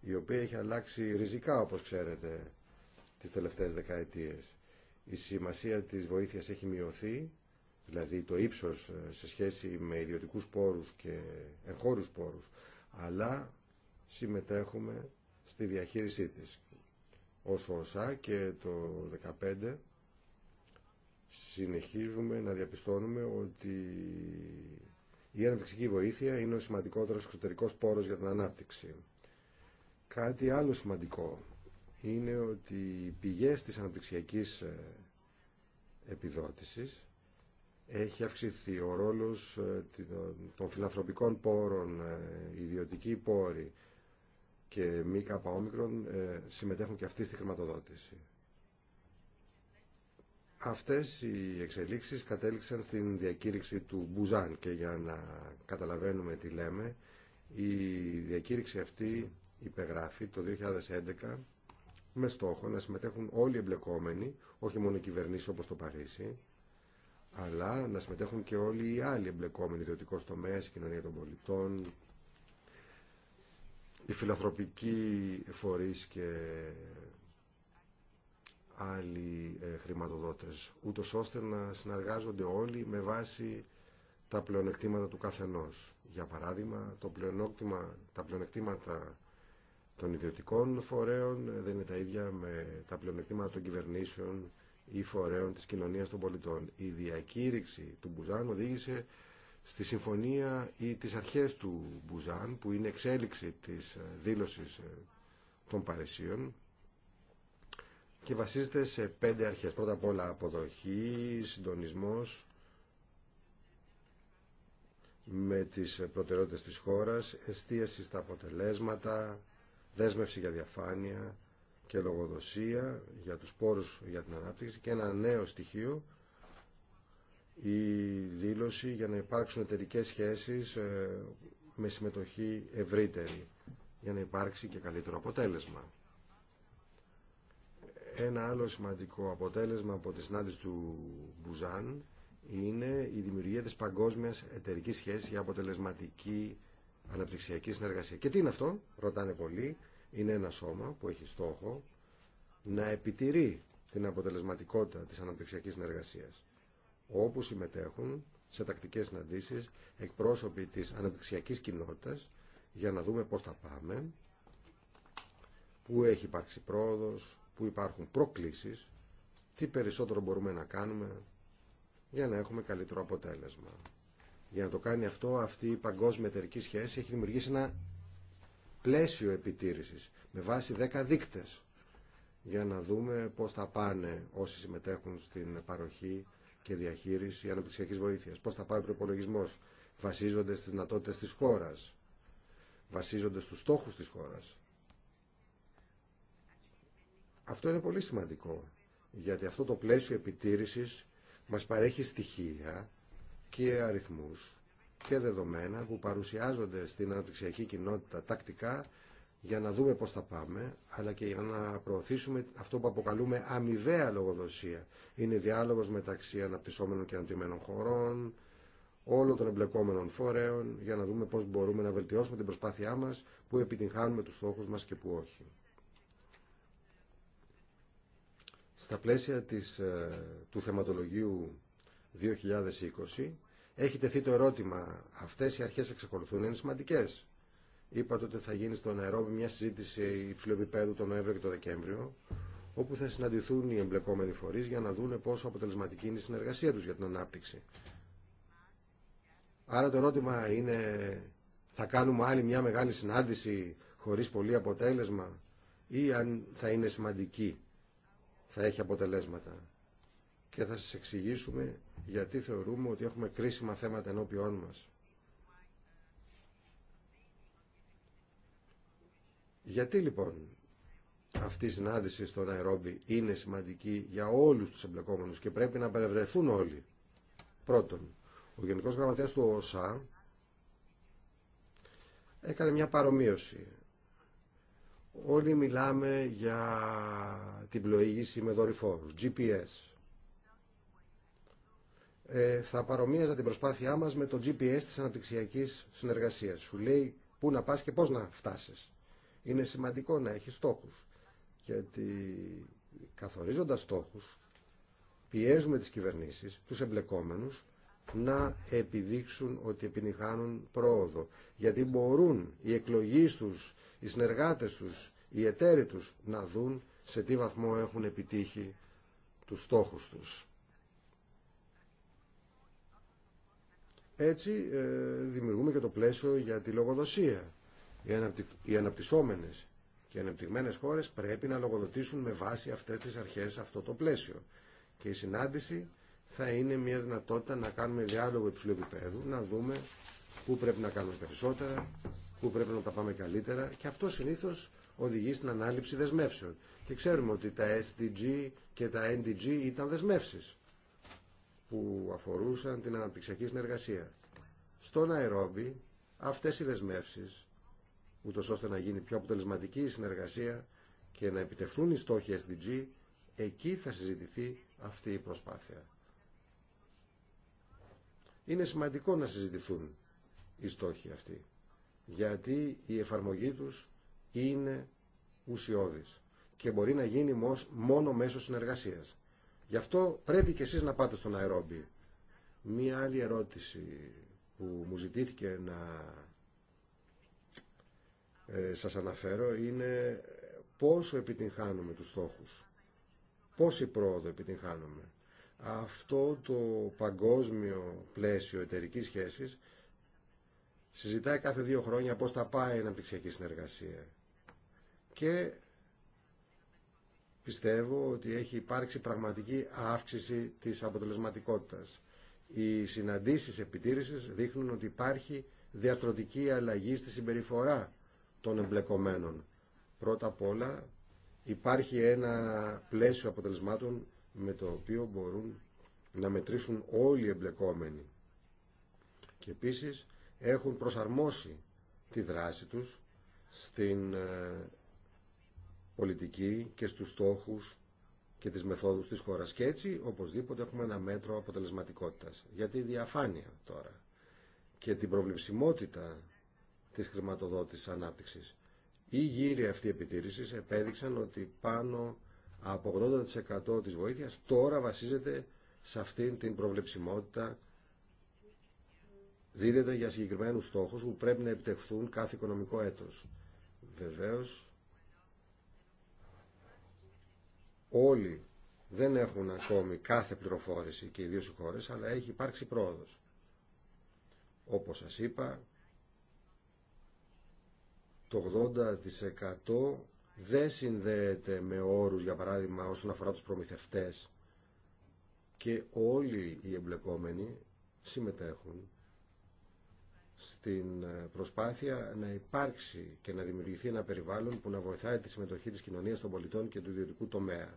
η οποία έχει αλλάξει ριζικά, όπως ξέρετε, τις τελευταίες δεκαετίες. Η σημασία της βοήθειας έχει μειωθεί, δηλαδή το ύψος ε, σε σχέση με ιδιωτικούς πόρους και εγχώρους πόρους, αλλά συμμετέχουμε στη διαχείρισή της. Όσο ΩΣΑ και το 2015 συνεχίζουμε να διαπιστώνουμε ότι η αναπτυξική βοήθεια είναι ο σημαντικότερος εξωτερικός πόρος για την ανάπτυξη. Κάτι άλλο σημαντικό είναι ότι οι πηγές της αναπτυξιακής ε, επιδότησης έχει αυξηθεί ο ρόλος ε, των φιλανθρωπικών πόρων, ε, ιδιωτικοί πόροι και μη καπαόμικρον συμμετέχουν και αυτοί στη χρηματοδότηση. Αυτές οι εξελίξεις κατέληξαν στην διακήρυξη του Μπουζάν και για να καταλαβαίνουμε τι λέμε, η διακήρυξη αυτή υπεγράφει το 2011 με στόχο να συμμετέχουν όλοι οι εμπλεκόμενοι, όχι μόνο οι κυβερνήσεις όπως το Παρίσι, αλλά να συμμετέχουν και όλοι οι άλλοι εμπλεκόμενοι, ιδιωτικό τομέα, η κοινωνία των πολιτών, οι φιλανθρωπικοί φορείς και άλλοι ε, χρηματοδότες, ούτως ώστε να συνεργάζονται όλοι με βάση τα πλεονεκτήματα του καθενός. Για παράδειγμα, το πλεονόκτημα, τα πλεονεκτήματα των ιδιωτικών φορέων ε, δεν είναι τα ίδια με τα πλεονεκτήματα των κυβερνήσεων ή φορέων της κοινωνίας των πολιτών. Η διακήρυξη του Μπουζάν οδήγησε στη συμφωνία ή τις αρχές του Μπουζάν, που είναι εξέλιξη της ε, δήλωσης των Παρισίων, και βασίζεται σε πέντε αρχές. Πρώτα απ' όλα αποδοχή, συντονισμός με τις προτεραιότητες της χώρας, εστίαση στα αποτελέσματα, δέσμευση για διαφάνεια και λογοδοσία για τους πόρους για την ανάπτυξη και ένα νέο στοιχείο η δήλωση για να υπάρξουν εταιρικέ σχέσεις ε, με συμμετοχή ευρύτερη για να υπάρξει και καλύτερο αποτέλεσμα. Ένα άλλο σημαντικό αποτέλεσμα από τη συνάντηση του Μπουζάν είναι η δημιουργία της παγκόσμιας εταιρικής σχέσης για αποτελεσματική αναπτυξιακή συνεργασία. Και τι είναι αυτό, ρωτάνε πολλοί, είναι ένα σώμα που έχει στόχο να επιτηρεί την αποτελεσματικότητα της αναπτυξιακής συνεργασίας, όπου συμμετέχουν σε τακτικές συναντήσεις εκπρόσωποι της αναπτυξιακής κοινότητας για να δούμε πώς θα πάμε, πού έχει υπάρξει πρόοδος, που υπάρχουν προκλήσεις, τι περισσότερο μπορούμε να κάνουμε για να έχουμε καλύτερο αποτέλεσμα. Για να το κάνει αυτό, αυτή η παγκόσμια εταιρική σχέση έχει δημιουργήσει ένα πλαίσιο επιτήρησης με βάση 10 δείκτες για να δούμε πώς θα πάνε όσοι συμμετέχουν στην παροχή και διαχείριση αναπτυξιακής βοήθειας. Πώς θα πάει ο προπολογισμό βασίζονται στις δυνατότητε της χώρας, βασίζονται στους στόχους της χώρας, αυτό είναι πολύ σημαντικό, γιατί αυτό το πλαίσιο επιτήρησης μας παρέχει στοιχεία και αριθμούς και δεδομένα που παρουσιάζονται στην αναπτυξιακή κοινότητα τακτικά για να δούμε πώς θα πάμε, αλλά και για να προωθήσουμε αυτό που αποκαλούμε αμοιβαία λογοδοσία. Είναι διάλογος μεταξύ αναπτυσσόμενων και αναπτυγμένων χωρών, όλων των εμπλεκόμενων φορέων, για να δούμε πώς μπορούμε να βελτιώσουμε την προσπάθειά μας, που επιτυγχάνουμε τους στόχους μας και που όχι. Στα πλαίσια της, ε, του θεματολογίου 2020 έχει τεθεί το ερώτημα αυτές οι αρχές εξακολουθούν, είναι σημαντικές. Είπατε ότι θα γίνει στο Αερόβι μια συζήτηση υψηλού επίπεδου τον Νοέμβριο και τον Δεκέμβριο, όπου θα συναντηθούν οι εμπλεκόμενοι φορείς για να δούνε πόσο αποτελεσματική είναι η συνεργασία τους για την ανάπτυξη. Άρα το ερώτημα είναι θα κάνουμε άλλη μια μεγάλη συνάντηση χωρίς πολύ αποτέλεσμα ή αν θα είναι σημαντική θα έχει αποτελέσματα. Και θα σας εξηγήσουμε γιατί θεωρούμε ότι έχουμε κρίσιμα θέματα ενώπιόν μας. Γιατί λοιπόν αυτή η συνάντηση στο Ναϊρόμπι είναι σημαντική για όλους τους εμπλεκόμενους και πρέπει να παρευρεθούν όλοι. Πρώτον, ο Γενικός Γραμματέας του ΟΣΑ έκανε μια παρομοίωση. Όλοι μιλάμε για την πλοήγηση με δορυφόρους, GPS. Ε, θα παρομοίαζα την προσπάθειά μας με το GPS της αναπτυξιακής συνεργασίας. Σου λέει πού να πας και πώς να φτάσεις. Είναι σημαντικό να έχεις στόχους. Γιατί καθορίζοντας στόχους, πιέζουμε τις κυβερνήσεις, τους εμπλεκόμενους, να επιδείξουν ότι επινηχάνουν πρόοδο. Γιατί μπορούν οι εκλογείς τους, οι συνεργάτες τους, οι εταίροι τους να δουν σε τι βαθμό έχουν επιτύχει τους στόχους τους. Έτσι ε, δημιουργούμε και το πλαίσιο για τη λογοδοσία. Οι αναπτυσσόμενες και οι ανεπτυγμένες χώρες πρέπει να λογοδοτήσουν με βάση αυτές τις αρχές αυτό το πλαίσιο. Και η συνάντηση θα είναι μια δυνατότητα να κάνουμε διάλογο υψηλού επίπεδου, να δούμε πού πρέπει να κάνουμε περισσότερα, πού πρέπει να τα πάμε καλύτερα. Και αυτό συνήθως οδηγεί στην ανάληψη δεσμεύσεων. Και ξέρουμε ότι τα SDG και τα NDG ήταν δεσμεύσεις που αφορούσαν την αναπτυξιακή συνεργασία. Στον Αερόμπι αυτές οι δεσμεύσεις, ούτω ώστε να γίνει πιο αποτελεσματική η συνεργασία και να επιτευχθούν οι στόχοι SDG, εκεί θα συζητηθεί αυτή η προσπάθεια. Είναι σημαντικό να συζητηθούν οι στόχοι αυτοί, γιατί η εφαρμογή τους είναι ουσιώδης και μπορεί να γίνει μόνο μέσω συνεργασίας. Γι' αυτό πρέπει και εσείς να πάτε στον Αερόμπι. Μία άλλη ερώτηση που μου ζητήθηκε να ε, σας αναφέρω είναι πόσο επιτυγχάνουμε τους στόχους. Πόση πρόοδο επιτυγχάνουμε. Αυτό το παγκόσμιο πλαίσιο εταιρικής σχέσης συζητάει κάθε δύο χρόνια πώς θα πάει η αναπτυξιακή συνεργασία και πιστεύω ότι έχει υπάρξει πραγματική αύξηση της αποτελεσματικότητας. Οι συναντήσεις επιτήρησης δείχνουν ότι υπάρχει διαρθρωτική αλλαγή στη συμπεριφορά των εμπλεκομένων. Πρώτα απ' όλα υπάρχει ένα πλαίσιο αποτελεσμάτων με το οποίο μπορούν να μετρήσουν όλοι οι εμπλεκόμενοι. Και επίσης έχουν προσαρμόσει τη δράση τους στην ε, πολιτική και στους στόχους και τις μεθόδους της χώρας. Και έτσι, οπωσδήποτε, έχουμε ένα μέτρο αποτελεσματικότητας. Γιατί η διαφάνεια τώρα και την προβλεψιμότητα της χρηματοδότησης ανάπτυξης. ή γύρια αυτή επέδειξαν επέδειξαν ότι πάνω από 80% της βοήθειας τώρα βασίζεται σε αυτήν την προβλεψιμότητα δίδεται για συγκεκριμένους στόχους που πρέπει να επιτευχθούν κάθε οικονομικό έτος. Βεβαίως, όλοι δεν έχουν ακόμη κάθε πληροφόρηση και ιδίως οι χώρες, αλλά έχει υπάρξει πρόοδος. Όπως σας είπα, το 80% δεν συνδέεται με όρους, για παράδειγμα, όσον αφορά τους προμηθευτές και όλοι οι εμπλεκόμενοι συμμετέχουν στην ε, προσπάθεια να υπάρξει και να δημιουργηθεί ένα περιβάλλον που να βοηθάει τη συμμετοχή της κοινωνίας των πολιτών και του ιδιωτικού τομέα.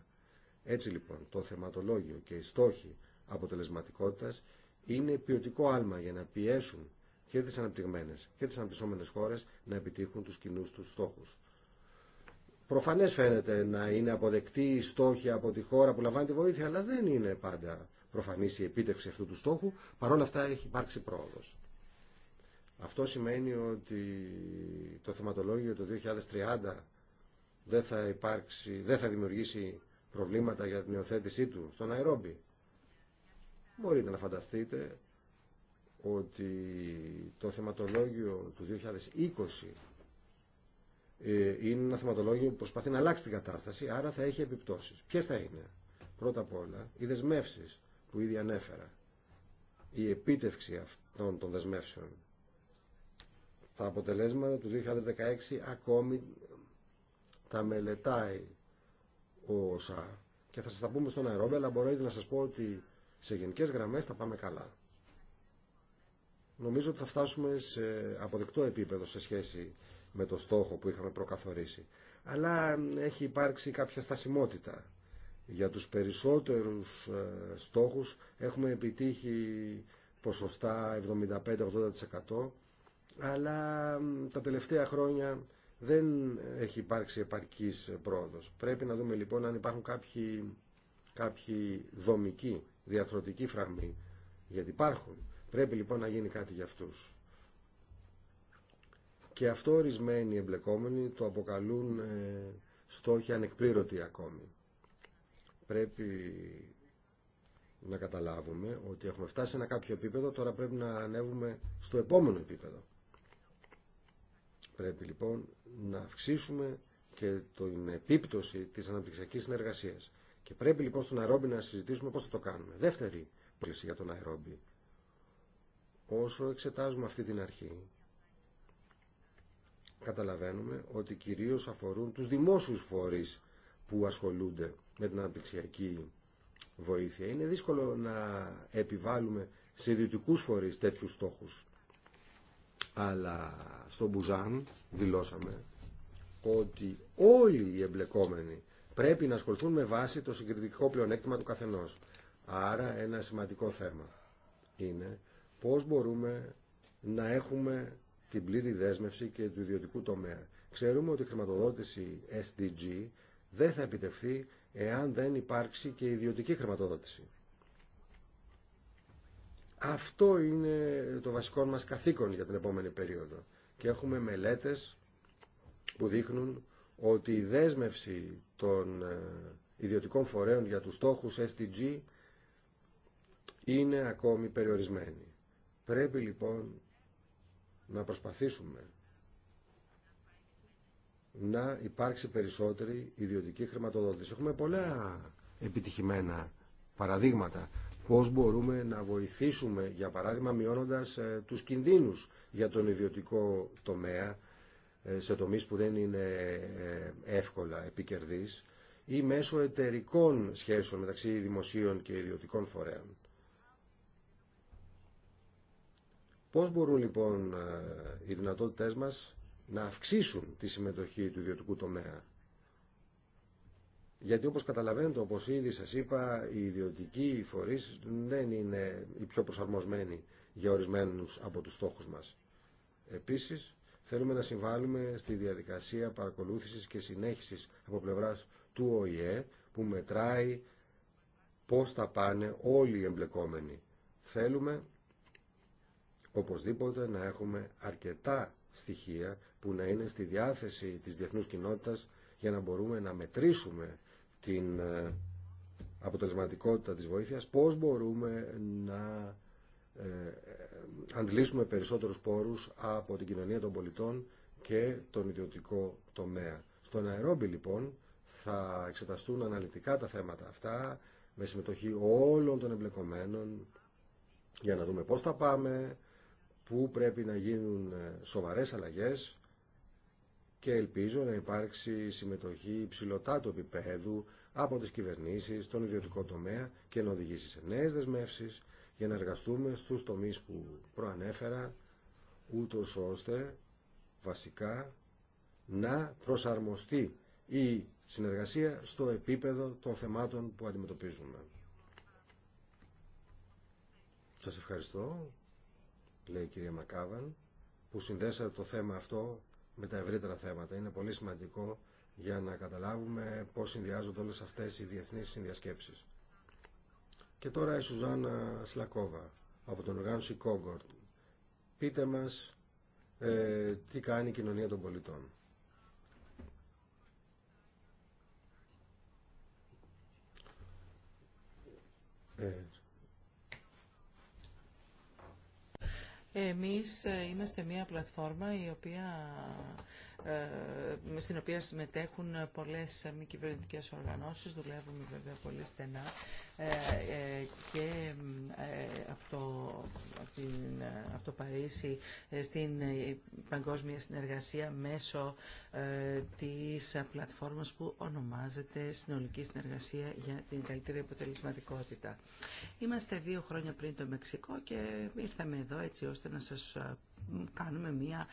Έτσι λοιπόν το θεματολόγιο και οι στόχοι αποτελεσματικότητας είναι ποιοτικό άλμα για να πιέσουν και τις αναπτυγμένες και τις αναπτυσσόμενες χώρες να επιτύχουν τους κοινού τους στόχους. Προφανές φαίνεται να είναι αποδεκτή η στόχη από τη χώρα που λαμβάνει τη βοήθεια, αλλά δεν είναι πάντα προφανής η επίτευξη αυτού του στόχου. Παρ' αυτά έχει υπάρξει πρόοδος. Αυτό σημαίνει ότι το θεματολόγιο το 2030 δεν θα, υπάρξει, δεν θα δημιουργήσει προβλήματα για την υιοθέτησή του στον αερόμπι. Μπορείτε να φανταστείτε ότι το θεματολόγιο του 2020 ε, είναι ένα θεματολόγιο που προσπαθεί να αλλάξει την κατάσταση, άρα θα έχει επιπτώσεις. Ποιες θα είναι. Πρώτα απ' όλα, οι δεσμεύσει που ήδη ανέφερα. Η επίτευξη αυτών των δεσμεύσεων τα αποτελέσματα του 2016 ακόμη τα μελετάει ο ΩΣΑ και θα σας τα πούμε στον αερόμπι αλλά μπορώ ήδη να σας πω ότι σε γενικές γραμμές θα πάμε καλά. Νομίζω ότι θα φτάσουμε σε αποδεκτό επίπεδο σε σχέση με το στόχο που είχαμε προκαθορίσει. Αλλά έχει υπάρξει κάποια στασιμότητα. Για τους περισσότερους ε, στόχους έχουμε επιτύχει ποσοστά 75-80% αλλά τα τελευταία χρόνια δεν έχει υπάρξει επαρκής πρόοδος. Πρέπει να δούμε λοιπόν αν υπάρχουν κάποιοι, κάποιοι δομικοί, διαθροτικοί φραγμοί, γιατί υπάρχουν. Πρέπει λοιπόν να γίνει κάτι για αυτούς. Και αυτό ορισμένοι εμπλεκόμενοι το αποκαλούν ε, στόχοι ανεκπλήρωτοι ακόμη. Πρέπει να καταλάβουμε ότι έχουμε φτάσει σε ένα κάποιο επίπεδο, τώρα πρέπει να ανέβουμε στο επόμενο επίπεδο. Πρέπει λοιπόν να αυξήσουμε και την επίπτωση της αναπτυξιακής συνεργασίας. Και πρέπει λοιπόν στον Αερόμπι να συζητήσουμε πώς θα το κάνουμε. Δεύτερη πρόκληση για τον Αερόμπι. Όσο εξετάζουμε αυτή την αρχή, καταλαβαίνουμε ότι κυρίως αφορούν τους δημόσιους φορείς που ασχολούνται με την αναπτυξιακή βοήθεια. Είναι δύσκολο να επιβάλλουμε σε ιδιωτικού φορείς τέτοιους στόχους. Αλλά στο Μπουζάν δηλώσαμε ότι όλοι οι εμπλεκόμενοι πρέπει να ασχοληθούν με βάση το συγκριτικό πλεονέκτημα του καθενός. Άρα ένα σημαντικό θέμα είναι πώς μπορούμε να έχουμε την πλήρη δέσμευση και του ιδιωτικού τομέα. Ξέρουμε ότι η χρηματοδότηση SDG δεν θα επιτευχθεί εάν δεν υπάρξει και ιδιωτική χρηματοδότηση. Αυτό είναι το βασικό μας καθήκον για την επόμενη περίοδο. Και έχουμε μελέτες που δείχνουν ότι η δέσμευση των ε, ιδιωτικών φορέων για τους στόχους SDG είναι ακόμη περιορισμένη. Πρέπει λοιπόν να προσπαθήσουμε να υπάρξει περισσότερη ιδιωτική χρηματοδότηση. Έχουμε πολλά επιτυχημένα παραδείγματα πώς μπορούμε να βοηθήσουμε, για παράδειγμα, μειώνοντας ε, τους κινδύνους για τον ιδιωτικό τομέα ε, σε τομείς που δεν είναι ε, εύκολα επικερδής ή μέσω εταιρικών σχέσεων μεταξύ δημοσίων και ιδιωτικών φορέων. Πώς μπορούν λοιπόν οι δυνατότητές μας να αυξήσουν τη συμμετοχή του ιδιωτικού τομέα γιατί όπως καταλαβαίνετε, όπως ήδη σας είπα, οι ιδιωτικοί φορείς δεν είναι οι πιο προσαρμοσμένοι για ορισμένους από τους στόχους μας. Επίσης, θέλουμε να συμβάλλουμε στη διαδικασία παρακολούθησης και συνέχισης από πλευράς του ΟΗΕ που μετράει πώς θα πάνε όλοι οι εμπλεκόμενοι. Θέλουμε οπωσδήποτε να έχουμε αρκετά στοιχεία που να είναι στη διάθεση της διεθνούς κοινότητας για να μπορούμε να μετρήσουμε την ε, αποτελεσματικότητα της βοήθειας, πώς μπορούμε να ε, ε, αντλήσουμε περισσότερους πόρους από την κοινωνία των πολιτών και τον ιδιωτικό τομέα. Στον αερόμπι λοιπόν θα εξεταστούν αναλυτικά τα θέματα αυτά με συμμετοχή όλων των εμπλεκομένων για να δούμε πώς θα πάμε, πού πρέπει να γίνουν σοβαρές αλλαγές και ελπίζω να υπάρξει συμμετοχή υψηλωτά του επίπεδου από τις κυβερνήσεις, τον ιδιωτικό τομέα και να οδηγήσει σε νέες δεσμεύσεις για να εργαστούμε στους τομείς που προανέφερα, ούτω ώστε βασικά να προσαρμοστεί η συνεργασία στο επίπεδο των θεμάτων που αντιμετωπίζουμε. Σας ευχαριστώ, λέει η κυρία Μακάβαν, που συνδέσατε το θέμα αυτό με τα ευρύτερα θέματα. Είναι πολύ σημαντικό για να καταλάβουμε πώς συνδυάζονται όλες αυτές οι διεθνείς συνδιασκέψεις. Και τώρα η Σουζάννα Σλακόβα από τον οργάνωση Κόγκορτ. Πείτε μας ε, τι κάνει η κοινωνία των πολιτών. Ε, Εμείς ε, είμαστε μια πλατφόρμα η οποία ε, στην οποία συμμετέχουν πολλές μη κυβερνητικέ οργανώσεις. Δουλεύουμε βέβαια πολύ στενά ε, ε, και από το, την, Παρίσι στην παγκόσμια συνεργασία μέσω της πλατφόρμας που ονομάζεται Συνολική Συνεργασία για την Καλύτερη Αποτελεσματικότητα. Είμαστε δύο χρόνια πριν το Μεξικό και ήρθαμε εδώ έτσι ώστε να σας κάνουμε μία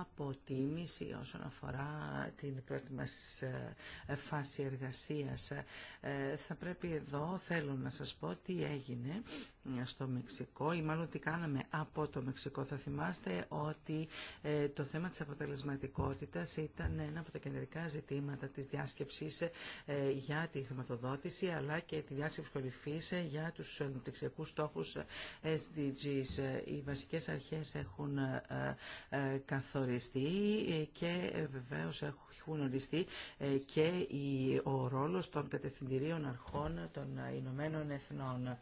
αποτίμηση όσον αφορά την πρώτη μας ε, φάση εργασίας. Ε, θα πρέπει εδώ, θέλω να σας πω τι έγινε ε, στο Μεξικό ή μάλλον τι κάναμε από το Μεξικό. Θα θυμάστε ότι το θέμα της αποτελεσματικότητας ήταν ένα από τα κεντρικά ζητήματα της διάσκεψης για τη χρηματοδότηση αλλά και τη διάσκεψη κορυφής για τους ανεπτυξιακούς στόχους SDGs. Οι βασικές αρχές έχουν έχουν ε, ε, καθοριστεί και ε, βεβαίως έχουν έχουν οριστεί ε, και ο ρόλος των κατευθυντηρίων αρχών των Ηνωμένων Εθνών.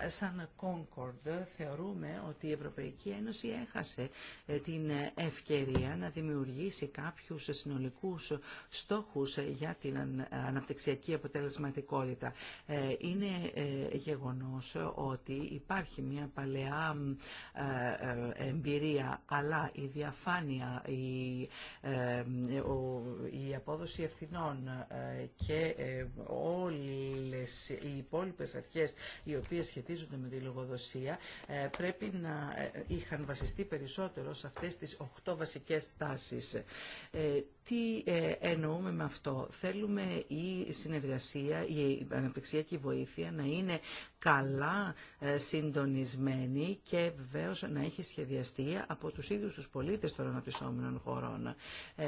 Ε, σαν Concord θεωρούμε ότι η Ευρωπαϊκή Ένωση έχασε ε, την ευκαιρία να δημιουργήσει κάποιους συνολικούς στόχους για την αναπτυξιακή αποτελεσματικότητα. Είναι γεγονός ότι υπάρχει μια παλαιά εμπειρία, αλλά η διαφάνεια, ο η απόδοση ευθυνών ε, και ε, όλες οι υπόλοιπες αρχές οι οποίες σχετίζονται με τη λογοδοσία ε, πρέπει να είχαν βασιστεί περισσότερο σε αυτές τις οχτώ βασικές τάσεις. Τι ε, εννοούμε με αυτό. Θέλουμε η συνεργασία, η αναπτυξιακή βοήθεια να είναι καλά ε, συντονισμένη και βεβαίω να έχει σχεδιαστεί από τους ίδιους τους πολίτες των αναπτυσσόμενων χωρών. Ε,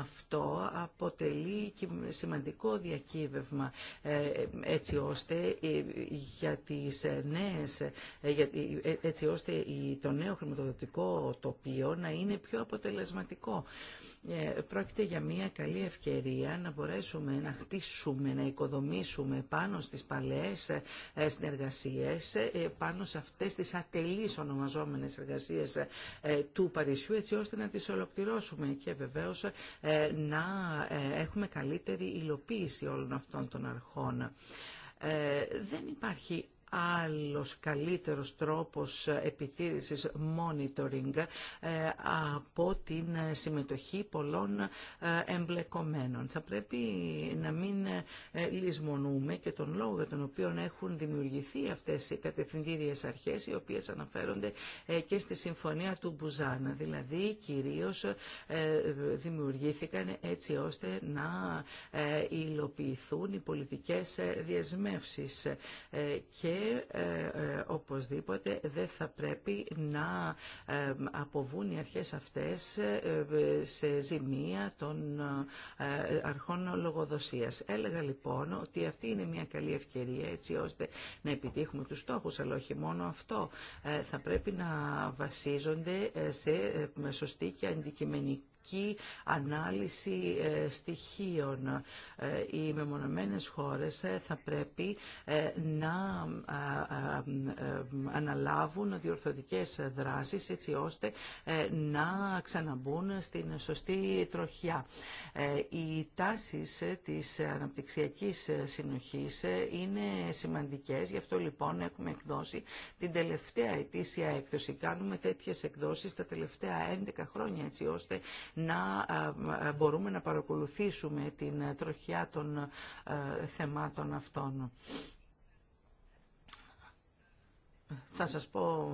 αυτό αποτελεί σημαντικό διακύβευμα έτσι ώστε για τις νέες, έτσι ώστε το νέο χρηματοδοτικό τοπίο να είναι πιο αποτελεσματικό. Πρόκειται για μια καλή ευκαιρία να μπορέσουμε να χτίσουμε, να οικοδομήσουμε πάνω στις παλαιές ε, συνεργασίες, ε, πάνω σε αυτές τις ατελείς ονομαζόμενες εργασίες ε, του Παρισιού, έτσι ώστε να τις ολοκληρώσουμε και βεβαίως να έχουμε καλύτερη υλοποίηση όλων αυτών των αρχών. δεν υπάρχει άλλος καλύτερος τρόπος επιτήρησης monitoring ε, από την συμμετοχή πολλών ε, εμπλεκομένων. Θα πρέπει να μην ε, λησμονούμε και τον λόγο για τον οποίο έχουν δημιουργηθεί αυτές οι κατευθυντήριες αρχές οι οποίες αναφέρονται και στη Συμφωνία του Μπουζάνα. Δηλαδή κυρίως δημιουργήθηκαν έτσι ώστε να υλοποιηθούν οι πολιτικές διασμεύσεις και και ε, ε, οπωσδήποτε δεν θα πρέπει να ε, αποβούν οι αρχές αυτές σε ζημία των αρχών λογοδοσίας. Έλεγα λοιπόν ότι αυτή είναι μια καλή ευκαιρία έτσι ώστε να επιτύχουμε τους στόχους, αλλά όχι μόνο αυτό. Θα πρέπει να βασίζονται σε σωστή και αντικειμενική και ανάλυση ε, στοιχείων. Ε, οι μεμονωμένες χώρες ε, θα πρέπει να αναλάβουν διορθωτικές δράσεις έτσι ώστε να ξαναμπούν στην σωστή τροχιά. Οι τάσεις της αναπτυξιακής συνοχής είναι σημαντικές, γι' αυτό λοιπόν έχουμε εκδώσει την τελευταία ετήσια έκδοση. Κάνουμε τέτοιες εκδόσεις τα τελευταία 11 χρόνια έτσι ώστε να μπορούμε να παρακολουθήσουμε την τροχιά των θεμάτων αυτών. Θα σας πω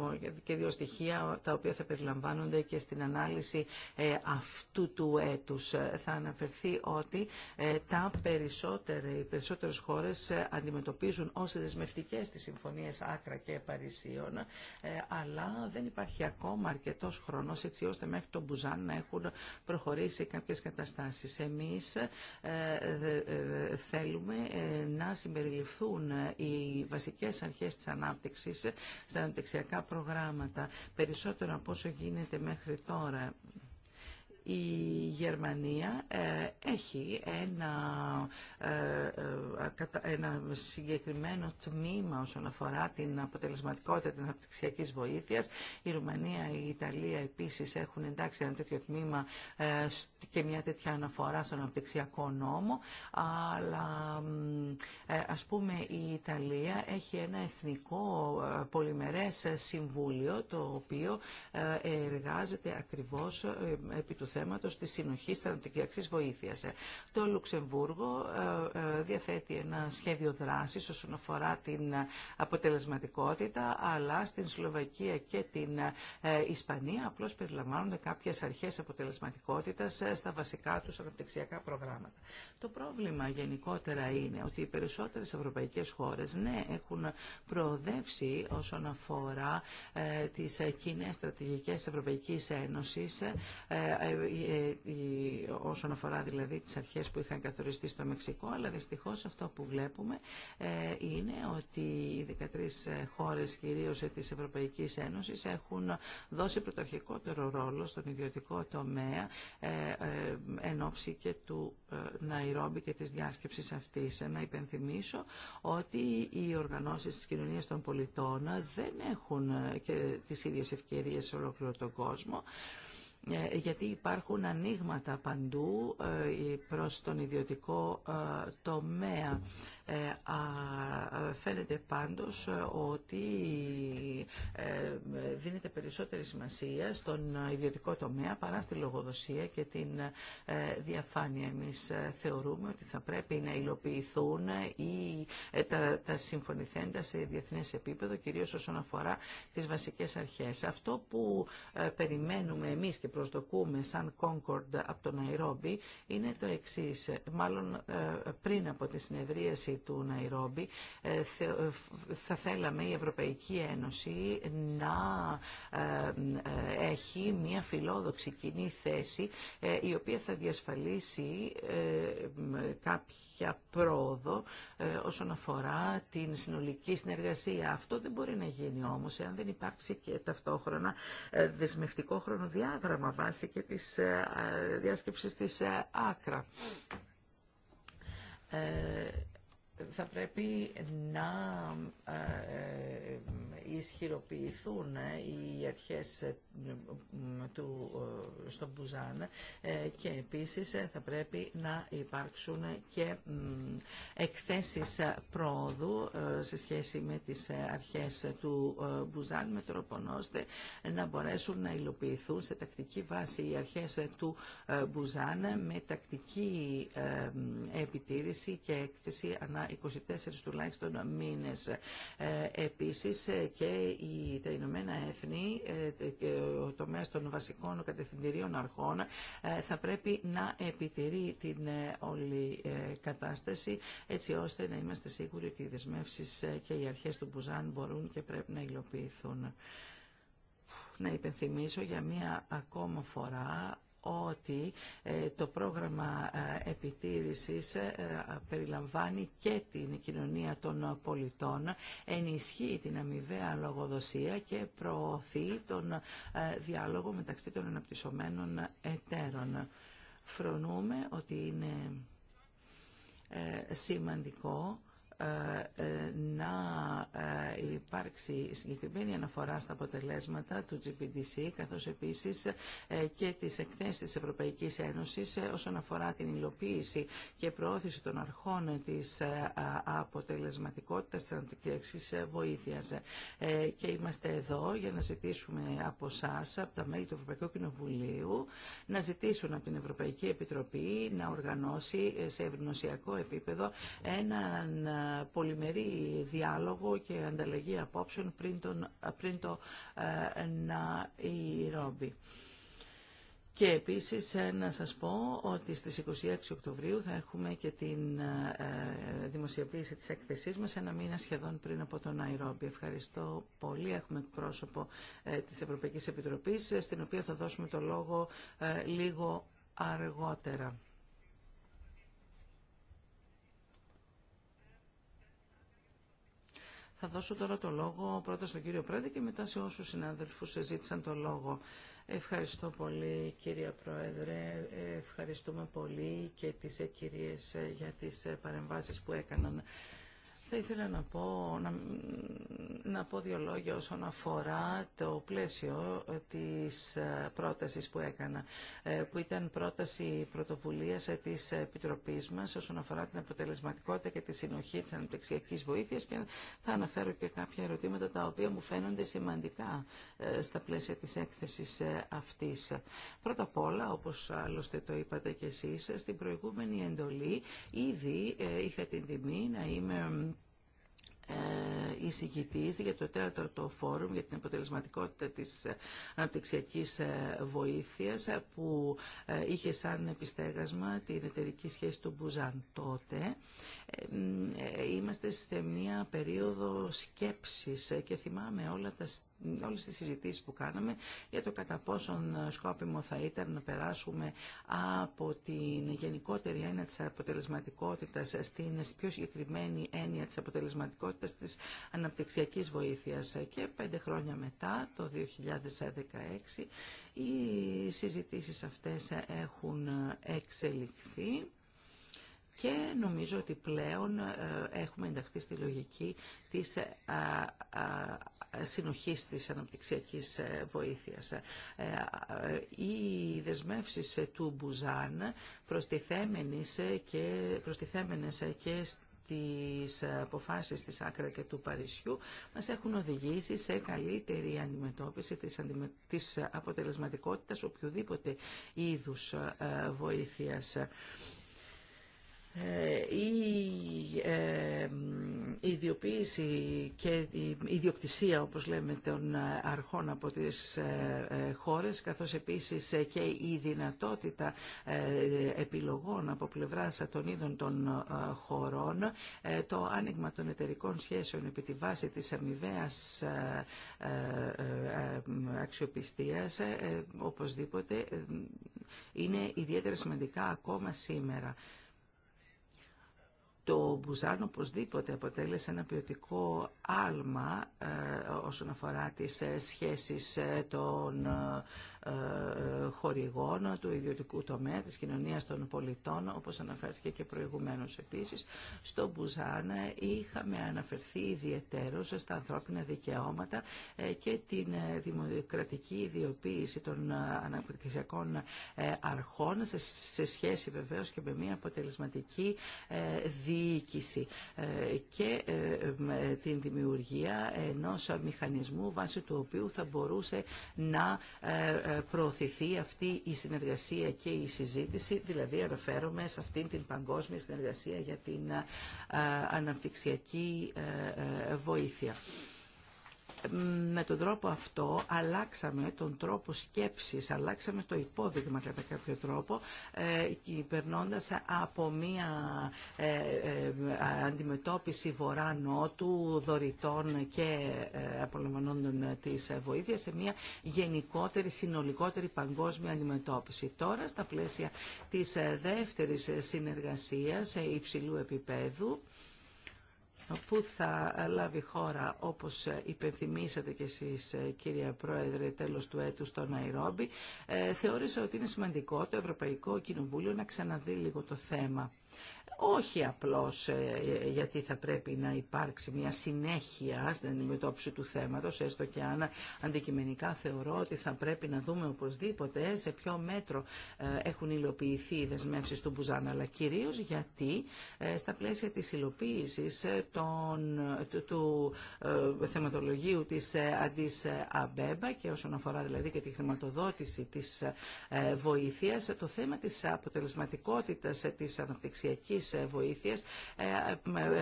και δύο στοιχεία τα οποία θα περιλαμβάνονται και στην ανάλυση ε, αυτού του έτους. Θα αναφερθεί ότι ε, τα περισσότερα, οι περισσότερες χώρες ε, αντιμετωπίζουν ως δεσμευτικές τις συμφωνίες Άκρα και Παρισίων, αλλά δεν υπάρχει ακόμα αρκετός χρόνος έτσι ώστε μέχρι τον Μπουζάν να έχουν προχωρήσει κάποιες καταστάσεις. Εμείς θέλουμε να συμπεριληφθούν οι βασικές αρχές της ανάπτυξης στα αναπτυξιακά προγράμματα, περισσότερο από όσο γίνεται μέχρι τώρα η Γερμανία ε, έχει ε, ε, ένα, συγκεκριμένο τμήμα όσον αφορά την αποτελεσματικότητα της αναπτυξιακής βοήθειας. Η Ρουμανία, η Ιταλία επίσης έχουν εντάξει ένα τέτοιο τμήμα και μια τέτοια αναφορά στον αναπτυξιακό νόμο, αλλά ας πούμε η Ιταλία έχει ένα εθνικό πολυμερές συμβούλιο το οποίο εργάζεται ακριβώς επί θέματος τη συνοχή στρατιωτικής βοήθειας. Ε, το Λουξεμβούργο ε, ε, διαθέτει ένα σχέδιο δράση όσον αφορά την αποτελεσματικότητα, αλλά στην Σλοβακία και την Ισπανία απλώ περιλαμβάνονται κάποιε αρχέ αποτελεσματικότητα στα βασικά του αναπτυξιακά προγράμματα. Το πρόβλημα γενικότερα είναι ότι οι περισσότερε ευρωπαϊκέ χώρε ναι, έχουν προοδεύσει όσον αφορά τις κοινέ στρατηγικές Ευρωπαϊκής Ένωσης ε, όσον αφορά δηλαδή τις αρχές που είχαν καθοριστεί στο Μεξικό, αλλά δυστυχώς αυτό που βλέπουμε ε, είναι ότι οι 13 ε, χώρες κυρίως της Ευρωπαϊκής Ένωσης έχουν δώσει πρωταρχικότερο ρόλο στον ιδιωτικό τομέα εν ώψη και του Ναϊρόμπι και της διάσκεψης αυτής. Να υπενθυμίσω ότι οι οργανώσεις της κοινωνίας των πολιτών δεν έχουν και τις ίδιες ευκαιρίες σε ολόκληρο τον κόσμο. Ε, γιατί υπάρχουν ανοίγματα παντού ε, προς τον ιδιωτικό ε, τομέα. Ε, φαίνεται πάντως ότι ε, δίνεται περισσότερη σημασία στον ιδιωτικό τομέα παρά στη λογοδοσία και την ε, διαφάνεια. Εμείς θεωρούμε ότι θα πρέπει να υλοποιηθούν ή τα, συμφωνηθέντα σε διεθνές επίπεδο, κυρίως όσον αφορά τις βασικές αρχές. Αυτό που περιμένουμε εμείς και προσδοκούμε σαν Concord από το Ναϊρόμπι είναι το εξής. Μάλλον πριν από τη συνεδρίαση του Ναϊρόμπι ε, ε, θα θέλαμε η Ευρωπαϊκή Ένωση να ε, έχει μια φιλόδοξη κοινή θέση η οποία θα διασφαλίσει κάποια πρόοδο όσον αφορά την συνολική συνεργασία. Αυτό δεν μπορεί να γίνει όμως εάν δεν υπάρξει και ταυτόχρονα δεσμευτικό χρονοδιάγραμμα βάσει και της διάσκεψης της άκρα θα πρέπει να ε, ε, ισχυροποιηθούν ε, οι αρχές του, στο Μπουζάν και επίσης θα πρέπει να υπάρξουν και εκθέσεις πρόοδου σε σχέση με τις αρχές του Μπουζάν με τρόπο ώστε να μπορέσουν να υλοποιηθούν σε τακτική βάση οι αρχές του Μπουζάν με τακτική επιτήρηση και έκθεση ανά 24 τουλάχιστον μήνες. Ε, επίσης ε, και τα Ηνωμένα Έθνη, ε, ο τομέας των βασικών κατευθυντηρίων αρχών, θα πρέπει να επιτηρεί την όλη κατάσταση, έτσι ώστε να είμαστε σίγουροι ότι οι δεσμεύσεις και οι αρχές του Μπουζάν μπορούν και πρέπει να υλοποιηθούν. Να υπενθυμίσω για μία ακόμα φορά ότι ε, το πρόγραμμα ε, επιτήρησης ε, περιλαμβάνει και την κοινωνία των πολιτών, ενισχύει την αμοιβαία λογοδοσία και προωθεί τον διάλογο μεταξύ των αναπτυσσομένων εταίρων. Φρονούμε ότι είναι σημαντικό ε, ε, να ε, υπάρξει συγκεκριμένη αναφορά στα αποτελέσματα του GPDC καθώς επίσης και τις εκθέσεις της Ευρωπαϊκής Ένωσης όσον αφορά την υλοποίηση και προώθηση των αρχών της αποτελεσματικότητας της αναπτυξιακής βοήθειας. Και είμαστε εδώ για να ζητήσουμε από εσά, από τα μέλη του Ευρωπαϊκού Κοινοβουλίου, να ζητήσουν από την Ευρωπαϊκή Επιτροπή να οργανώσει σε ευνοσιακό επίπεδο έναν πολυμερή διάλογο και ανταλλαγή απόψεων πριν, τον, πριν το ε, Ναϊρόμπι. Και επίσης ε, να σας πω ότι στις 26 Οκτωβρίου θα έχουμε και την ε, δημοσιοποίηση της έκθεσής μας ένα μήνα σχεδόν πριν από τον Ναϊρόμπι. Ευχαριστώ πολύ. Έχουμε πρόσωπο της Ευρωπαϊκής Επιτροπής στην οποία θα δώσουμε το λόγο λίγο αργότερα. Θα δώσω τώρα το λόγο πρώτα στον κύριο Πρόεδρε και μετά σε όσους συνάδελφους ζήτησαν το λόγο. Ευχαριστώ πολύ κύριε Πρόεδρε, ευχαριστούμε πολύ και τις ε, κυρίες ε, για τις ε, παρεμβάσεις που έκαναν. Θα ήθελα να πω, να, να πω δύο λόγια όσον αφορά το πλαίσιο ε, της ε, πρότασης που έκανα, ε, που ήταν πρόταση πρωτοβουλίας της Επιτροπής μας όσον αφορά την αποτελεσματικότητα και τη συνοχή της αναπτυξιακής βοήθειας και θα αναφέρω και κάποια ερωτήματα τα οποία μου φαίνονται σημαντικά στα πλαίσια της έκθεσης αυτής. Πρώτα απ' όλα, όπως άλλωστε το είπατε κι εσείς, στην προηγούμενη εντολή ήδη είχα την τιμή να είμαι ε, εισηγητής για το τέταρτο φόρουμ για την αποτελεσματικότητα της αναπτυξιακής ε, βοήθειας ε, που είχε σαν επιστέγασμα την εταιρική σχέση του Μπουζάν τότε είμαστε σε μία περίοδο σκέψης και θυμάμαι όλα τα, όλες τις συζητήσεις που κάναμε για το κατά πόσον σκόπιμο θα ήταν να περάσουμε από την γενικότερη έννοια της αποτελεσματικότητας στην πιο συγκεκριμένη έννοια της αποτελεσματικότητας της αναπτυξιακής βοήθειας. Και πέντε χρόνια μετά, το 2016, οι συζητήσεις αυτές έχουν εξελιχθεί και νομίζω ότι πλέον ε, έχουμε ενταχθεί στη λογική της ε, συνοχής της αναπτυξιακής ε, βοήθειας. Οι δεσμεύσεις του Μπουζάν προστιθέμενες και, προστιθέμενες και τις αποφάσεις της Άκρα και του Παρισιού μας έχουν οδηγήσει σε καλύτερη αντιμετώπιση της, της αποτελεσματικότητας οποιοδήποτε είδους βοήθειας. Ε, ε, η ιδιοποίηση και η ιδιοκτησία όπως λέμε των ε, αρχών από τις χώρες καθώς επίσης και η δυνατότητα επιλογών από πλευράς των είδων των χωρών το άνοιγμα των εταιρικών σχέσεων επί τη βάση της αμοιβαίας αξιοπιστίας οπωσδήποτε είναι ιδιαίτερα σημαντικά ακόμα σήμερα. Το Μπουζάν οπωσδήποτε αποτέλεσε ένα ποιοτικό άλμα ε, όσον αφορά τις ε, σχέσεις ε, των ε, χορηγών του ιδιωτικού τομέα, της κοινωνίας των πολιτών, όπως αναφέρθηκε και προηγουμένως επίσης. Στο Μπουζάν είχαμε αναφερθεί ιδιαιτέρως στα ανθρώπινα δικαιώματα ε, και την ε, δημοκρατική ιδιοποίηση των αναπτυξιακών αρχών σε σχέση βεβαίως και με μια αποτελεσματική διοίκηση και την δημιουργία ενός μηχανισμού βάσει του οποίου θα μπορούσε να ε, προωθηθεί αυτή η συνεργασία και η συζήτηση, δηλαδή αναφέρομαι σε αυτήν την παγκόσμια συνεργασία για την ε, ε, αναπτυξιακή βοήθεια με τον τρόπο αυτό αλλάξαμε τον τρόπο σκέψης, αλλάξαμε το υπόδειγμα κατά κάποιο τρόπο, ε, περνώντας από μία ε, ε, αντιμετώπιση βορρά-νότου, δωρητών και απολαμβανόντων της βοήθειας, σε μία γενικότερη, συνολικότερη παγκόσμια αντιμετώπιση. Τώρα, στα πλαίσια της δεύτερης συνεργασίας υψηλού επίπεδου, που θα λάβει χώρα όπως υπενθυμίσατε και εσείς ε, κύριε Πρόεδρε τέλος του έτου στο Ναϊρόμπι ε, θεώρησα ότι είναι σημαντικό το Ευρωπαϊκό Κοινοβούλιο να ξαναδεί λίγο το θέμα όχι απλώς ε, γιατί θα πρέπει να υπάρξει μια συνέχεια στην αντιμετώπιση του θέματος, έστω και αν αντικειμενικά θεωρώ ότι θα πρέπει να δούμε οπωσδήποτε σε ποιο μέτρο ε, έχουν υλοποιηθεί οι δεσμεύσει του Μπουζάν, αλλά κυρίως γιατί ε, στα πλαίσια της υλοποίησης των, του, θεματολογίου της Αντίς Αμπέμπα και όσον αφορά δηλαδή και τη χρηματοδότηση της ε, βοήθειας, το θέμα της αποτελεσματικότητας της αναπτυξιακής σε ε,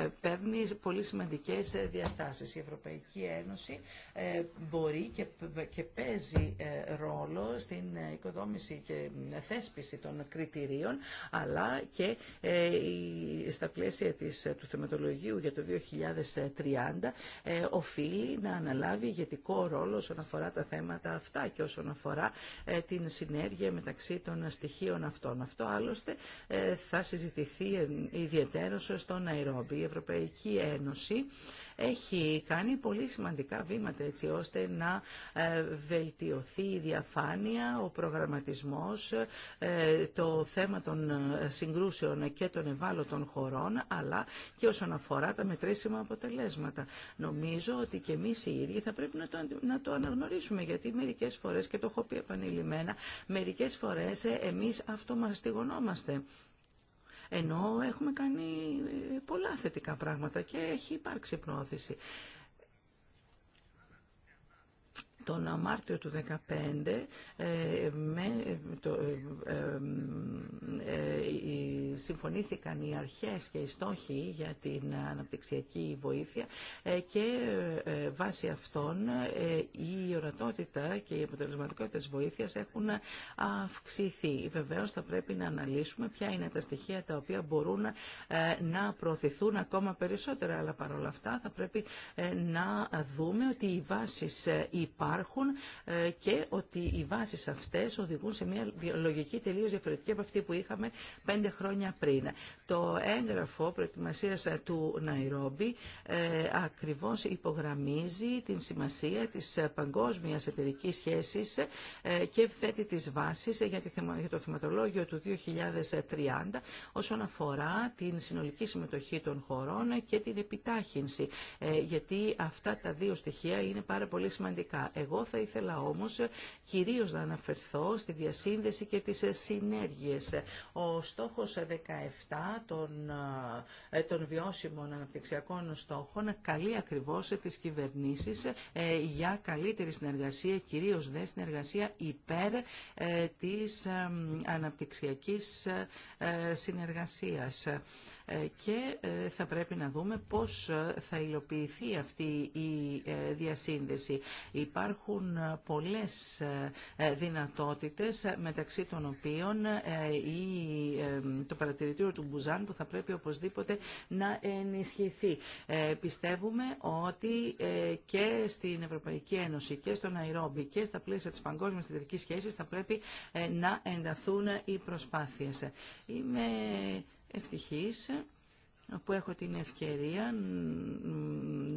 ε, παίρνει πολύ σημαντικές ε, διαστάσεις. Η Ευρωπαϊκή Ένωση μπορεί και παίζει ρόλο στην οικοδόμηση και θέσπιση των κριτηρίων αλλά και στα πλαίσια της, του θεματολογίου για το 2030 οφείλει να αναλάβει ηγετικό ρόλο όσον αφορά τα θέματα αυτά και όσον αφορά την συνέργεια μεταξύ των στοιχείων αυτών. Αυτό άλλωστε θα συζητηθεί ιδιαίτερος στο Ναϊρόμπι. Η Ευρωπαϊκή Ένωση έχει κάνει πολύ σημαντικά βήματα έτσι ώστε να ε, βελτιωθεί η διαφάνεια, ο προγραμματισμός, ε, το θέμα των ε, συγκρούσεων και των ευάλωτων χωρών, αλλά και όσον αφορά τα μετρήσιμα αποτελέσματα. Νομίζω ότι και εμείς οι ίδιοι θα πρέπει να το, να το αναγνωρίσουμε, γιατί μερικές φορές, και το έχω πει επανειλημμένα, μερικές φορές εμείς αυτομαστιγωνόμαστε. Ενώ έχουμε κάνει πολλά θετικά πράγματα και έχει υπάρξει πρόθεση τον Μάρτιο του 2015 ε, ε, ε, συμφωνήθηκαν οι αρχές και οι στόχοι για την αναπτυξιακή βοήθεια και βάσει αυτών η ορατότητα και η αποτελεσματικότητα της βοήθειας έχουν αυξηθεί. Βεβαίως θα πρέπει να αναλύσουμε ποια είναι τα στοιχεία τα οποία μπορούν να προωθηθούν ακόμα περισσότερα, αλλά παρόλα αυτά θα πρέπει να δούμε ότι οι βάσεις υπάρχουν υπάρχουν ε, και ότι οι βάσεις αυτές οδηγούν σε μια λογική τελείως διαφορετική από αυτή που είχαμε πέντε χρόνια πριν. Το έγγραφο προετοιμασίας ε, του Ναϊρόμπι ε, ακριβώς υπογραμμίζει την σημασία της παγκόσμιας εταιρικής σχέσης και θέτει τις βάσεις για το θεματολόγιο του 2030 όσον αφορά την συνολική συμμετοχή των χωρών και την επιτάχυνση. Γιατί αυτά τα δύο στοιχεία είναι πάρα πολύ σημαντικά. Εγώ θα ήθελα όμως κυρίως να αναφερθώ στη διασύνδεση και τις συνέργειες. Ο στόχος 17 των, ε, των βιώσιμων αναπτυξιακών στόχων καλεί ακριβώς τις κυβερνήσεις ε, για καλύτερη συνεργασία, κυρίως δε συνεργασία υπέρ ε, της αναπτυξιακής συνεργασίας. Ε, και ε, θα πρέπει να δούμε πώς ε, θα υλοποιηθεί αυτή η διασύνδεση. Υπάρχουν πολλές δυνατότητες μεταξύ των οποίων το παρατηρητήριο του Μπουζάν που θα πρέπει οπωσδήποτε να ενισχυθεί. Πιστεύουμε ότι και στην Ευρωπαϊκή Ένωση και στον Αϊρόμπι και στα πλαίσια της παγκόσμιας θετικής σχέσης θα πρέπει να ενταθούν οι προσπάθειες. Είμαι ευτυχής που έχω την ευκαιρία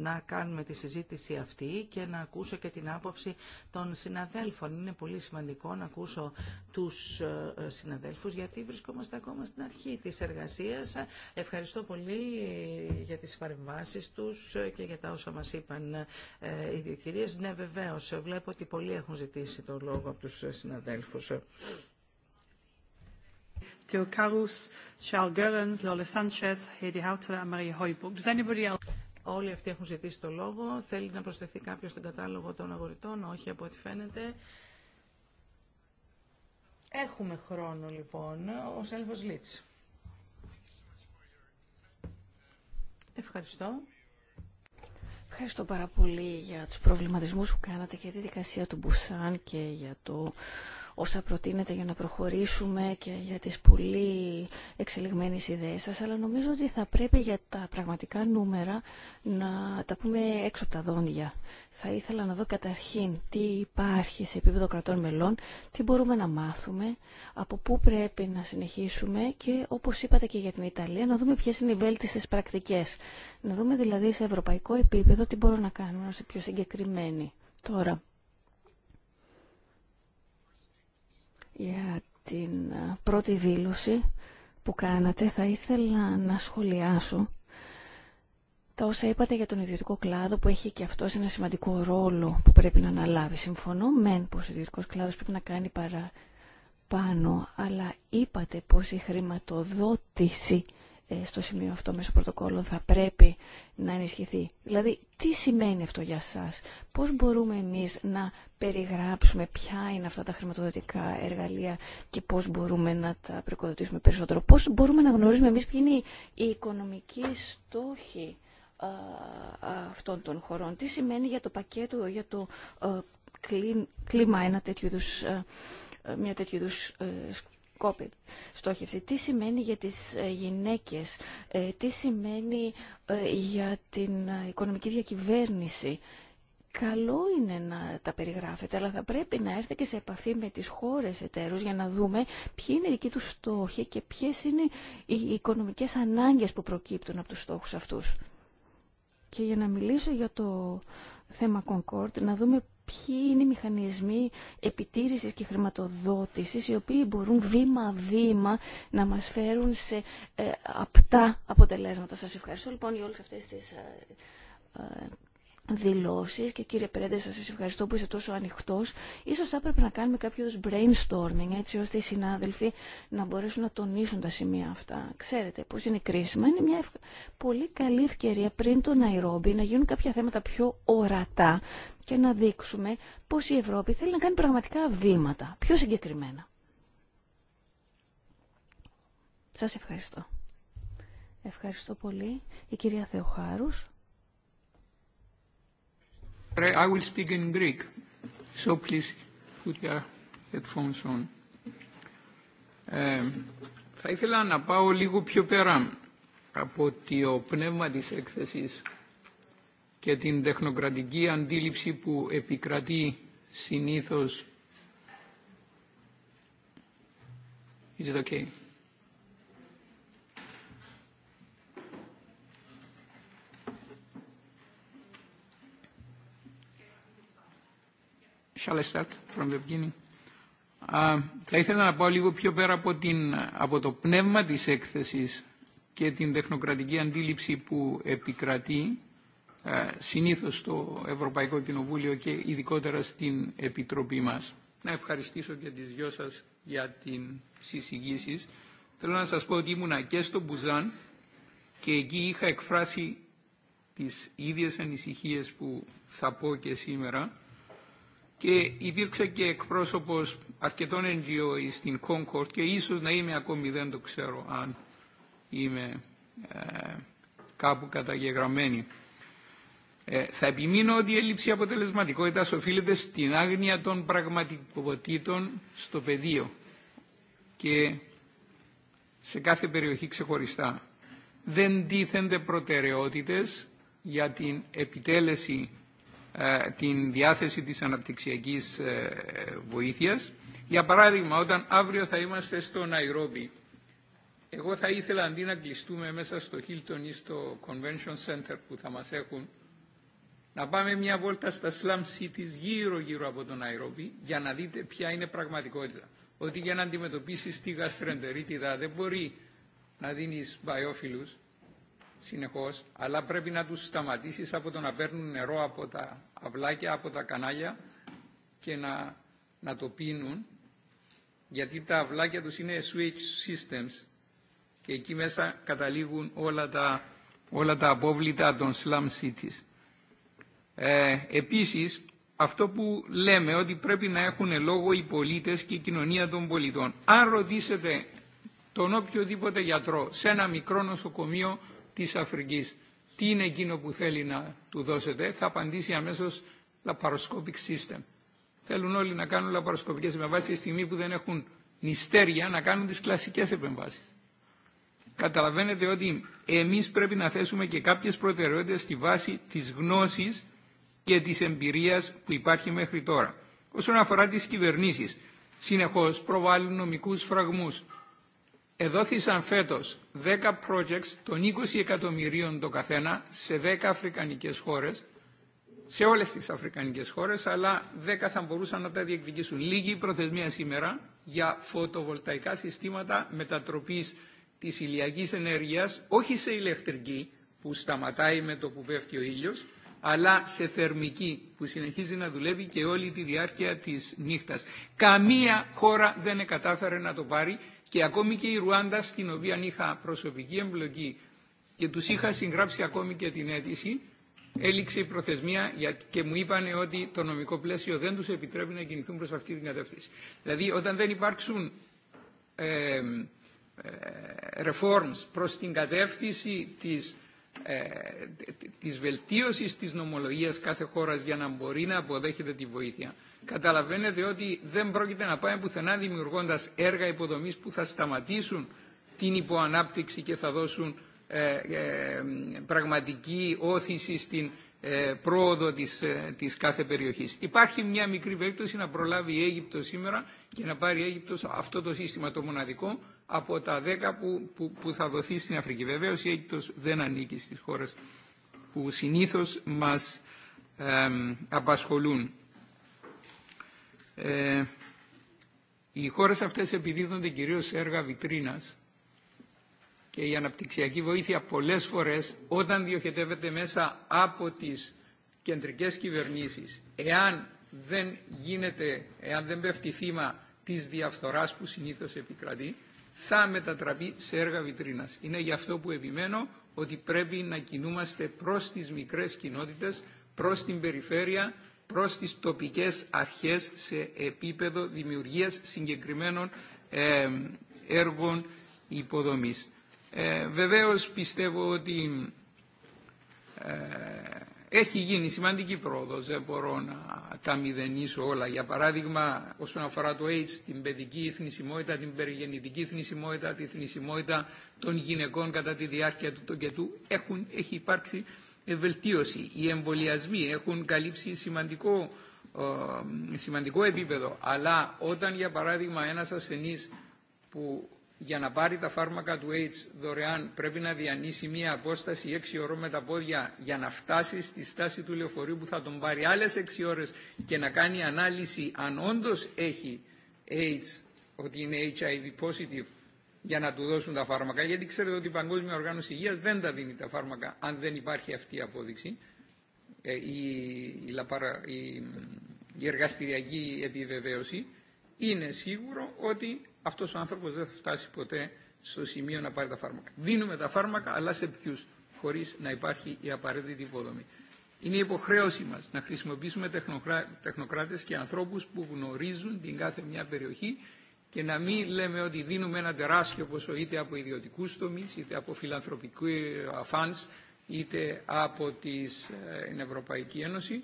να κάνουμε τη συζήτηση αυτή και να ακούσω και την άποψη των συναδέλφων. Είναι πολύ σημαντικό να ακούσω τους ε, συναδέλφους γιατί βρισκόμαστε ακόμα στην αρχή της εργασίας. Ευχαριστώ πολύ ε, για τις παρεμβάσεις τους ε, και για τα όσα μας είπαν οι δύο κυρίες. Ναι βεβαίως βλέπω ότι πολλοί έχουν ζητήσει το λόγο από τους συναδέλφους. Όλοι αυτοί έχουν ζητήσει το λόγο. Θέλει να προσθεθεί κάποιο στον κατάλογο των αγορητών. Όχι, από ό,τι φαίνεται. Έχουμε χρόνο, λοιπόν. Ο Σέλβος Λίτς. Ευχαριστώ. Ευχαριστώ πάρα πολύ για τους προβληματισμούς που κάνατε και τη δικασία του Μπουσάν και για το όσα προτείνετε για να προχωρήσουμε και για τις πολύ εξελιγμένες ιδέες σας, αλλά νομίζω ότι θα πρέπει για τα πραγματικά νούμερα να τα πούμε έξω από τα δόντια. Θα ήθελα να δω καταρχήν τι υπάρχει σε επίπεδο κρατών μελών, τι μπορούμε να μάθουμε, από πού πρέπει να συνεχίσουμε και όπως είπατε και για την Ιταλία, να δούμε ποιες είναι οι βέλτιστες πρακτικές. Να δούμε δηλαδή σε ευρωπαϊκό επίπεδο τι μπορούμε να κάνουμε, να πιο συγκεκριμένη Τώρα, για την πρώτη δήλωση που κάνατε. Θα ήθελα να σχολιάσω τα όσα είπατε για τον ιδιωτικό κλάδο που έχει και αυτός ένα σημαντικό ρόλο που πρέπει να αναλάβει. Συμφωνώ μεν πως ο ιδιωτικός κλάδος πρέπει να κάνει παραπάνω, αλλά είπατε πως η χρηματοδότηση ε, στο σημείο αυτό μέσω πρωτοκόλλων θα πρέπει να ενισχυθεί. Δηλαδή, τι σημαίνει αυτό για σας, πώς μπορούμε εμείς να περιγράψουμε ποια είναι αυτά τα χρηματοδοτικά εργαλεία και πώς μπορούμε να τα προκοδοτήσουμε περισσότερο, πώς μπορούμε να γνωρίζουμε εμείς ποιοι είναι οι οικονομικοί στόχοι αυτών των χωρών, τι σημαίνει για το πακέτο, για το ε, κλίμα ένα τέτοιου είδους, ε, μια στόχευση. Τι σημαίνει για τις ε, γυναίκες, ε, τι σημαίνει ε, για την οικονομική διακυβέρνηση. Καλό είναι να τα περιγράφετε, αλλά θα πρέπει να έρθετε και σε επαφή με τις χώρες εταίρους για να δούμε ποιοι είναι οι δικοί τους στόχοι και ποιες είναι οι οικονομικές ανάγκες που προκύπτουν από τους στόχους αυτούς. Και για να μιλήσω για το θέμα Concord, να δούμε ποιοι είναι οι μηχανισμοί επιτήρησης και χρηματοδότησης οι οποίοι μπορούν βήμα-βήμα να μας φέρουν σε ε, απτά αποτελέσματα. Σας ευχαριστώ λοιπόν για όλες αυτές τις ε, ε, δηλώσεις και κύριε Πρέντε σας ευχαριστώ που είστε τόσο ανοιχτός ίσως θα έπρεπε να κάνουμε κάποιο brainstorming έτσι ώστε οι συνάδελφοι να μπορέσουν να τονίσουν τα σημεία αυτά ξέρετε πως είναι κρίσιμα είναι μια πολύ καλή ευκαιρία πριν το Ναϊρόμπι να γίνουν κάποια θέματα πιο ορατά και να δείξουμε πως η Ευρώπη θέλει να κάνει πραγματικά βήματα πιο συγκεκριμένα Σας ευχαριστώ Ευχαριστώ πολύ η κυρία Θεοχάρους I will speak in Greek, so please put your headphones on. Ε, θα ήθελα να πάω λίγο πιο πέρα από το πνεύμα της έκθεσης και την τεχνοκρατική αντίληψη που επικρατεί συνήθως. Is it okay? Shall I start from uh, Θα ήθελα να πάω λίγο πιο πέρα από, την, από το πνεύμα της έκθεσης και την τεχνοκρατική αντίληψη που επικρατεί ε, συνήθως στο Ευρωπαϊκό Κοινοβούλιο και ειδικότερα στην Επιτροπή μας. Να ευχαριστήσω και τις δυο σας για την συζητήσεις. Θέλω να σας πω ότι ήμουνα και στο Μπουζάν και εκεί είχα εκφράσει τις ίδιες ανησυχίες που θα πω και σήμερα και υπήρξα και εκπρόσωπος αρκετών NGO στην Concord και ίσως να είμαι ακόμη δεν το ξέρω αν είμαι ε, κάπου καταγεγραμμένη. Ε, θα επιμείνω ότι η έλλειψη αποτελεσματικότητας οφείλεται στην άγνοια των πραγματικοτήτων στο πεδίο και σε κάθε περιοχή ξεχωριστά. Δεν τίθενται προτεραιότητες για την επιτέλεση ε, την διάθεση της αναπτυξιακής ε, βοήθειας. Για παράδειγμα, όταν αύριο θα είμαστε στο Ναϊρόμπι, εγώ θα ήθελα αντί να κλειστούμε μέσα στο Hilton ή στο Convention Center που θα μας έχουν, να πάμε μια βόλτα στα slum cities γύρω-γύρω από το Ναϊρόμπι για να δείτε ποια είναι πραγματικότητα. Ότι για να αντιμετωπίσεις τη γαστρεντερίτιδα δεν μπορεί να δίνεις βαϊόφιλους, συνεχώς, αλλά πρέπει να τους σταματήσεις από το να παίρνουν νερό από τα αυλάκια, από τα κανάλια και να, να το πίνουν, γιατί τα αυλάκια τους είναι switch systems και εκεί μέσα καταλήγουν όλα τα, όλα τα απόβλητα των slum cities. Ε, επίσης, αυτό που λέμε ότι πρέπει να έχουν λόγο οι πολίτες και η κοινωνία των πολιτών. Αν ρωτήσετε τον οποιοδήποτε γιατρό σε ένα μικρό νοσοκομείο της Αφρικής τι είναι εκείνο που θέλει να του δώσετε, θα απαντήσει αμέσως λαπαροσκόπικ system. Θέλουν όλοι να κάνουν λαπαροσκοπικές επεμβάσεις τη στιγμή που δεν έχουν νηστέρια να κάνουν τις κλασικές επεμβάσεις. Καταλαβαίνετε ότι εμείς πρέπει να θέσουμε και κάποιες προτεραιότητες στη βάση της γνώσης και της εμπειρίας που υπάρχει μέχρι τώρα. Όσον αφορά τις κυβερνήσεις, συνεχώς προβάλλουν νομικούς φραγμούς, Εδώθησαν φέτος 10 projects των 20 εκατομμυρίων το καθένα σε 10 αφρικανικές χώρες, σε όλες τις αφρικανικές χώρες, αλλά 10 θα μπορούσαν να τα διεκδικήσουν. Λίγη προθεσμία σήμερα για φωτοβολταϊκά συστήματα μετατροπής της ηλιακής ενέργειας, όχι σε ηλεκτρική που σταματάει με το που πέφτει ο ήλιος, αλλά σε θερμική που συνεχίζει να δουλεύει και όλη τη διάρκεια της νύχτας. Καμία χώρα δεν κατάφερε να το πάρει και ακόμη και η Ρουάντα στην οποία είχα προσωπική εμπλοκή και τους είχα συγγράψει ακόμη και την αίτηση έληξε η προθεσμία και μου είπαν ότι το νομικό πλαίσιο δεν τους επιτρέπει να κινηθούν προς αυτή την κατεύθυνση. Δηλαδή όταν δεν υπάρξουν ε, ε, reforms προς την κατεύθυνση της, ε, της βελτίωσης της νομολογίας κάθε χώρας για να μπορεί να αποδέχεται τη βοήθεια Καταλαβαίνετε ότι δεν πρόκειται να πάμε πουθενά δημιουργώντας έργα υποδομής που θα σταματήσουν την υποανάπτυξη και θα δώσουν ε, ε πραγματική όθηση στην ε, πρόοδο ε, της, κάθε περιοχής. Υπάρχει μια μικρή περίπτωση να προλάβει η Αίγυπτο σήμερα και να πάρει η Αίγυπτος αυτό το σύστημα το μοναδικό από τα 10 που, που, που θα δοθεί στην Αφρική. Βεβαίως η Αίγυπτος δεν ανήκει στις χώρες που συνήθως μας απασχολούν. Ε, οι χώρες αυτές επιδίδονται κυρίως σε έργα βιτρίνας και η αναπτυξιακή βοήθεια πολλές φορές όταν διοχετεύεται μέσα από τις κεντρικές κυβερνήσεις εάν δεν γίνεται, εάν δεν πέφτει θύμα της διαφθοράς που συνήθως επικρατεί θα μετατραπεί σε έργα βιτρίνας. Είναι γι' αυτό που επιμένω ότι πρέπει να κινούμαστε προς τις μικρές κοινότητες, προς την περιφέρεια προς τις τοπικές αρχές σε επίπεδο δημιουργίας συγκεκριμένων ε, έργων υποδομής. Ε, βεβαίως πιστεύω ότι ε, έχει γίνει σημαντική πρόοδος, δεν μπορώ να τα μηδενίσω όλα. Για παράδειγμα, όσον αφορά το AIDS, την παιδική θνησιμότητα, την περιγεννητική θνησιμότητα, τη θνησιμότητα των γυναικών κατά τη διάρκεια του τοκετού, έχει υπάρξει ε, βελτίωση. Οι εμβολιασμοί έχουν καλύψει σημαντικό, ε, σημαντικό επίπεδο, αλλά όταν για παράδειγμα ένας ασθενής που για να πάρει τα φάρμακα του AIDS δωρεάν πρέπει να διανύσει μία απόσταση 6 ώρων με τα πόδια για να φτάσει στη στάση του λεωφορείου που θα τον πάρει άλλες 6 ώρες και να κάνει ανάλυση αν όντως έχει AIDS, ότι είναι HIV positive για να του δώσουν τα φάρμακα, γιατί ξέρετε ότι η Παγκόσμια Οργάνωση Υγείας δεν τα δίνει τα φάρμακα αν δεν υπάρχει αυτή η απόδειξη. Ε, η, η, η εργαστηριακή επιβεβαίωση είναι σίγουρο ότι αυτός ο άνθρωπος δεν θα φτάσει ποτέ στο σημείο να πάρει τα φάρμακα. Δίνουμε τα φάρμακα, αλλά σε ποιου, χωρίς να υπάρχει η απαραίτητη υποδομή. Είναι η υποχρέωση μας να χρησιμοποιήσουμε τεχνοκράτες και ανθρώπους που γνωρίζουν την κάθε μια περιοχή και να μην λέμε ότι δίνουμε ένα τεράστιο ποσό είτε από ιδιωτικού τομεί, είτε από φιλανθρωπικού αφάντ, ε, είτε από ε, την Ευρωπαϊκή Ένωση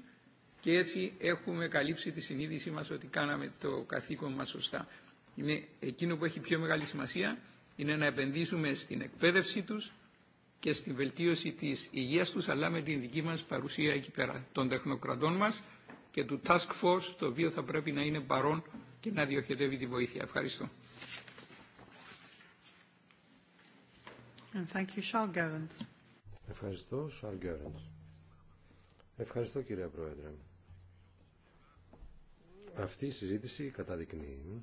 και έτσι έχουμε καλύψει τη συνείδησή μας ότι κάναμε το καθήκον μας σωστά. Είναι εκείνο που έχει πιο μεγάλη σημασία είναι να επενδύσουμε στην εκπαίδευση τους και στην βελτίωση της υγείας τους, αλλά με την δική μας παρουσία εκεί πέρα των τεχνοκρατών μας και του Task Force, το οποίο θα πρέπει να είναι παρόν και να διοχετεύει τη βοήθεια. Ευχαριστώ. Ευχαριστώ, Σαρ Ευχαριστώ, κύριε Πρόεδρε. Αυτή η συζήτηση καταδεικνύει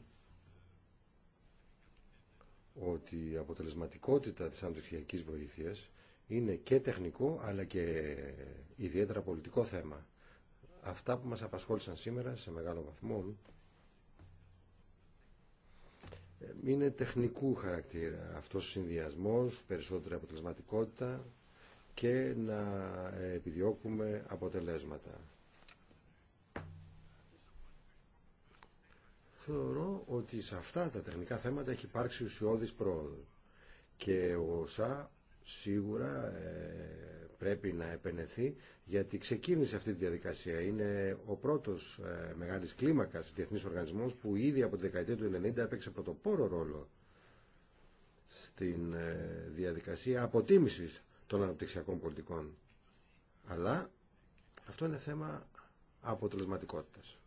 ότι η αποτελεσματικότητα της ανθρωπιστικής βοήθειας είναι και τεχνικό αλλά και ιδιαίτερα πολιτικό θέμα. Αυτά που μας απασχόλησαν σήμερα σε μεγάλο βαθμό ε, είναι τεχνικού χαρακτήρα αυτός ο συνδυασμός, περισσότερη αποτελεσματικότητα και να ε, επιδιώκουμε αποτελέσματα. Θεωρώ ότι σε αυτά τα τεχνικά θέματα έχει υπάρξει ουσιώδης πρόοδο και ο σίγουρα ε, πρέπει να επενεθεί γιατί ξεκίνησε αυτή τη διαδικασία. Είναι ο πρώτος ε, μεγάλης κλίμακας διεθνής οργανισμός που ήδη από τη δεκαετία του 1990 έπαιξε πρωτοπόρο ρόλο στην ε, διαδικασία αποτίμησης των αναπτυξιακών πολιτικών. Αλλά αυτό είναι θέμα αποτελεσματικότητας.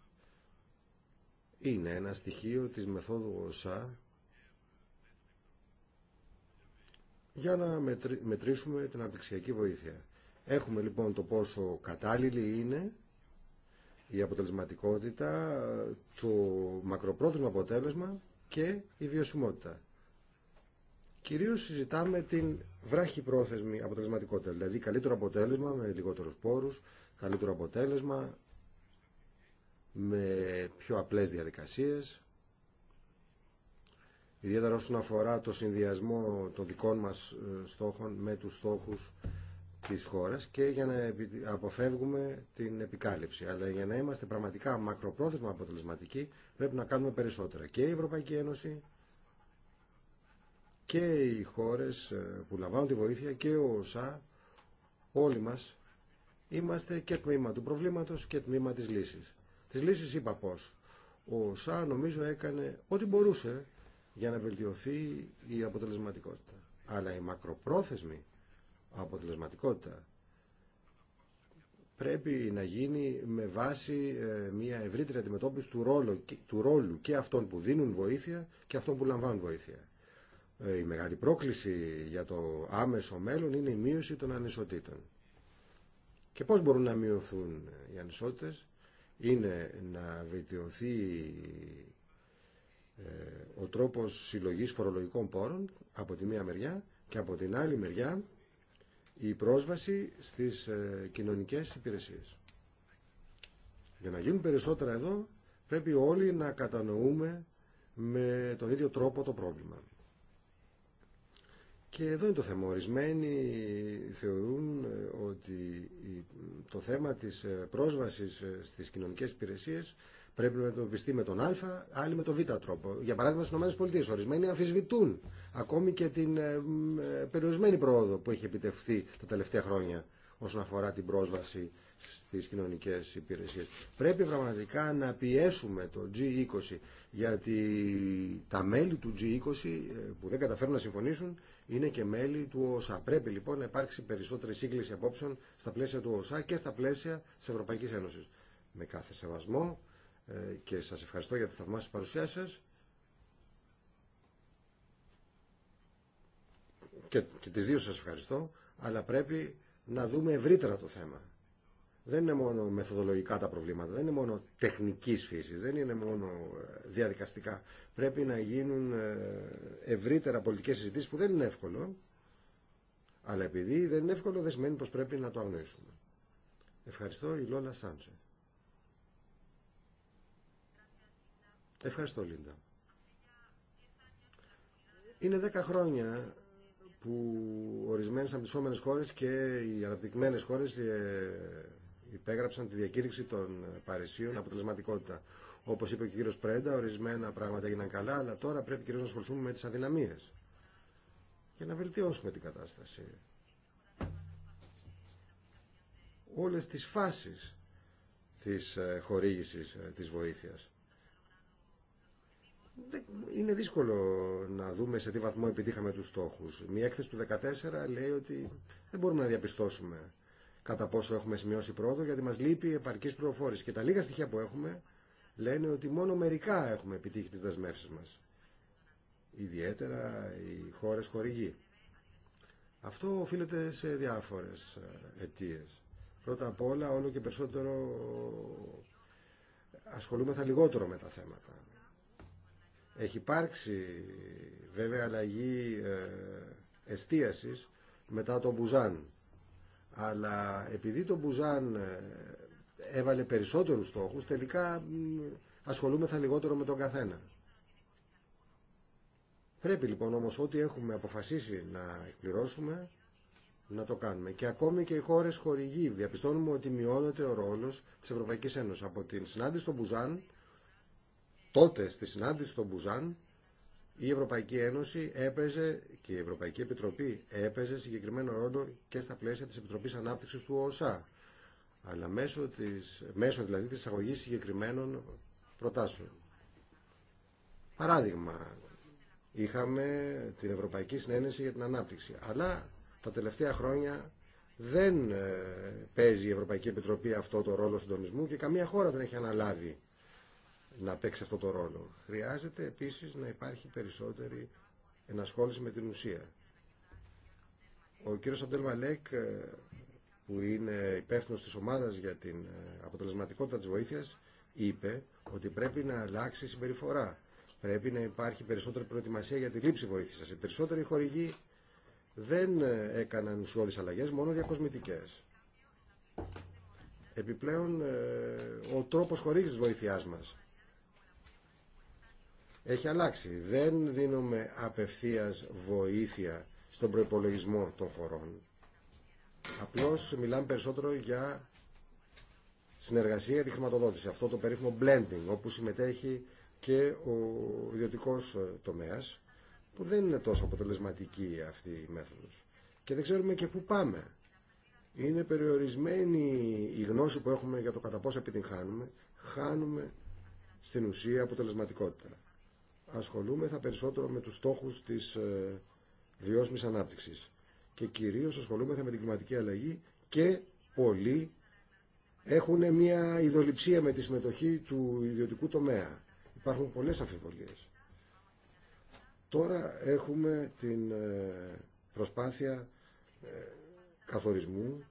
Είναι ένα στοιχείο της μεθόδου ΩΣΑ για να μετρήσουμε την αναπτυξιακή βοήθεια. Έχουμε λοιπόν το πόσο κατάλληλη είναι η αποτελεσματικότητα, το μακροπρόθεσμο αποτέλεσμα και η βιωσιμότητα. Κυρίως συζητάμε την βράχη πρόθεσμη αποτελεσματικότητα, δηλαδή καλύτερο αποτέλεσμα με λιγότερους πόρους, καλύτερο αποτέλεσμα με πιο απλές διαδικασίες, ιδιαίτερα όσον αφορά το συνδυασμό των δικών μας ε, στόχων με τους στόχους της χώρας και για να αποφεύγουμε την επικάλυψη. Αλλά για να είμαστε πραγματικά μακροπρόθεσμα αποτελεσματικοί πρέπει να κάνουμε περισσότερα. Και η Ευρωπαϊκή Ένωση και οι χώρες ε, που λαμβάνουν τη βοήθεια και ο ΩΣΑ, όλοι μας, είμαστε και τμήμα του προβλήματος και τμήμα της λύσης. Της λύσης είπα πώς. Ο ΩΣΑ νομίζω έκανε ό,τι μπορούσε για να βελτιωθεί η αποτελεσματικότητα. Αλλά η μακροπρόθεσμη αποτελεσματικότητα πρέπει να γίνει με βάση ε, μια ευρύτερη αντιμετώπιση του ρόλου, του ρόλου και αυτών που δίνουν βοήθεια και αυτών που λαμβάνουν βοήθεια. Ε, η μεγάλη πρόκληση για το άμεσο μέλλον είναι η μείωση των ανισοτήτων. Και πώς μπορούν να μειωθούν οι ανισότητες είναι να βελτιωθεί ε, ο τρόπος συλλογής φορολογικών πόρων από τη μία μεριά και από την άλλη μεριά η πρόσβαση στις ε, κοινωνικές υπηρεσίες. Για να γίνουν περισσότερα εδώ πρέπει όλοι να κατανοούμε με τον ίδιο τρόπο το πρόβλημα. Και εδώ είναι το θέμα. Ορισμένοι θεωρούν ε, ότι το θέμα της πρόσβασης στις κοινωνικές υπηρεσίες πρέπει να αντιμετωπιστεί με τον Α, άλλοι με τον Β τρόπο. Για παράδειγμα, στι ΗΠΑ ορισμένοι αμφισβητούν ακόμη και την ε, ε, περιορισμένη πρόοδο που έχει επιτευχθεί τα τελευταία χρόνια όσον αφορά την πρόσβαση στις κοινωνικές υπηρεσίες. Πρέπει πραγματικά να πιέσουμε το G20 γιατί τα μέλη του G20 ε, που δεν καταφέρνουν να συμφωνήσουν είναι και μέλη του ΟΣΑ. Πρέπει λοιπόν να υπάρξει περισσότερη σύγκληση απόψεων στα πλαίσια του ΟΣΑ και στα πλαίσια της Ευρωπαϊκής Ένωσης. Με κάθε σεβασμό ε, και σας ευχαριστώ για τη σταυμάσια παρουσία σας και, και τις δύο σας ευχαριστώ αλλά πρέπει να δούμε ευρύτερα το θέμα δεν είναι μόνο μεθοδολογικά τα προβλήματα, δεν είναι μόνο τεχνικής φύσης, δεν είναι μόνο ε, διαδικαστικά. Πρέπει να γίνουν ε, ευρύτερα πολιτικές συζητήσεις που δεν είναι εύκολο, αλλά επειδή δεν είναι εύκολο δεν σημαίνει πως πρέπει να το αγνοήσουμε. Ευχαριστώ η Λόλα Σάντσε. Ευχαριστώ, Λίντα. Είναι 10 χρόνια που ορισμένες αντισώμενες χώρες και οι αναπτυγμένες χώρες ε, υπέγραψαν τη διακήρυξη των Παρισίων αποτελεσματικότητα. Όπως είπε ο κύριο Πρέντα, ορισμένα πράγματα έγιναν καλά, αλλά τώρα πρέπει κυρίως να ασχοληθούμε με τις αδυναμίες και να βελτιώσουμε την κατάσταση. Όλες τις φάσεις της ε, χορήγησης ε, της βοήθειας είναι δύσκολο να δούμε σε τι βαθμό επιτύχαμε τους στόχους. Μια έκθεση του 2014 λέει ότι δεν μπορούμε να διαπιστώσουμε κατά πόσο έχουμε σημειώσει πρόοδο, γιατί μας λείπει επαρκής πληροφόρηση. Και τα λίγα στοιχεία που έχουμε λένε ότι μόνο μερικά έχουμε επιτύχει τις δεσμεύσεις μας. Ιδιαίτερα οι χώρες χορηγοί. Αυτό οφείλεται σε διάφορες ε, αιτίες. Πρώτα απ' όλα όλο και περισσότερο ε, ασχολούμεθα λιγότερο με τα θέματα. Έχει υπάρξει βέβαια αλλαγή ε, εστίασης μετά τον Μπουζάν. Αλλά επειδή τον Μπουζάν ε, έβαλε περισσότερους στόχους, τελικά ασχολούμεθα λιγότερο με τον καθένα. Πρέπει λοιπόν όμως ό,τι έχουμε αποφασίσει να εκπληρώσουμε, να το κάνουμε. Και ακόμη και οι χώρες χορηγοί. Διαπιστώνουμε ότι μειώνεται ο ρόλος της Ευρωπαϊκής Ένωσης. Από την συνάντηση των Μπουζάν τότε στη συνάντηση στο Μπουζάν η Ευρωπαϊκή Ένωση έπαιζε και η Ευρωπαϊκή Επιτροπή έπαιζε συγκεκριμένο ρόλο και στα πλαίσια της Επιτροπής Ανάπτυξης του ΟΣΑ αλλά μέσω, της, μέσω δηλαδή της αγωγής συγκεκριμένων προτάσεων. Παράδειγμα, είχαμε την Ευρωπαϊκή Συνένεση για την Ανάπτυξη, αλλά τα τελευταία χρόνια δεν ε, παίζει η Ευρωπαϊκή Επιτροπή αυτό το ρόλο συντονισμού και καμία χώρα δεν έχει αναλάβει να παίξει αυτό το ρόλο. Χρειάζεται επίσης να υπάρχει περισσότερη ενασχόληση με την ουσία. Ο κύριος Μαλέκ, ε, που είναι υπεύθυνο της ομάδας για την ε, αποτελεσματικότητα της βοήθειας είπε ότι πρέπει να αλλάξει η συμπεριφορά. Πρέπει να υπάρχει περισσότερη προετοιμασία για τη λήψη βοήθειας. Οι περισσότεροι χορηγοί δεν ε, έκαναν ουσιώδεις αλλαγές, μόνο διακοσμητικές. Επιπλέον, ο τρόπος χορήγησης βοήθειάς μας έχει αλλάξει. Δεν δίνουμε απευθείας βοήθεια στον προϋπολογισμό των χωρών. Απλώς μιλάμε περισσότερο για συνεργασία τη χρηματοδότηση. Αυτό το περίφημο blending, όπου συμμετέχει και ο ιδιωτικός ε, τομέας, που δεν είναι τόσο αποτελεσματική αυτή η μέθοδος. Και δεν ξέρουμε και πού πάμε. Είναι περιορισμένη η γνώση που έχουμε για το κατά πόσο επιτυγχάνουμε. Χάνουμε στην ουσία αποτελεσματικότητα ασχολούμεθα περισσότερο με τους στόχους της ε, βιώσιμης ανάπτυξης και κυρίως ασχολούμεθα με την κλιματική αλλαγή και πολλοί έχουν μια ειδοληψία με τη συμμετοχή του ιδιωτικού τομέα. Υπάρχουν πολλές αμφιβολίες. Τώρα έχουμε την ε, προσπάθεια ε, καθορισμού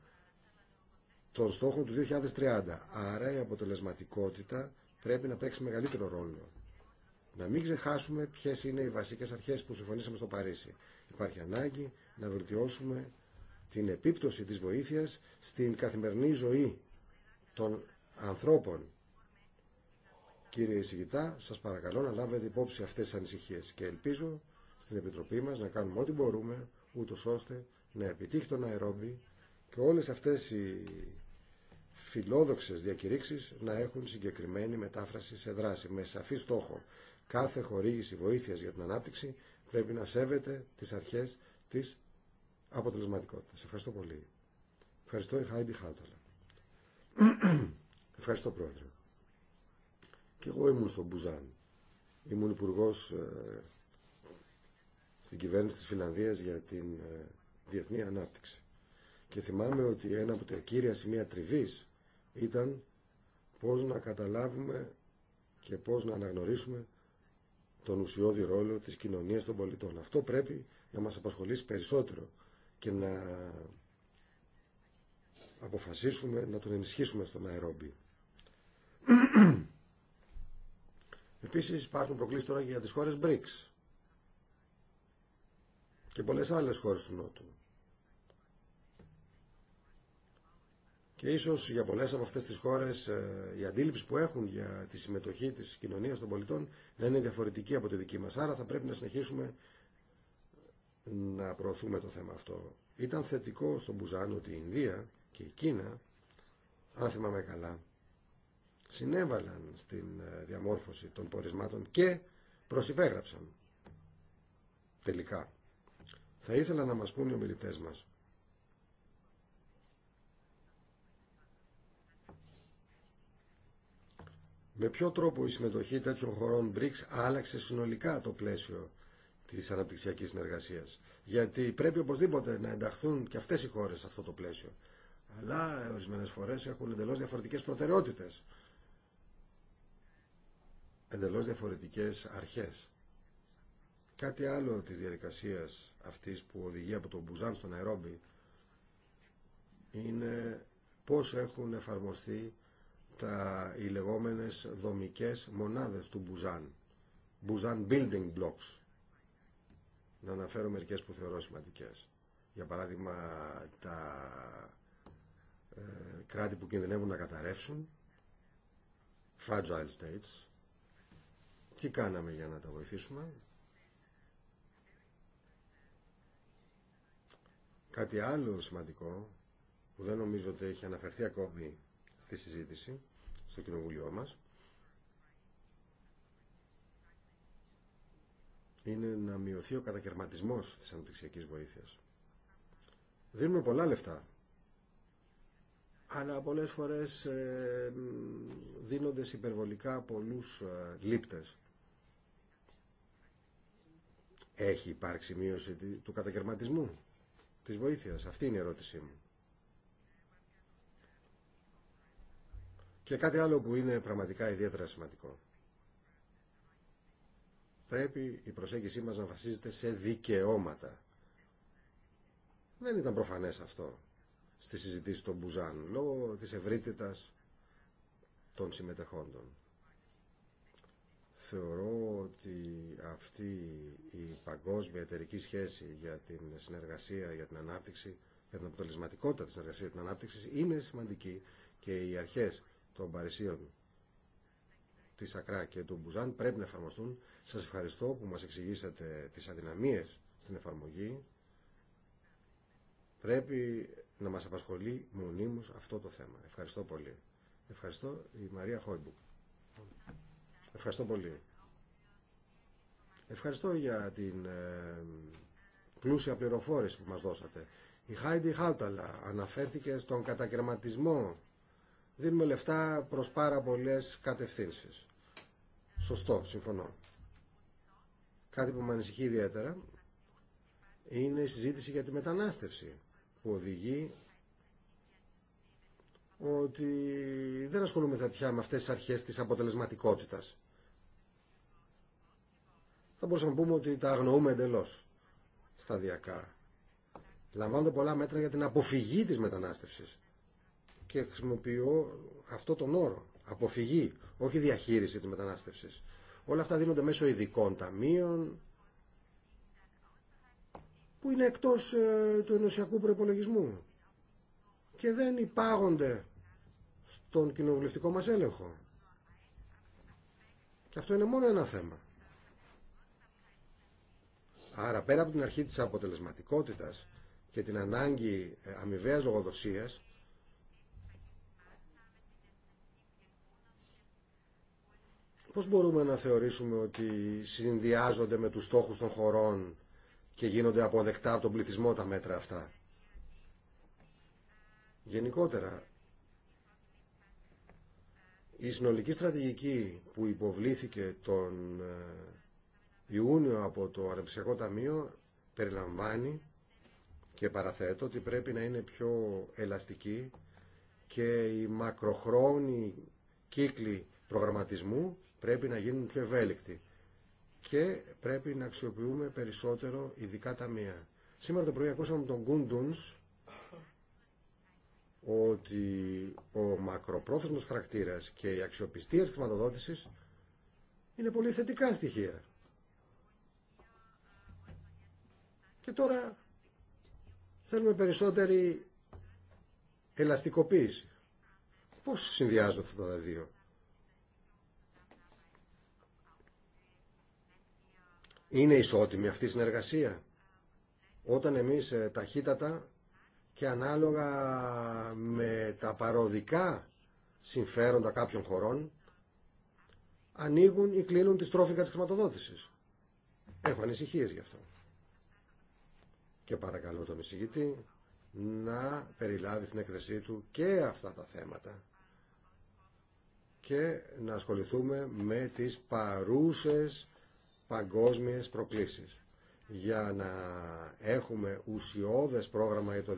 των στόχων του 2030. Άρα η αποτελεσματικότητα πρέπει να παίξει μεγαλύτερο ρόλο να μην ξεχάσουμε ποιε είναι οι βασικέ αρχέ που συμφωνήσαμε στο Παρίσι. Υπάρχει ανάγκη να βελτιώσουμε την επίπτωση της βοήθειας στην καθημερινή ζωή των ανθρώπων. Κύριε Ισηγητά, σας παρακαλώ να λάβετε υπόψη αυτές τις ανησυχίες και ελπίζω στην Επιτροπή μας να κάνουμε ό,τι μπορούμε, ούτω ώστε να επιτύχει το και όλε αυτέ οι φιλόδοξε διακηρύξεις να έχουν συγκεκριμένη μετάφραση σε δράση με σαφή στόχο κάθε χορήγηση βοήθειας για την ανάπτυξη πρέπει να σέβεται τις αρχές της αποτελεσματικότητας. Ευχαριστώ πολύ. Ευχαριστώ η Χάιντι Χάουταλα. <clears throat> Ευχαριστώ Πρόεδρε. Και εγώ ήμουν στον Μπουζάν. Ήμουν υπουργό ε, στην κυβέρνηση της Φιλανδίας για την ε, διεθνή ανάπτυξη. Και θυμάμαι ότι ένα από τα κύρια σημεία τριβή ήταν πώς να καταλάβουμε και πώς να αναγνωρίσουμε τον ουσιώδη ρόλο της κοινωνίας των πολιτών. Αυτό πρέπει να μας απασχολήσει περισσότερο και να αποφασίσουμε να τον ενισχύσουμε στον αερόμπι. <clears throat> Επίσης υπάρχουν προκλήσεις τώρα για τις χώρες BRICS και πολλές άλλες χώρες του Νότου. Και ίσως για πολλές από αυτές τις χώρες η ε, αντίληψη που έχουν για τη συμμετοχή της κοινωνίας των πολιτών να είναι διαφορετική από τη δική μας. Άρα θα πρέπει να συνεχίσουμε να προωθούμε το θέμα αυτό. Ήταν θετικό στον Μπουζάν ότι η Ινδία και η Κίνα, αν θυμάμαι καλά, συνέβαλαν στην ε, διαμόρφωση των πορισμάτων και προσυπέγραψαν τελικά. Θα ήθελα να μας πούν οι ομιλητές μας Με ποιο τρόπο η συμμετοχή τέτοιων χωρών BRICS άλλαξε συνολικά το πλαίσιο της αναπτυξιακής συνεργασίας. Γιατί πρέπει οπωσδήποτε να ενταχθούν και αυτές οι χώρες σε αυτό το πλαίσιο. Αλλά ορισμένες φορές έχουν εντελώς διαφορετικές προτεραιότητες. Εντελώς διαφορετικές αρχές. Κάτι άλλο της διαδικασίας αυτής που οδηγεί από τον Μπουζάν στον Αερόμπι είναι πώς έχουν εφαρμοστεί τα, οι λεγόμενες δομικές μονάδες του Μπουζάν. Μπουζάν Building Blocks. Να αναφέρω μερικές που θεωρώ σημαντικές. Για παράδειγμα, τα ε, κράτη που κινδυνεύουν να καταρρεύσουν, fragile states, τι κάναμε για να τα βοηθήσουμε. Κάτι άλλο σημαντικό, που δεν νομίζω ότι έχει αναφερθεί ακόμη τη συζήτηση στο κοινοβούλιο μας είναι να μειωθεί ο κατακαιρματισμός της αναπτυξιακής βοήθειας. Δίνουμε πολλά λεφτά, αλλά πολλές φορές ε, δίνονται υπερβολικά πολλούς ε, λήπτες. Έχει υπάρξει μείωση του κατακαιρματισμού της βοήθειας. Αυτή είναι η ερώτησή μου. Και κάτι άλλο που είναι πραγματικά ιδιαίτερα σημαντικό. Πρέπει η προσέγγιση μας να βασίζεται σε δικαιώματα. Δεν ήταν προφανές αυτό στη συζητήση των Μπουζάν, λόγω της ευρύτητας των συμμετεχόντων. Θεωρώ ότι αυτή η παγκόσμια εταιρική σχέση για την συνεργασία, για την ανάπτυξη, για την αποτελεσματικότητα της συνεργασίας, για την ανάπτυξη είναι σημαντική και οι αρχές των Παρισίων, της Ακρά και του Μπουζάν πρέπει να εφαρμοστούν. Σας ευχαριστώ που μας εξηγήσατε τις αδυναμίες στην εφαρμογή. Πρέπει να μας απασχολεί μονίμως αυτό το θέμα. Ευχαριστώ πολύ. Ευχαριστώ η Μαρία Χόιμπουκ. Ευχαριστώ πολύ. Ευχαριστώ για την ε, πλούσια πληροφόρηση που μας δώσατε. Η Χάιντι Χάουταλα αναφέρθηκε στον κατακαιρματισμό δίνουμε λεφτά προς πάρα πολλές κατευθύνσεις. Σωστό, συμφωνώ. Κάτι που με ανησυχεί ιδιαίτερα είναι η συζήτηση για τη μετανάστευση που οδηγεί ότι δεν ασχολούμεθα πια με αυτές τις αρχές της αποτελεσματικότητας. Θα μπορούσαμε να πούμε ότι τα αγνοούμε εντελώς σταδιακά. Λαμβάνονται πολλά μέτρα για την αποφυγή της μετανάστευσης και χρησιμοποιώ αυτό τον όρο. Αποφυγή, όχι διαχείριση της μετανάστευσης. Όλα αυτά δίνονται μέσω ειδικών ταμείων που είναι εκτός ε, του ενωσιακού προπολογισμού και δεν υπάγονται στον κοινοβουλευτικό μας έλεγχο. Και αυτό είναι μόνο ένα θέμα. Άρα πέρα από την αρχή της αποτελεσματικότητας και την ανάγκη ε, αμοιβαίας λογοδοσίας πώς μπορούμε να θεωρήσουμε ότι συνδυάζονται με τους στόχους των χωρών και γίνονται αποδεκτά από τον πληθυσμό τα μέτρα αυτά. Γενικότερα, η συνολική στρατηγική που υποβλήθηκε τον ε, Ιούνιο από το Αναπτυξιακό Ταμείο περιλαμβάνει και παραθέτω ότι πρέπει να είναι πιο ελαστική και η μακροχρόνη κύκλοι προγραμματισμού Πρέπει να γίνουν πιο ευέλικτοι και πρέπει να αξιοποιούμε περισσότερο ειδικά ταμεία. Σήμερα το πρωί ακούσαμε τον Κούντουνς ότι ο μακροπρόθεσμος χαρακτήρας και η αξιοπιστία της χρηματοδότησης είναι πολύ θετικά στοιχεία. Και τώρα θέλουμε περισσότερη ελαστικοποίηση. Πώς συνδυάζονται αυτά τα δύο. Είναι ισότιμη αυτή η συνεργασία. Όταν εμείς ε, ταχύτατα και ανάλογα με τα παροδικά συμφέροντα κάποιων χωρών ανοίγουν ή κλείνουν τις στρόφιγγα της χρηματοδότησης. Έχω ανησυχίες γι' αυτό. Και παρακαλώ τον εισηγητή να περιλάβει στην έκθεσή του και αυτά τα θέματα και να ασχοληθούμε με τις παρούσες παγκόσμιες προκλήσεις. Για να έχουμε ουσιώδες πρόγραμμα για το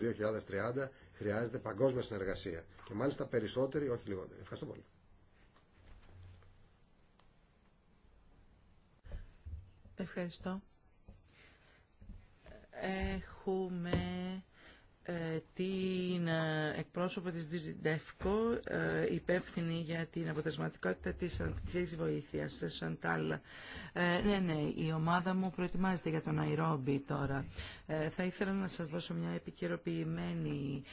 2030 χρειάζεται παγκόσμια συνεργασία και μάλιστα περισσότερη, όχι λιγότερη. Ευχαριστώ πολύ. Ευχαριστώ. Έχουμε ε, την ε, εκπρόσωπο της ΔΙΖΙΝΤΕΦΚΟ υπεύθυνη για την αποτελεσματικότητα της ανθρωπιστικής βοήθειας, ε, Σαντάλ. ναι, ναι, η ομάδα μου προετοιμάζεται για τον Ναϊρόμπι τώρα. θα ήθελα να σας δώσω μια επικαιροποιημένη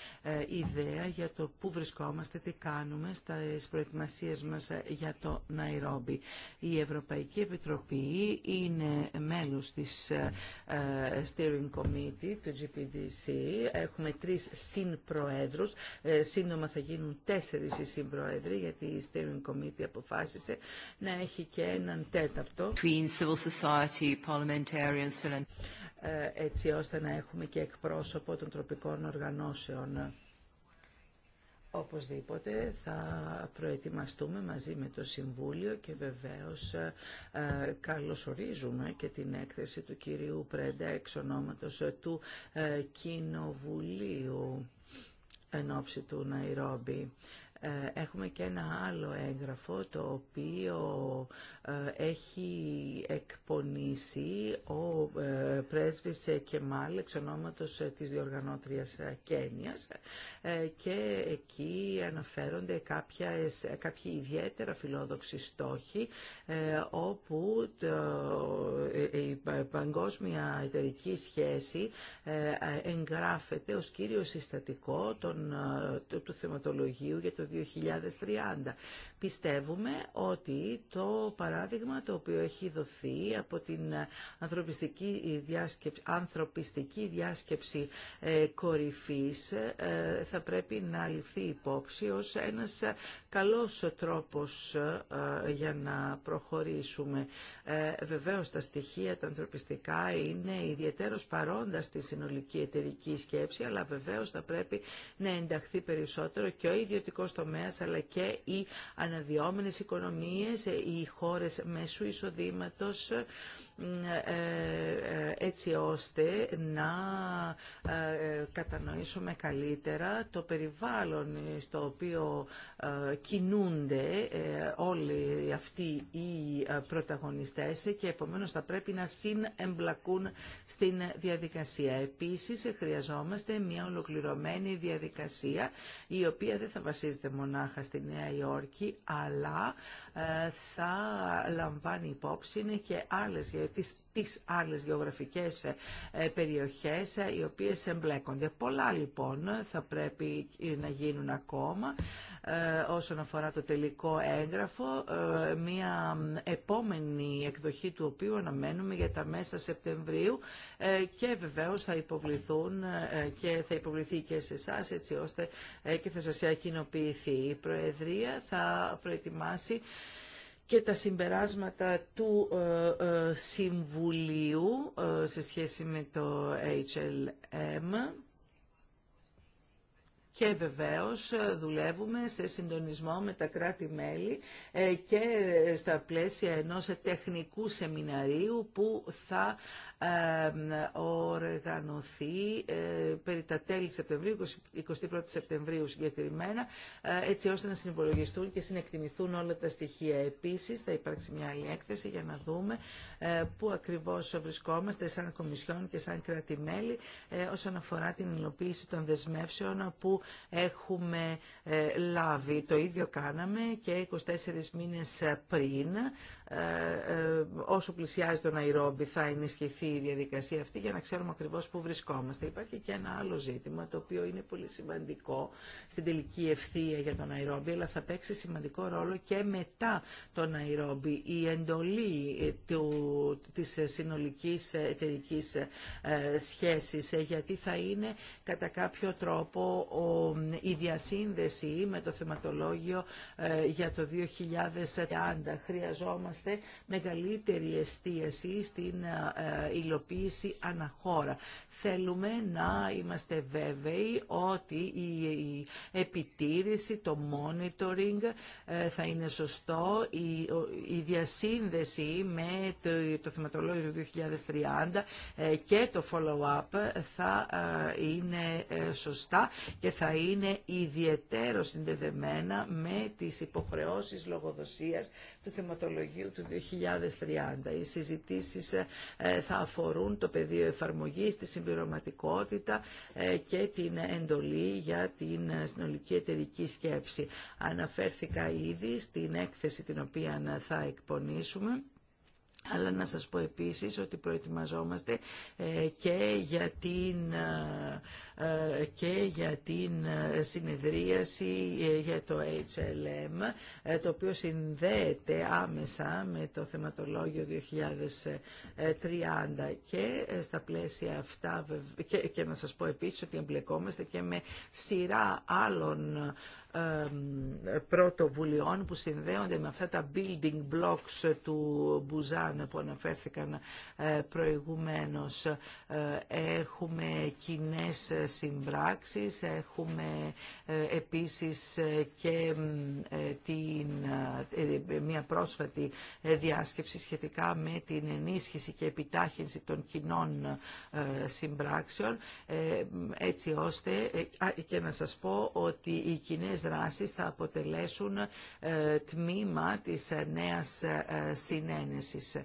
ιδέα για το πού βρισκόμαστε, τι κάνουμε στις προετοιμασίες μας για το Ναϊρόμπι. Η Ευρωπαϊκή Επιτροπή είναι μέλος της Steering Committee του GPDC. Έχουμε έχουμε τρεις συνπροέδρους, ε, σύντομα θα γίνουν τέσσερις οι συμπροέδροι, γιατί η Steering Committee αποφάσισε να έχει και έναν τέταρτο. civil society, parliamentarians, ε, έτσι ώστε να έχουμε και εκπρόσωπο των τροπικών οργανώσεων. Οπωσδήποτε θα προετοιμαστούμε μαζί με το Συμβούλιο και βεβαίως ε, ε καλωσορίζουμε και την έκθεση του κυρίου Πρέντα εξ ονόματος ε, του ε, Κοινοβουλίου εν ώψη του Ναϊρόμπι. Έχουμε και ένα άλλο έγγραφο το οποίο έχει εκπονήσει ο ε, πρέσβης Κεμάλ εξ ονόματος ε, της διοργανώτριας ε, Κένιας και εκεί αναφέρονται κάποια, κάποιοι ιδιαίτερα φιλόδοξοι στόχοι όπου η παγκόσμια εταιρική σχέση εγγράφεται ως κύριο συστατικό των, του, του θεματολογίου για το 2030. Πιστεύουμε ότι το παράδειγμα το οποίο έχει δοθεί από την ανθρωπιστική διάσκεψη, ανθρωπιστική διάσκεψη ε, κορυφής ε, θα πρέπει να ληφθεί υπόψη ως ένας καλός τρόπος ε, για να προχωρήσουμε. Ε, βεβαίως τα στοιχεία τα ανθρωπιστικά είναι ιδιαίτερος παρόντα στη συνολική εταιρική σκέψη, αλλά βεβαίως θα πρέπει να ενταχθεί περισσότερο και ο ιδιωτικό τομέα, αλλά και οι αναδυόμενες οικονομίες, ε, οι χώρες μέσου εισοδήματος, έτσι ώστε να ε, κατανοήσουμε καλύτερα το περιβάλλον στο οποίο ε, κινούνται ε, όλοι αυτοί οι πρωταγωνιστές και επομένως θα πρέπει να συνεμπλακούν στην διαδικασία. Επίσης χρειαζόμαστε μια ολοκληρωμένη διαδικασία η οποία δεν θα βασίζεται μονάχα στη Νέα Υόρκη αλλά θα λαμβάνει υπόψη και άλλες τις, τις άλλες γεωγραφικές ε, περιοχές ε, οι οποίες εμπλέκονται. Πολλά λοιπόν θα πρέπει να γίνουν ακόμα ε, όσον αφορά το τελικό έγγραφο, μια επόμενη εκδοχή του οποίου αναμένουμε για τα μέσα Σεπτεμβρίου και βεβαίως θα υποβληθούν και θα υποβληθεί και σε εσά έτσι ώστε και θα σας ακοινοποιηθεί Η Προεδρία θα προετοιμάσει και τα συμπεράσματα του ε, ε, Συμβουλίου ε, σε σχέση με το HLM και βεβαίως δουλεύουμε σε συντονισμό με τα κράτη-μέλη και στα πλαίσια ενός τεχνικού σεμιναρίου που θα οργανωθεί ε, περί τα τέλη Σεπτεμβρίου, 21 Σεπτεμβρίου συγκεκριμένα, ε, έτσι ώστε να συνυπολογιστούν και συνεκτιμηθούν όλα τα στοιχεία. επίση. θα υπάρξει μια άλλη έκθεση για να δούμε ε, πού ακριβώ βρισκόμαστε σαν Κομισιόν και σαν κράτη-μέλη όσον αφορά την υλοποίηση των δεσμεύσεων που έχουμε λάβει. Το ίδιο κάναμε και 24 μήνες πριν, όσο πλησιάζει το Ναϊρόμπι θα ενισχυθεί η διαδικασία αυτή για να ξέρουμε ακριβώς πού βρισκόμαστε. Υπάρχει και ένα άλλο ζήτημα το οποίο είναι πολύ σημαντικό στην τελική ευθεία για τον Αϊρόμπι αλλά θα παίξει σημαντικό ρόλο και μετά τον Αϊρόμπι. Η εντολή ε, τη της συνολικής εταιρική ε, σχέσης ε, γιατί θα είναι κατά κάποιο τρόπο η διασύνδεση με το θεματολόγιο για το 2030. Χρειαζόμαστε μεγαλύτερη εστίαση στην υλοποίηση αναχώρα. Θέλουμε να είμαστε βέβαιοι ότι η επιτήρηση, το monitoring ε, θα είναι σωστό, η διασύνδεση με το θεματολόγιο του 2030 ε, και το follow-up θα ε, είναι σωστά και θα είναι ιδιαίτερο συνδεδεμένα με τις υποχρεώσεις λογοδοσίας του θεματολογίου του 2030. Οι συζητήσεις θα αφορούν το πεδίο εφαρμογής, τη συμπληρωματικότητα ε, και την εντολή για την συνολική εταιρική σκέψη. Αναφέρθηκα ήδη στην έκθεση την οποία θα εκπονήσουμε αλλά να σας πω επίσης ότι προετοιμαζόμαστε ε, και για την, ε, ε, και για την συνεδρίαση για το HLM, το οποίο συνδέεται άμεσα με το θεματολόγιο 2030 και στα πλαίσια αυτά και, να σας πω επίσης ότι εμπλεκόμαστε και με σειρά άλλων ε, πρωτοβουλειών που συνδέονται με αυτά τα building blocks του Μπουζάν που αναφέρθηκαν ε, προηγουμένως. Ε, έχουμε κοινέ συμπράξεις, έχουμε επίσης και την, μια πρόσφατη διάσκεψη σχετικά με την ενίσχυση και επιτάχυνση των κοινών συμπράξεων, έτσι ώστε και να σας πω ότι οι κοινέ δράσεις θα αποτελέσουν ε, τμήμα της ε, νέας ε, συνένεσης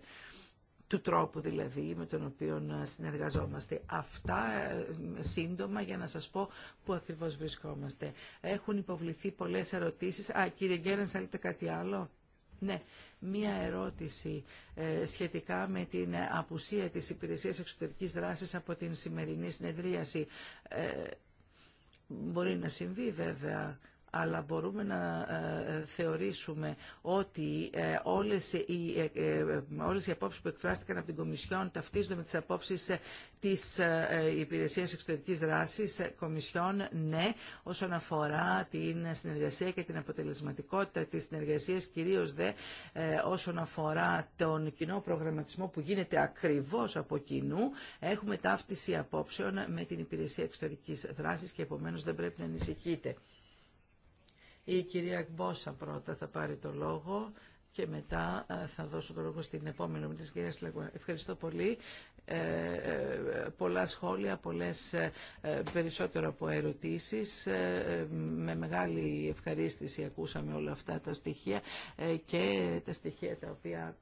του τρόπου δηλαδή με τον οποίο συνεργαζόμαστε. Αυτά σύντομα για να σας πω που ακριβώς βρισκόμαστε. Έχουν υποβληθεί πολλές ερωτήσεις. Α, κύριε Γκέρεν, θέλετε κάτι άλλο. Ναι, μία ερώτηση σχετικά με την απουσία της Υπηρεσίας Εξωτερικής Δράσης από την σημερινή συνεδρίαση. μπορεί να συμβεί βέβαια αλλά μπορούμε να ε, ε, θεωρήσουμε ότι ε, όλες οι, όλες οι απόψεις που εκφράστηκαν από την Κομισιόν ταυτίζονται με τις απόψεις της Υπηρεσίας Εξωτερικής Δράσης Κομισιόν, ναι, όσον αφορά την συνεργασία και την αποτελεσματικότητα της συνεργασίας, κυρίως δε όσον αφορά τον κοινό προγραμματισμό που γίνεται ακριβώς από κοινού, έχουμε ταύτιση απόψεων με την Υπηρεσία Εξωτερικής Δράσης και επομένως δεν πρέπει να ανησυχείτε. Η κυρία Μπόσα πρώτα θα πάρει το λόγο και μετά ε, θα δώσω το λόγο στην επόμενη ομιλία της κυρίας Λεγουά. Ευχαριστώ πολύ. Ε, πολλά σχόλια, πολλές ε, περισσότερο από ερωτήσεις. Ε, με μεγάλη ευχαρίστηση ακούσαμε όλα αυτά τα στοιχεία και τα στοιχεία τα οποία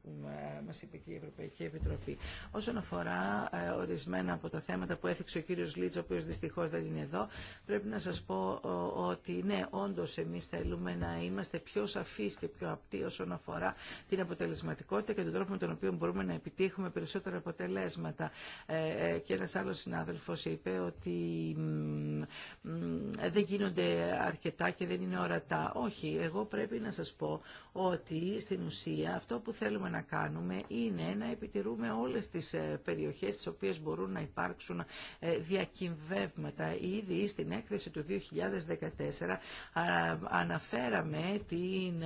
μας είπε και η Ευρωπαϊκή Επιτροπή. Όσον αφορά ορισμένα από τα θέματα που έθιξε ο κύριος Λίτς, ο οποίος δυστυχώς δεν είναι εδώ, πρέπει να σας πω ότι ναι, όντως εμείς θέλουμε να είμαστε πιο σαφείς και πιο απτοί όσον αφορά την αποτελεσματικότητα και τον τρόπο με τον οποίο μπορούμε να επιτύχουμε περισσότερα αποτελέσματα. Ε, ε, και ένας άλλος συνάδελφος είπε ότι δεν γίνονται αρκετά και δεν είναι ορατά. Όχι, εγώ πρέπει να σας πω ότι στην ουσία αυτό που θέλουμε να κάνουμε είναι να επιτηρούμε όλες τις ε, περιοχές στις οποίες μπορούν να υπάρξουν διακυβεύματα. Ήδη στην έκθεση του 2014 αναφέραμε την,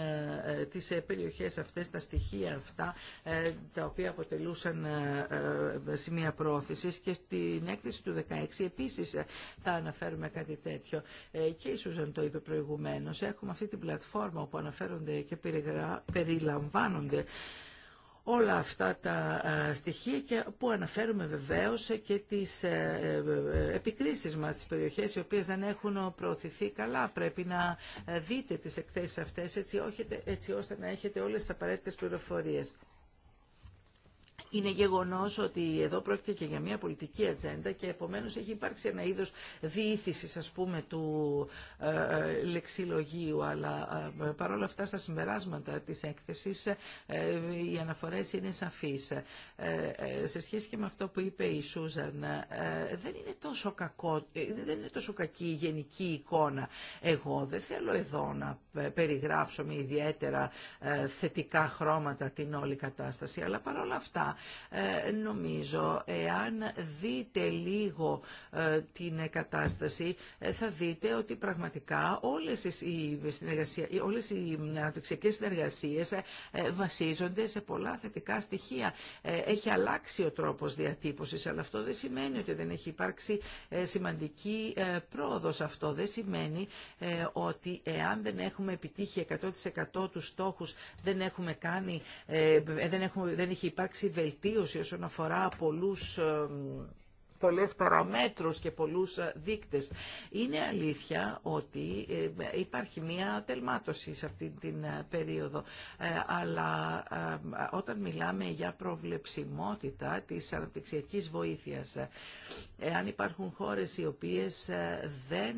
τις περιοχές αυτές, τα στοιχεία αυτά, τα οποία αποτελούσαν σημεία πρόθεσης και στην έκθεση του 2016 επίσης θα αναφέρουμε κάτι τέτοιο. Ε, και η Σούζαν το είπε προηγουμένως. Έχουμε αυτή την πλατφόρμα όπου αναφέρονται και περιλαμβάνονται όλα αυτά τα ε, στοιχεία και που αναφέρουμε βεβαίως και τις ε, επικρίσεις μας στις περιοχές οι οποίες δεν έχουν προωθηθεί καλά. Πρέπει να δείτε τις εκθέσεις αυτές έτσι, έτσι ώστε να έχετε όλες τις απαραίτητες πληροφορίες είναι γεγονός ότι εδώ πρόκειται και για μια πολιτική ατζέντα και επομένω έχει υπάρξει ένα είδος διήθηση, ας πούμε του ε, ε, λεξιλογίου αλλά ε, παρόλα αυτά στα συμπεράσματα της έκθεσης ε, οι αναφορέ είναι σαφείς. Σε σχέση και με αυτό που είπε η Σούζαν δεν είναι τόσο, κακό, δεν είναι τόσο κακή η γενική εικόνα. Εγώ δεν θέλω εδώ να περιγράψω με ιδιαίτερα θετικά χρώματα την όλη κατάσταση αλλά παρόλα αυτά ε, νομίζω εάν δείτε λίγο ε, την κατάσταση ε, θα δείτε ότι πραγματικά όλες οι, όλες οι αναπτυξιακές συνεργασίες βασίζονται σε πολλά θετικά στοιχεία. Έχει αλλάξει ο τρόπος διατύπωσης, αλλά αυτό δεν σημαίνει ότι δεν έχει υπάρξει σημαντική πρόοδος. Αυτό δεν σημαίνει ότι εάν δεν έχουμε επιτύχει 100% τους στόχους, δεν έχουμε κάνει, δεν, έχουμε, δεν έχει υπάρξει βελτίωση βελτίωση όσον αφορά πολλούς πολλές παραμέτρους και πολλούς ε, δείκτες. Είναι αλήθεια ότι ε, υπάρχει μία τελμάτωση σε αυτή την ε, περίοδο, αλλά όταν μιλάμε για προβλεψιμότητα της αναπτυξιακής βοήθειας, αν υπάρχουν χώρες οι οποίες δεν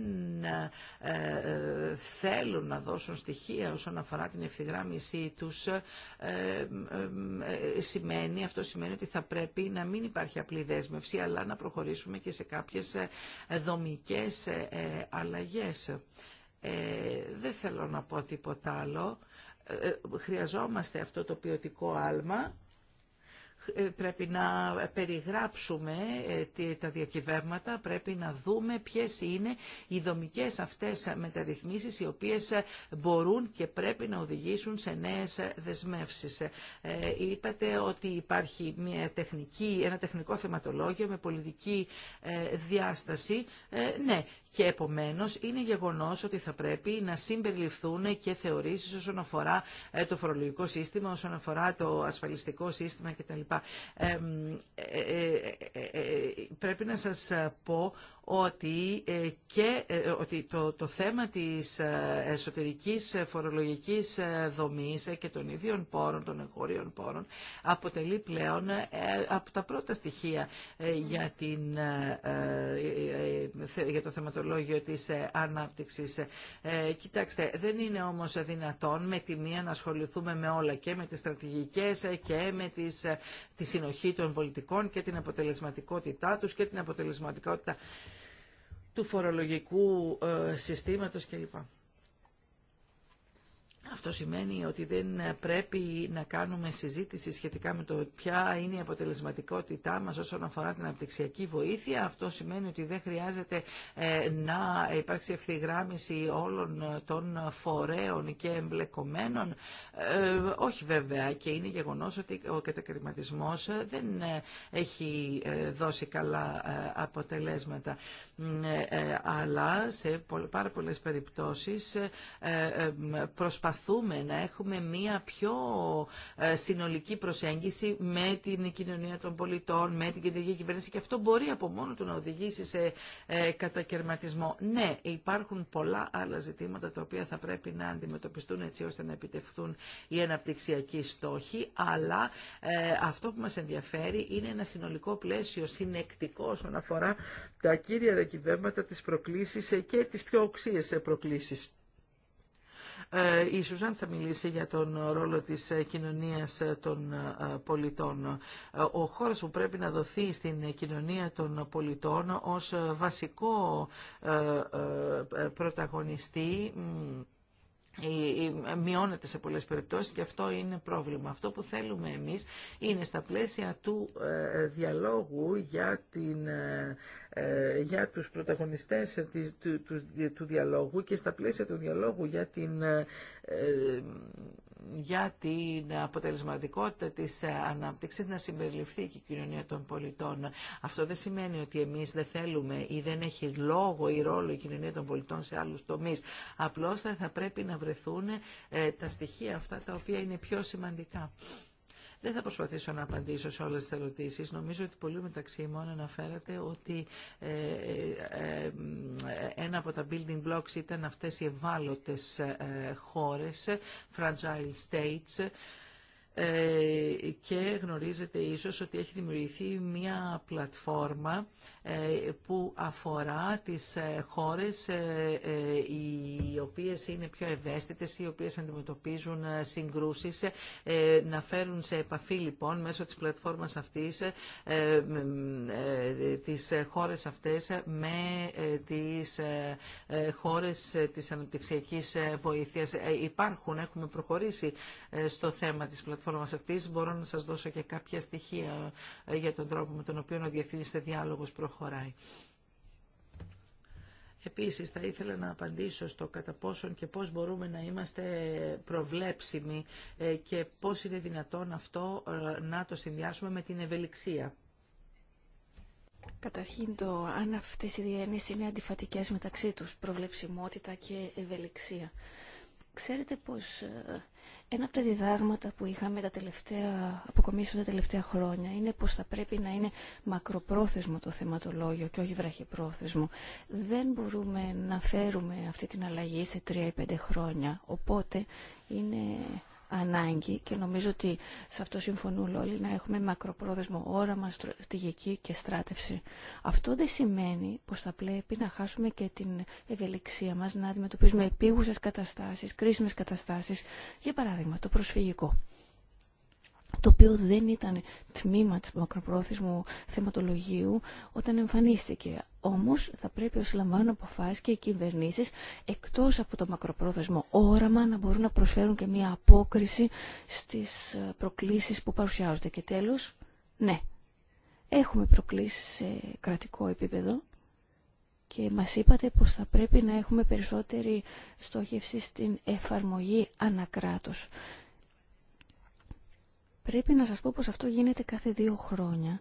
θέλουν να δώσουν στοιχεία όσον αφορά την ευθυγράμμισή τους, σημαίνει, αυτό σημαίνει ότι θα πρέπει να μην υπάρχει απλή δέσμευση, αλλά να προχωρήσουμε προχωρήσουμε και σε κάποιες ε, ε, δομικές ε, αλλαγές. Δεν θέλω να πω τίποτα άλλο. Χρειαζόμαστε αυτό το ποιοτικό άλμα ε, πρέπει να περιγράψουμε ε, τα διακυβεύματα, πρέπει να δούμε ποιες είναι οι δομικές αυτές μεταρρυθμίσεις οι οποίες ε, μπορούν και πρέπει να οδηγήσουν σε νέες δεσμεύσεις. Είπατε ότι υπάρχει μια τεχνική, ένα τεχνικό θεματολόγιο με πολιτική διάσταση. Ναι, και επομένως είναι γεγονός ότι θα πρέπει να συμπεριληφθούν και θεωρήσεις όσον αφορά ε, το φορολογικό σύστημα, όσον αφορά το ασφαλιστικό σύστημα κτλ. Ε ε, ε, ε, πρέπει να σας πω ότι, ε, και, ε, ότι το, το θέμα της ε, εσωτερικής φορολογικής δομής και των ιδίων πόρων, των εγχωρίων πόρων, αποτελεί πλέον από τα πρώτα στοιχεία για, την, για το θεματολόγιο της ανάπτυξης. Κοιτάξτε, δεν είναι όμως δυνατόν με τη μία να ασχοληθούμε με όλα και με τις στρατηγικές και με τις, τη συνοχή των πολιτικών και την αποτελεσματικότητά τους και την αποτελεσματικότητα του φορολογικού ε, συστήματος κλπ. Αυτό σημαίνει ότι δεν πρέπει να κάνουμε συζήτηση σχετικά με το ποια είναι η αποτελεσματικότητά μας όσον αφορά την αναπτυξιακή βοήθεια. Αυτό σημαίνει ότι δεν χρειάζεται ε, να υπάρξει ευθυγράμμιση όλων των φορέων και εμπλεκομένων. Ε, όχι βέβαια και είναι γεγονός ότι ο κατακριματισμός δεν έχει δώσει καλά αποτελέσματα. Ναι, ε, αλλά σε πάρα πολλές περιπτώσεις ε, ε, προσπαθούμε να έχουμε μία πιο συνολική προσέγγιση με την κοινωνία των πολιτών, με την κεντρική κυβέρνηση και αυτό μπορεί από μόνο του να οδηγήσει σε κατακαιρματισμό. Ναι, υπάρχουν πολλά άλλα ζητήματα τα οποία θα πρέπει να αντιμετωπιστούν έτσι ώστε να επιτευχθούν οι αναπτυξιακοί στόχοι, αλλά αυτό που μας ενδιαφέρει είναι ένα συνολικό πλαίσιο συνεκτικό όσον αφορά τα κύρια κυβέρματα, τις προκλήσεις ε, και τις πιο οξύες ε, προκλήσεις. Ε, η Σουζάν θα μιλήσει για τον ρόλο της κοινωνίας των πολιτών. Ο χώρος που πρέπει να δοθεί στην κοινωνία των πολιτών ως βασικό πρωταγωνιστή μειώνεται σε πολλές περιπτώσεις και αυτό είναι πρόβλημα. Αυτό που θέλουμε εμείς είναι στα πλαίσια του ε, διαλόγου για, την, ε, ε, για τους πρωταγωνιστές του, του, του διαλόγου και στα πλαίσια του διαλόγου για την για την αποτελεσματικότητα της ανάπτυξης να συμπεριληφθεί και η κοινωνία των πολιτών. Αυτό δεν σημαίνει ότι εμείς δεν θέλουμε ή δεν έχει λόγο ή ρόλο η κοινωνία των πολιτών σε άλλους τομείς. Απλώς θα πρέπει να βρεθούν ε, τα στοιχεία αυτά τα οποία είναι πιο σημαντικά. Δεν θα προσπαθήσω να απαντήσω σε όλες τις ερωτήσεις. Νομίζω ότι πολύ μεταξύ μόνο αναφέρατε ότι ε, ε, ε, ένα από τα building blocks ήταν αυτές οι ευάλωτες χώρες, fragile states, και γνωρίζετε ίσως ότι έχει δημιουργηθεί μια πλατφόρμα που αφορά τις ε, χώρες ε, ε, οι οποίες είναι πιο ευαίσθητες, οι οποίες αντιμετωπίζουν συγκρούσεις, να φέρουν σε επαφή λοιπόν μέσω της πλατφόρμας αυτής τις χώρες αυτές με τις χώρες της αναπτυξιακής βοήθειας. Υπάρχουν, έχουμε προχωρήσει στο θέμα της πλατφόρμας αυτής. Μπορώ να σας δώσω και κάποια στοιχεία για τον τρόπο με τον οποίο να διευθύνσετε Διάλογος προχωρήσει προχωράει. Επίσης θα ήθελα να απαντήσω στο κατά πόσον και πώς μπορούμε να είμαστε προβλέψιμοι ε, και πώς είναι δυνατόν αυτό ε, να το συνδυάσουμε με την ευελιξία. Καταρχήν το αν αυτές οι διέννησεις είναι αντιφατικές μεταξύ τους, προβλεψιμότητα και ευελιξία. Ξέρετε πως ε, ένα από τα διδάγματα που είχαμε τα τελευταία, αποκομίσει τα τελευταία χρόνια είναι πως θα πρέπει να είναι μακροπρόθεσμο το θεματολόγιο και όχι βραχυπρόθεσμο. Δεν μπορούμε να φέρουμε αυτή την αλλαγή σε τρία ή πέντε χρόνια. Οπότε είναι ανάγκη και νομίζω ότι σε αυτό συμφωνούν όλοι να έχουμε μακροπρόθεσμο όραμα, στρατηγική και στράτευση. Αυτό δεν σημαίνει πως θα πρέπει να χάσουμε και την ευελιξία μας να αντιμετωπίζουμε επίγουσες καταστάσεις, κρίσιμες καταστάσεις, για παράδειγμα το προσφυγικό το οποίο δεν ήταν τμήμα της μακροπρόθεσμου θεματολογίου όταν εμφανίστηκε. Όμως θα πρέπει όσοι λαμβάνουν αποφάσει και οι κυβερνήσεις εκτός από το μακροπρόθεσμο όραμα να μπορούν να προσφέρουν και μια απόκριση στις ε, προκλήσεις που παρουσιάζονται. Και τέλος, ναι, έχουμε προκλήσεις σε κρατικό επίπεδο και μας είπατε πως θα πρέπει να έχουμε περισσότερη στόχευση στην εφαρμογή ανακράτος. Πρέπει να σας πω πως αυτό γίνεται κάθε δύο χρόνια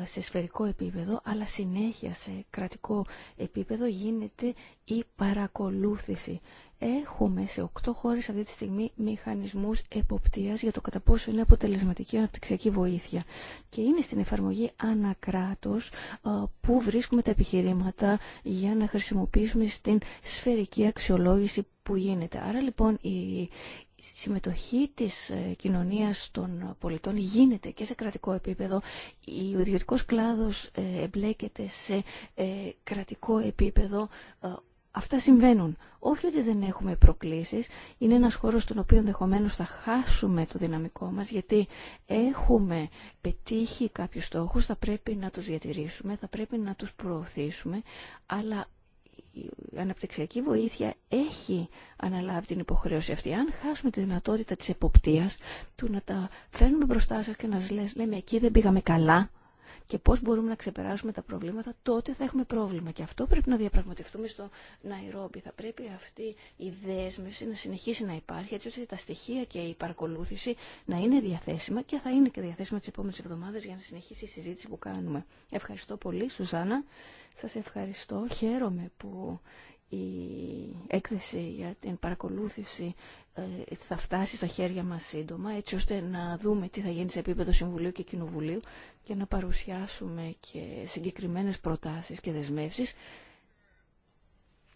ε, σε σφαιρικό επίπεδο, αλλά συνέχεια σε κρατικό επίπεδο γίνεται η παρακολούθηση. Έχουμε σε οκτώ χώρες αυτή τη στιγμή μηχανισμούς εποπτείας για το κατά πόσο είναι αποτελεσματική αναπτυξιακή βοήθεια. Και είναι στην εφαρμογή ανακράτος ε, που βρίσκουμε τα επιχειρήματα για να χρησιμοποιήσουμε στην σφαιρική αξιολόγηση που γίνεται. Άρα λοιπόν η συμμετοχή της ε, κοινωνίας των πολιτών γίνεται και σε κρατικό επίπεδο. Ο ιδιωτικό κλάδος ε, εμπλέκεται σε ε, κρατικό επίπεδο. Αυτά συμβαίνουν. Όχι ότι δεν έχουμε προκλήσεις, είναι ένας χώρος στον οποίο ενδεχομένω θα χάσουμε το δυναμικό μας, γιατί έχουμε πετύχει κάποιους στόχους, θα πρέπει να τους διατηρήσουμε, θα πρέπει να τους προωθήσουμε, αλλά η αναπτυξιακή βοήθεια έχει αναλάβει την υποχρέωση αυτή. Αν χάσουμε τη δυνατότητα της εποπτείας του να τα φέρνουμε μπροστά σας και να σας λέμε εκεί δεν πήγαμε καλά και πώς μπορούμε να ξεπεράσουμε τα προβλήματα, τότε θα έχουμε πρόβλημα. Και αυτό πρέπει να διαπραγματευτούμε στο Ναϊρόμπι. Θα πρέπει αυτή η δέσμευση να συνεχίσει να υπάρχει, έτσι ώστε τα στοιχεία και η παρακολούθηση να είναι διαθέσιμα και θα είναι και διαθέσιμα τις επόμενες εβδομάδες για να συνεχίσει η συζήτηση που κάνουμε. Ευχαριστώ πολύ, Σουζάνα. Σας ευχαριστώ. Χαίρομαι που η έκθεση για την παρακολούθηση ε, θα φτάσει στα χέρια μας σύντομα, έτσι ώστε να δούμε τι θα γίνει σε επίπεδο Συμβουλίου και Κοινοβουλίου και να παρουσιάσουμε και συγκεκριμένες προτάσεις και δεσμεύσεις.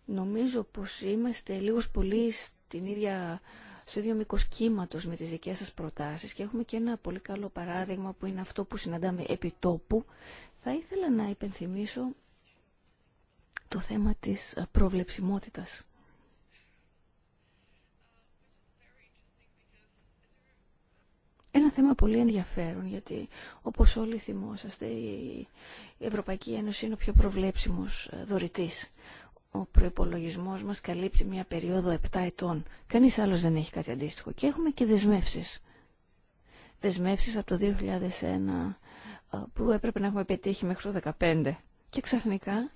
Νομίζω πως είμαστε λίγος πολύ στην ίδια στο ίδιο μήκο κύματο με τι δικέ σα προτάσει και έχουμε και ένα πολύ καλό παράδειγμα που είναι αυτό που συναντάμε επί τόπου. Θα ήθελα να υπενθυμίσω το θέμα της ε, προβλεψιμότητας. Ένα θέμα πολύ ενδιαφέρον, γιατί όπως όλοι θυμόσαστε, η Ευρωπαϊκή Ένωση είναι ο πιο προβλέψιμος ε, δωρητής. Ο προϋπολογισμός μας καλύπτει μια περίοδο 7 ετών. Κανείς άλλος δεν έχει κάτι αντίστοιχο. Και έχουμε και δεσμεύσεις. Δεσμεύσεις από το 2001 ε, που έπρεπε να έχουμε πετύχει μέχρι το 2015. Και ξαφνικά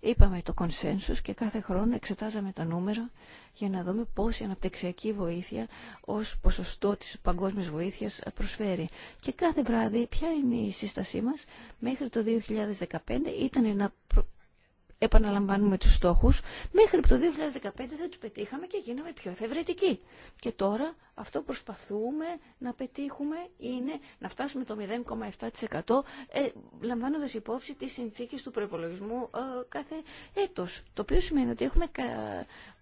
Είπαμε το κονσένσους και κάθε χρόνο εξετάζαμε τα νούμερα για να δούμε πόση αναπτυξιακή βοήθεια ως ποσοστό της παγκόσμιας βοήθειας προσφέρει. Και κάθε βράδυ ποια είναι η σύστασή μας μέχρι το 2015 ήταν ένα επαναλαμβάνουμε τους στόχους, μέχρι το 2015 δεν τους πετύχαμε και γίναμε πιο εφευρετικοί. Και τώρα αυτό που προσπαθούμε να πετύχουμε είναι να φτάσουμε το 0,7% ε, λαμβάνοντας υπόψη τις συνθήκες του προπολογισμού ε, κάθε έτος. Το οποίο σημαίνει ότι έχουμε κα,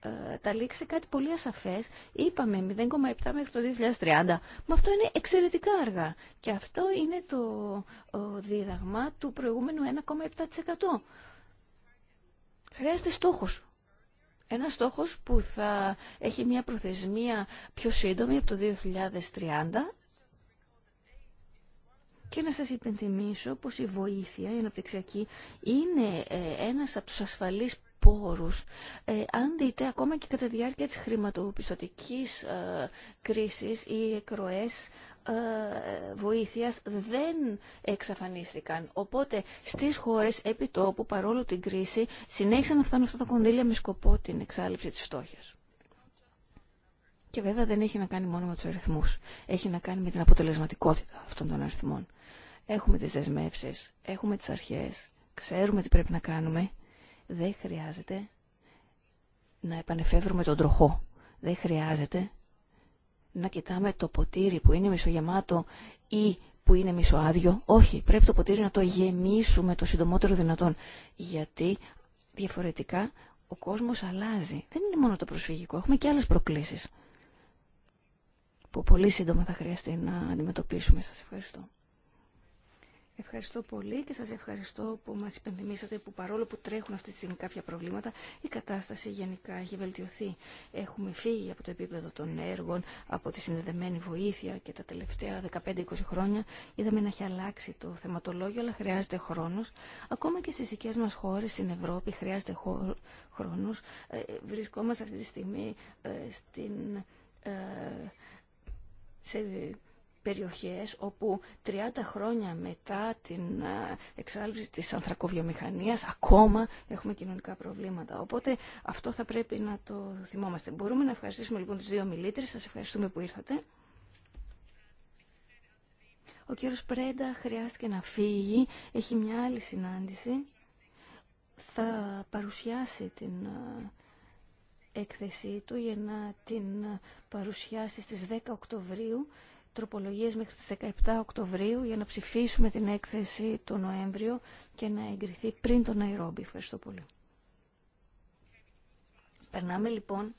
ε, κάτι πολύ ασαφές. Είπαμε 0,7 μέχρι το 2030. Μα αυτό είναι εξαιρετικά αργά. Και αυτό είναι το δίδαγμα του προηγούμενου 1,7%. Χρειάζεται στόχο. Ένα στόχος που θα έχει μια προθεσμία πιο σύντομη από το 2030 και να σας υπενθυμίσω πως η βοήθεια, η αναπτυξιακή, είναι ε, ένας από τους ασφαλείς πόρους. Ε, αν δείτε, ακόμα και κατά τη διάρκεια της χρηματοπιστωτικής ε, κρίσης, οι εκροές ε, βοήθειας δεν εξαφανίστηκαν. Οπότε στις χώρες επί τόπου, παρόλο την κρίση, συνέχισαν να φτάνουν αυτά τα κονδύλια με σκοπό την εξάλληψη της φτώχειας. Και βέβαια δεν έχει να κάνει μόνο με τους αριθμούς. Έχει να κάνει με την αποτελεσματικότητα αυτών των αριθμών. Έχουμε τις δεσμεύσεις, έχουμε τις αρχές, ξέρουμε τι πρέπει να κάνουμε. Δεν χρειάζεται να επανεφεύρουμε τον τροχό. Δεν χρειάζεται να κοιτάμε το ποτήρι που είναι μισογεμάτο ή που είναι μισοάδιο. Όχι, πρέπει το ποτήρι να το γεμίσουμε το συντομότερο δυνατόν. Γιατί διαφορετικά ο κόσμος αλλάζει. Δεν είναι μόνο το προσφυγικό, έχουμε και άλλες προκλήσεις που πολύ σύντομα θα χρειαστεί να αντιμετωπίσουμε. Σας ευχαριστώ. Ευχαριστώ πολύ και σας ευχαριστώ που μας υπενθυμίσατε που παρόλο που τρέχουν αυτή τη στιγμή κάποια προβλήματα, η κατάσταση γενικά έχει βελτιωθεί. Έχουμε φύγει από το επίπεδο των έργων, από τη συνδεδεμένη βοήθεια και τα τελευταία 15-20 χρόνια είδαμε να έχει αλλάξει το θεματολόγιο, αλλά χρειάζεται χρόνος. Ακόμα και στις δικές μας χώρες, στην Ευρώπη, χρειάζεται χρόνος. Ε, βρισκόμαστε αυτή τη στιγμή ε, στην... Ε, σε περιοχές όπου 30 χρόνια μετά την ε, εξάλληψη της ανθρακοβιομηχανίας ακόμα έχουμε κοινωνικά προβλήματα. Οπότε αυτό θα πρέπει να το θυμόμαστε. Μπορούμε να ευχαριστήσουμε λοιπόν τους δύο μιλήτρες. Σας ευχαριστούμε που ήρθατε. Ο κύριος Πρέντα χρειάστηκε να φύγει. Έχει μια άλλη συνάντηση. Θα παρουσιάσει την ε, έκθεσή του για να την ε, παρουσιάσει στις 10 Οκτωβρίου τροπολογίες μέχρι τις 17 Οκτωβρίου για να ψηφίσουμε την έκθεση το Νοέμβριο και να εγκριθεί πριν τον Ναϊρόμπι. Ευχαριστώ πολύ. Περνάμε λοιπόν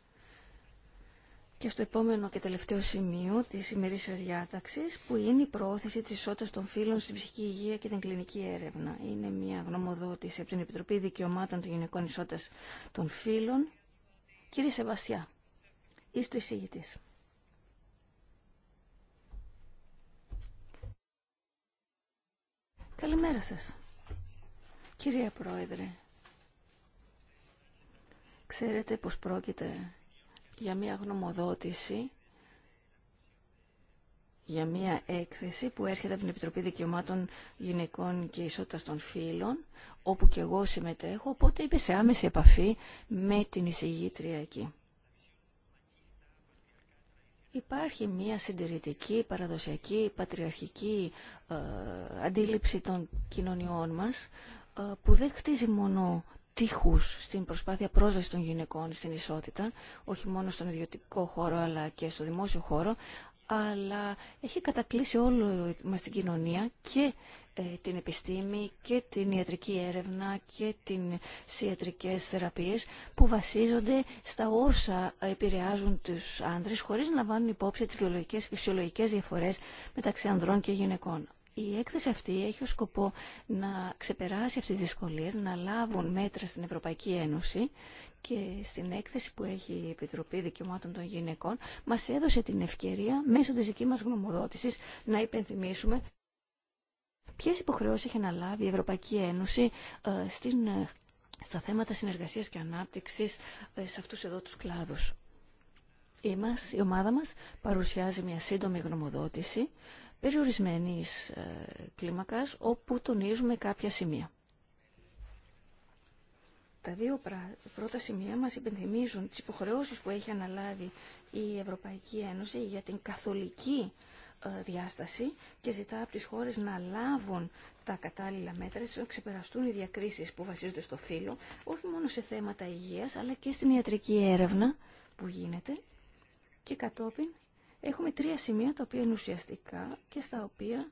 και στο επόμενο και τελευταίο σημείο τη ημερήσια διάταξη, που είναι η προώθηση τη ισότητα των φύλων στην ψυχική υγεία και την κλινική έρευνα. Είναι μια γνωμοδότηση από την Επιτροπή Δικαιωμάτων των Γυναικών Ισότητα των Φύλων. Κύριε Σεβαστιά, είστε ο εισηγητή. Καλημέρα σας. Κυρία Πρόεδρε, ξέρετε πως πρόκειται για μια γνωμοδότηση, για μια έκθεση που έρχεται από την Επιτροπή Δικαιωμάτων Γυναικών και Ισότητας των Φύλων, όπου και εγώ συμμετέχω, οπότε είπε σε άμεση επαφή με την εισηγήτρια εκεί. Υπάρχει μια συντηρητική, παραδοσιακή, πατριαρχική ε, αντίληψη των κοινωνιών μας ε, που δεν χτίζει μόνο τείχους στην προσπάθεια πρόσβαση των γυναικών στην ισότητα, όχι μόνο στον ιδιωτικό χώρο αλλά και στο δημόσιο χώρο, αλλά έχει κατακλείσει όλο μας την κοινωνία και ε, την επιστήμη και την ιατρική έρευνα και την ιατρικές θεραπείες που βασίζονται στα όσα επηρεάζουν τους άνδρες χωρίς να λαμβάνουν υπόψη τις βιολογικές και φυσιολογικές διαφορές μεταξύ ανδρών και γυναικών. Η έκθεση αυτή έχει ως σκοπό να ξεπεράσει αυτές τις δυσκολίες, να λάβουν μέτρα στην Ευρωπαϊκή Ένωση και στην έκθεση που έχει η Επιτροπή Δικαιωμάτων των Γυναικών μας έδωσε την ευκαιρία μέσω της δική μας γνωμοδότησης να υπενθυμίσουμε Ποιε υποχρεώσεις έχει αναλάβει η Ευρωπαϊκή Ένωση ε, στην, ε, στα θέματα συνεργασία και ανάπτυξης ε, σε αυτούς εδώ τους κλάδους. η ομάδα μας παρουσιάζει μια σύντομη γνωμοδότηση περιορισμένης κλίμακας όπου τονίζουμε κάποια σημεία. Τα δύο πρώτα σημεία μας υπενθυμίζουν τις υποχρεώσεις που έχει αναλάβει η Ευρωπαϊκή Ένωση για την καθολική ε, διάσταση και ζητά από τις χώρες να λάβουν τα κατάλληλα μέτρα να ξεπεραστούν οι διακρίσεις που βασίζονται στο φύλλο, όχι μόνο σε θέματα υγείας, αλλά και στην ιατρική έρευνα που γίνεται. Και κατόπιν έχουμε τρία σημεία τα οποία είναι ουσιαστικά και στα οποία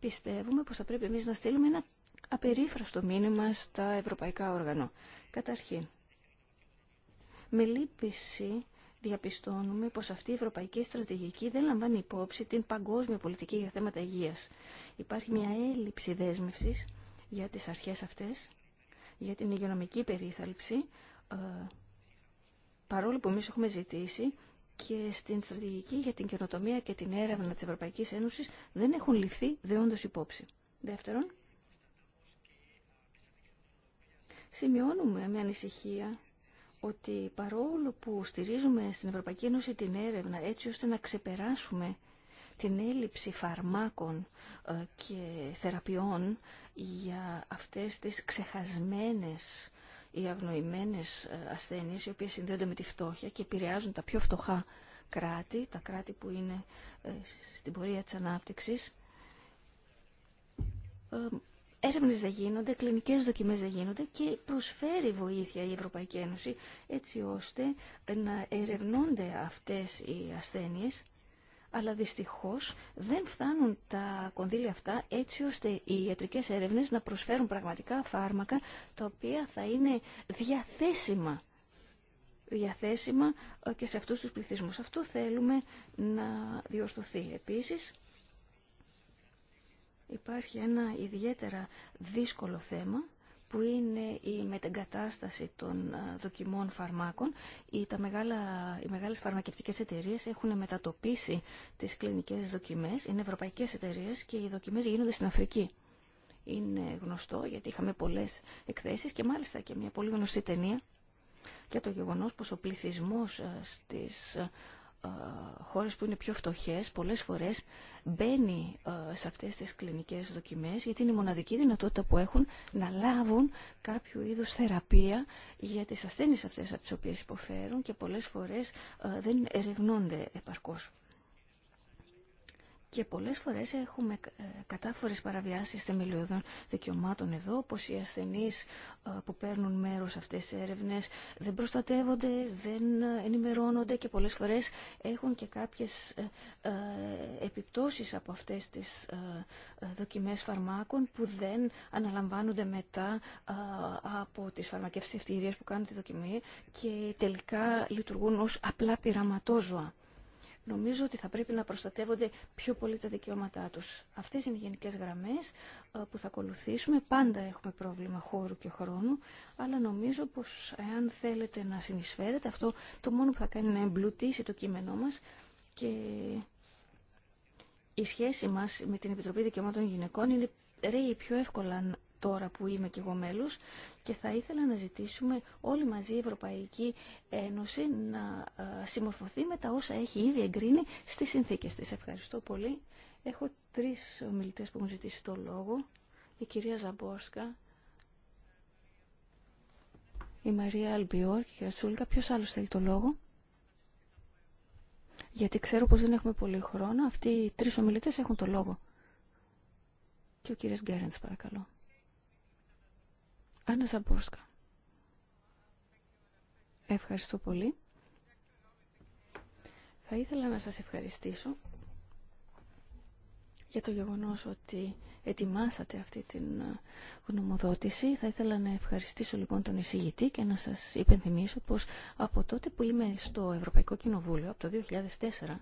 πιστεύουμε πως θα πρέπει εμείς να στείλουμε ένα απερίφραστο μήνυμα στα ευρωπαϊκά όργανα. Καταρχήν, με λύπηση διαπιστώνουμε πως αυτή η ευρωπαϊκή στρατηγική δεν λαμβάνει υπόψη την παγκόσμια πολιτική για θέματα υγεία. Υπάρχει μια έλλειψη δέσμευσης για τις αρχές αυτές, για την υγειονομική περίθαλψη, ε, παρόλο που εμεί έχουμε ζητήσει και στην στρατηγική για την καινοτομία και την έρευνα τη Ευρωπαϊκή Ένωση δεν έχουν ληφθεί δεόντως υπόψη. Δεύτερον, σημειώνουμε με ανησυχία ότι παρόλο που στηρίζουμε στην Ευρωπαϊκή Ένωση την έρευνα έτσι ώστε να ξεπεράσουμε την έλλειψη φαρμάκων ε, και θεραπείων για αυτές τις ξεχασμένες ή αγνοημένες ε, ασθένειες οι οποίες συνδέονται με τη φτώχεια και επηρεάζουν τα πιο φτωχά κράτη, τα κράτη που είναι ε, στην πορεία της ανάπτυξης έρευνες δεν γίνονται, κλινικές δοκιμές δεν γίνονται και προσφέρει βοήθεια η Ευρωπαϊκή Ένωση έτσι ώστε να ερευνώνται αυτές οι ασθένειες αλλά δυστυχώς δεν φτάνουν τα κονδύλια αυτά έτσι ώστε οι ιατρικέ έρευνες να προσφέρουν πραγματικά φάρμακα τα οποία θα είναι διαθέσιμα διαθέσιμα και σε αυτούς τους πληθυσμούς. Αυτό θέλουμε να διορθωθεί. Επίσης, υπάρχει ένα ιδιαίτερα δύσκολο θέμα που είναι η μετεγκατάσταση των ε, δοκιμών φαρμάκων. Οι, τα μεγάλα, οι μεγάλες φαρμακευτικές εταιρείες έχουν μετατοπίσει τις κλινικές δοκιμές. Είναι ευρωπαϊκές εταιρείες και οι δοκιμές γίνονται στην Αφρική. Είναι γνωστό γιατί είχαμε πολλές εκθέσεις και μάλιστα και μια πολύ γνωστή ταινία για το γεγονός πως ο πληθυσμός ε, στις ε, χώρες που είναι πιο φτωχές πολλές φορές μπαίνει ε, σε αυτές τις κλινικές δοκιμές γιατί είναι η μοναδική δυνατότητα που έχουν να λάβουν κάποιο είδους θεραπεία για τις ασθένειες αυτές από τις οποίες υποφέρουν και πολλές φορές ε, δεν ερευνούνται επαρκώς και πολλές φορές έχουμε ε, κατάφορες παραβιάσει θεμελιωδών δικαιωμάτων εδώ, όπως οι ασθενεί ε, που παίρνουν μέρος σε αυτές τις έρευνες δεν προστατεύονται, δεν ε, ενημερώνονται και πολλές φορές έχουν και κάποιες επιπτώσεις από αυτές τις δοκιμές φαρμάκων που δεν αναλαμβάνονται μετά από τις φαρμακευτικές που κάνουν τη δοκιμή και τελικά λειτουργούν ω απλά πειραματόζωα νομίζω ότι θα πρέπει να προστατεύονται πιο πολύ τα δικαιώματά τους. Αυτές είναι οι γενικές γραμμές ε, που θα ακολουθήσουμε. Πάντα έχουμε πρόβλημα χώρου και χρόνου, αλλά νομίζω πως εάν θέλετε να συνεισφέρετε, αυτό το μόνο που θα κάνει είναι να εμπλουτίσει το κείμενό μας και η σχέση μας με την Επιτροπή Δικαιωμάτων Γυναικών είναι ρέει πιο εύκολα τώρα που είμαι και εγώ μέλος και θα ήθελα να ζητήσουμε όλοι μαζί η Ευρωπαϊκή Ένωση να ε, συμμορφωθεί με τα όσα έχει ήδη εγκρίνει στις συνθήκες της. Ευχαριστώ πολύ. Έχω τρεις ομιλητές που έχουν ζητήσει το λόγο. Η κυρία Ζαμπόρσκα, η Μαρία Αλμπιόρ και η κυρία Ποιος άλλος θέλει το λόγο. Γιατί ξέρω πως δεν έχουμε πολύ χρόνο. Αυτοί οι τρεις ομιλητές έχουν το λόγο. Και ο κύριο παρακαλώ. Άννα Ζαμπόρσκα. Ευχαριστώ πολύ. Θα ήθελα να σας ευχαριστήσω για το γεγονός ότι ετοιμάσατε αυτή την ε, γνωμοδότηση. Θα ήθελα να ευχαριστήσω λοιπόν τον εισηγητή και να σας υπενθυμίσω πως από τότε που είμαι στο Ευρωπαϊκό Κοινοβούλιο, από το 2004,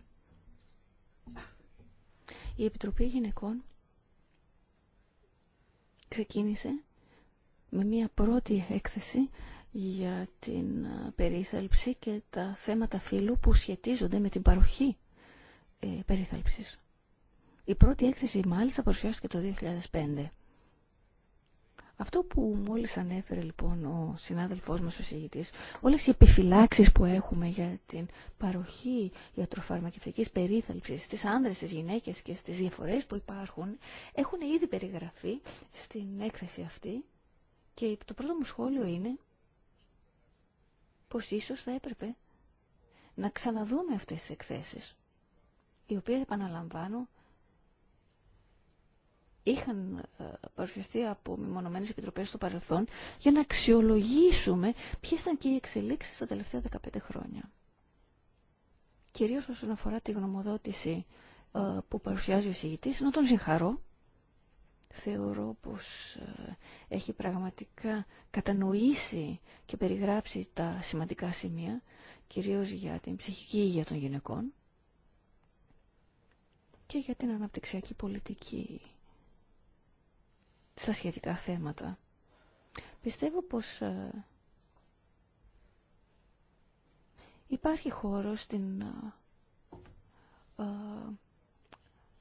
η Επιτροπή Γυναικών ξεκίνησε με μια πρώτη έκθεση για την περίθαλψη και τα θέματα φύλου που σχετίζονται με την παροχή ε, περίθαλψης. Η πρώτη έκθεση μάλιστα παρουσιάστηκε το 2005. Αυτό που μόλις ανέφερε λοιπόν ο συνάδελφός μας ο συγητής, όλες οι επιφυλάξεις που έχουμε για την παροχή ιατροφαρμακευτικής περίθαλψης στις άνδρες, στις γυναίκες και στις διαφορές που υπάρχουν, έχουν ήδη περιγραφεί στην έκθεση αυτή και το πρώτο μου σχόλιο είναι πως ίσως θα έπρεπε να ξαναδούμε αυτές τις εκθέσεις, οι οποίες, επαναλαμβάνω, είχαν ε, παρουσιαστεί από μεμονωμένες επιτροπές στο παρελθόν για να αξιολογήσουμε ποιες ήταν και οι εξελίξεις τα τελευταία 15 χρόνια. Κυρίως όσον αφορά τη γνωμοδότηση ε, που παρουσιάζει ο εισηγητής, να τον συγχαρώ θεωρώ πως ε, έχει πραγματικά κατανοήσει και περιγράψει τα σημαντικά σημεία, κυρίως για την ψυχική υγεία των γυναικών και για την αναπτυξιακή πολιτική στα σχετικά θέματα. Πιστεύω πως ε, υπάρχει χώρος στην ε,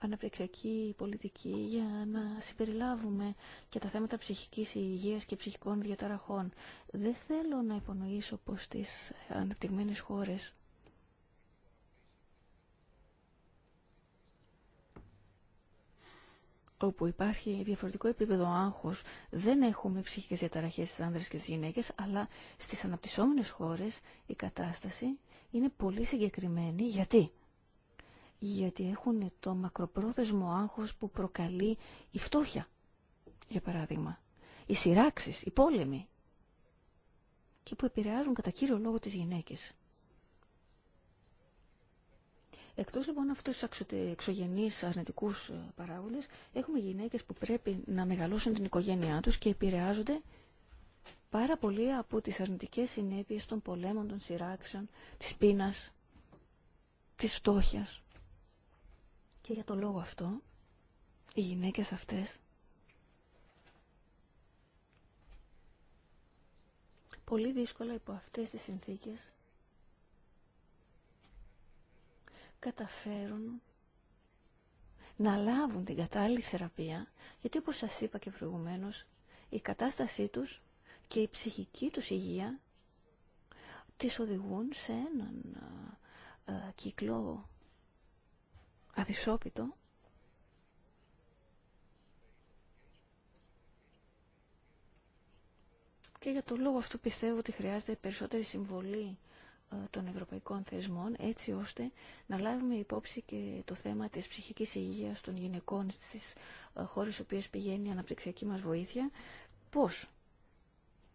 αναπτυξιακή πολιτική για να συμπεριλάβουμε και τα θέματα ψυχικής υγείας και ψυχικών διαταραχών. Δεν θέλω να υπονοήσω πως στις αναπτυγμένες χώρες όπου υπάρχει διαφορετικό επίπεδο άγχος, δεν έχουμε ψυχικές διαταραχές στις άνδρες και στις γυναίκες, αλλά στις αναπτυσσόμενες χώρες η κατάσταση είναι πολύ συγκεκριμένη. Γιατί? γιατί έχουν το μακροπρόθεσμο άγχος που προκαλεί η φτώχεια, για παράδειγμα. Οι σειράξει, οι πόλεμοι και που επηρεάζουν κατά κύριο λόγο τις γυναίκες. Εκτός λοιπόν αυτού του εξωγενείς αρνητικούς ε, παράγοντες, έχουμε γυναίκες που πρέπει να μεγαλώσουν την οικογένειά τους και επηρεάζονται πάρα πολύ από τις αρνητικές συνέπειες των πολέμων, των σειράξεων, της πείνας, της φτώχειας. Και για το λόγο αυτό, οι γυναίκες αυτές πολύ δύσκολα υπό αυτές τις συνθήκες καταφέρουν να λάβουν την κατάλληλη θεραπεία, γιατί όπως σας είπα και προηγουμένως, η κατάστασή τους και η ψυχική τους υγεία τις οδηγούν σε έναν κύκλο αδυσόπιτο και για τον λόγο αυτό πιστεύω ότι χρειάζεται περισσότερη συμβολή ε, των ευρωπαϊκών θεσμών έτσι ώστε να λάβουμε υπόψη και το θέμα της ψυχικής υγείας των γυναικών στις ε, χώρες στις οποίες πηγαίνει η αναπτυξιακή μας βοήθεια πώς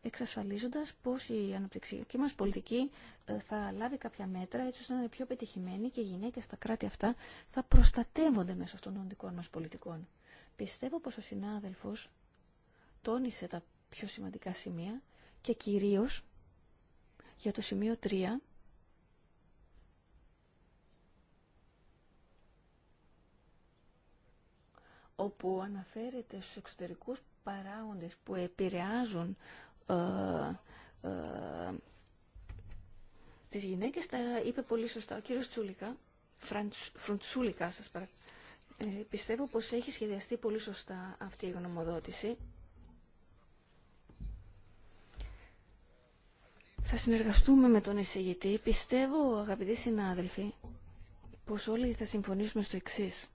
εξασφαλίζοντας πως η αναπτυξιακή μας πολιτική ε, θα λάβει κάποια μέτρα έτσι ώστε να είναι πιο πετυχημένη και οι γυναίκες στα κράτη αυτά θα προστατεύονται μέσω αυτών των οντικών μας πολιτικών. Πιστεύω πως ο συνάδελφος τόνισε τα πιο σημαντικά σημεία και κυρίως για το σημείο 3 όπου αναφέρεται στους εξωτερικούς παράγοντες που επηρεάζουν ε, ε, τις γυναίκες τα είπε πολύ σωστά ο κύριος Τσούλικα, σας παρακαλώ. Ε, πιστεύω πως έχει σχεδιαστεί πολύ σωστά αυτή η γνωμοδότηση. Θα συνεργαστούμε με τον εισηγητή. Πιστεύω, αγαπητοί συνάδελφοι, πως όλοι θα συμφωνήσουμε στο εξής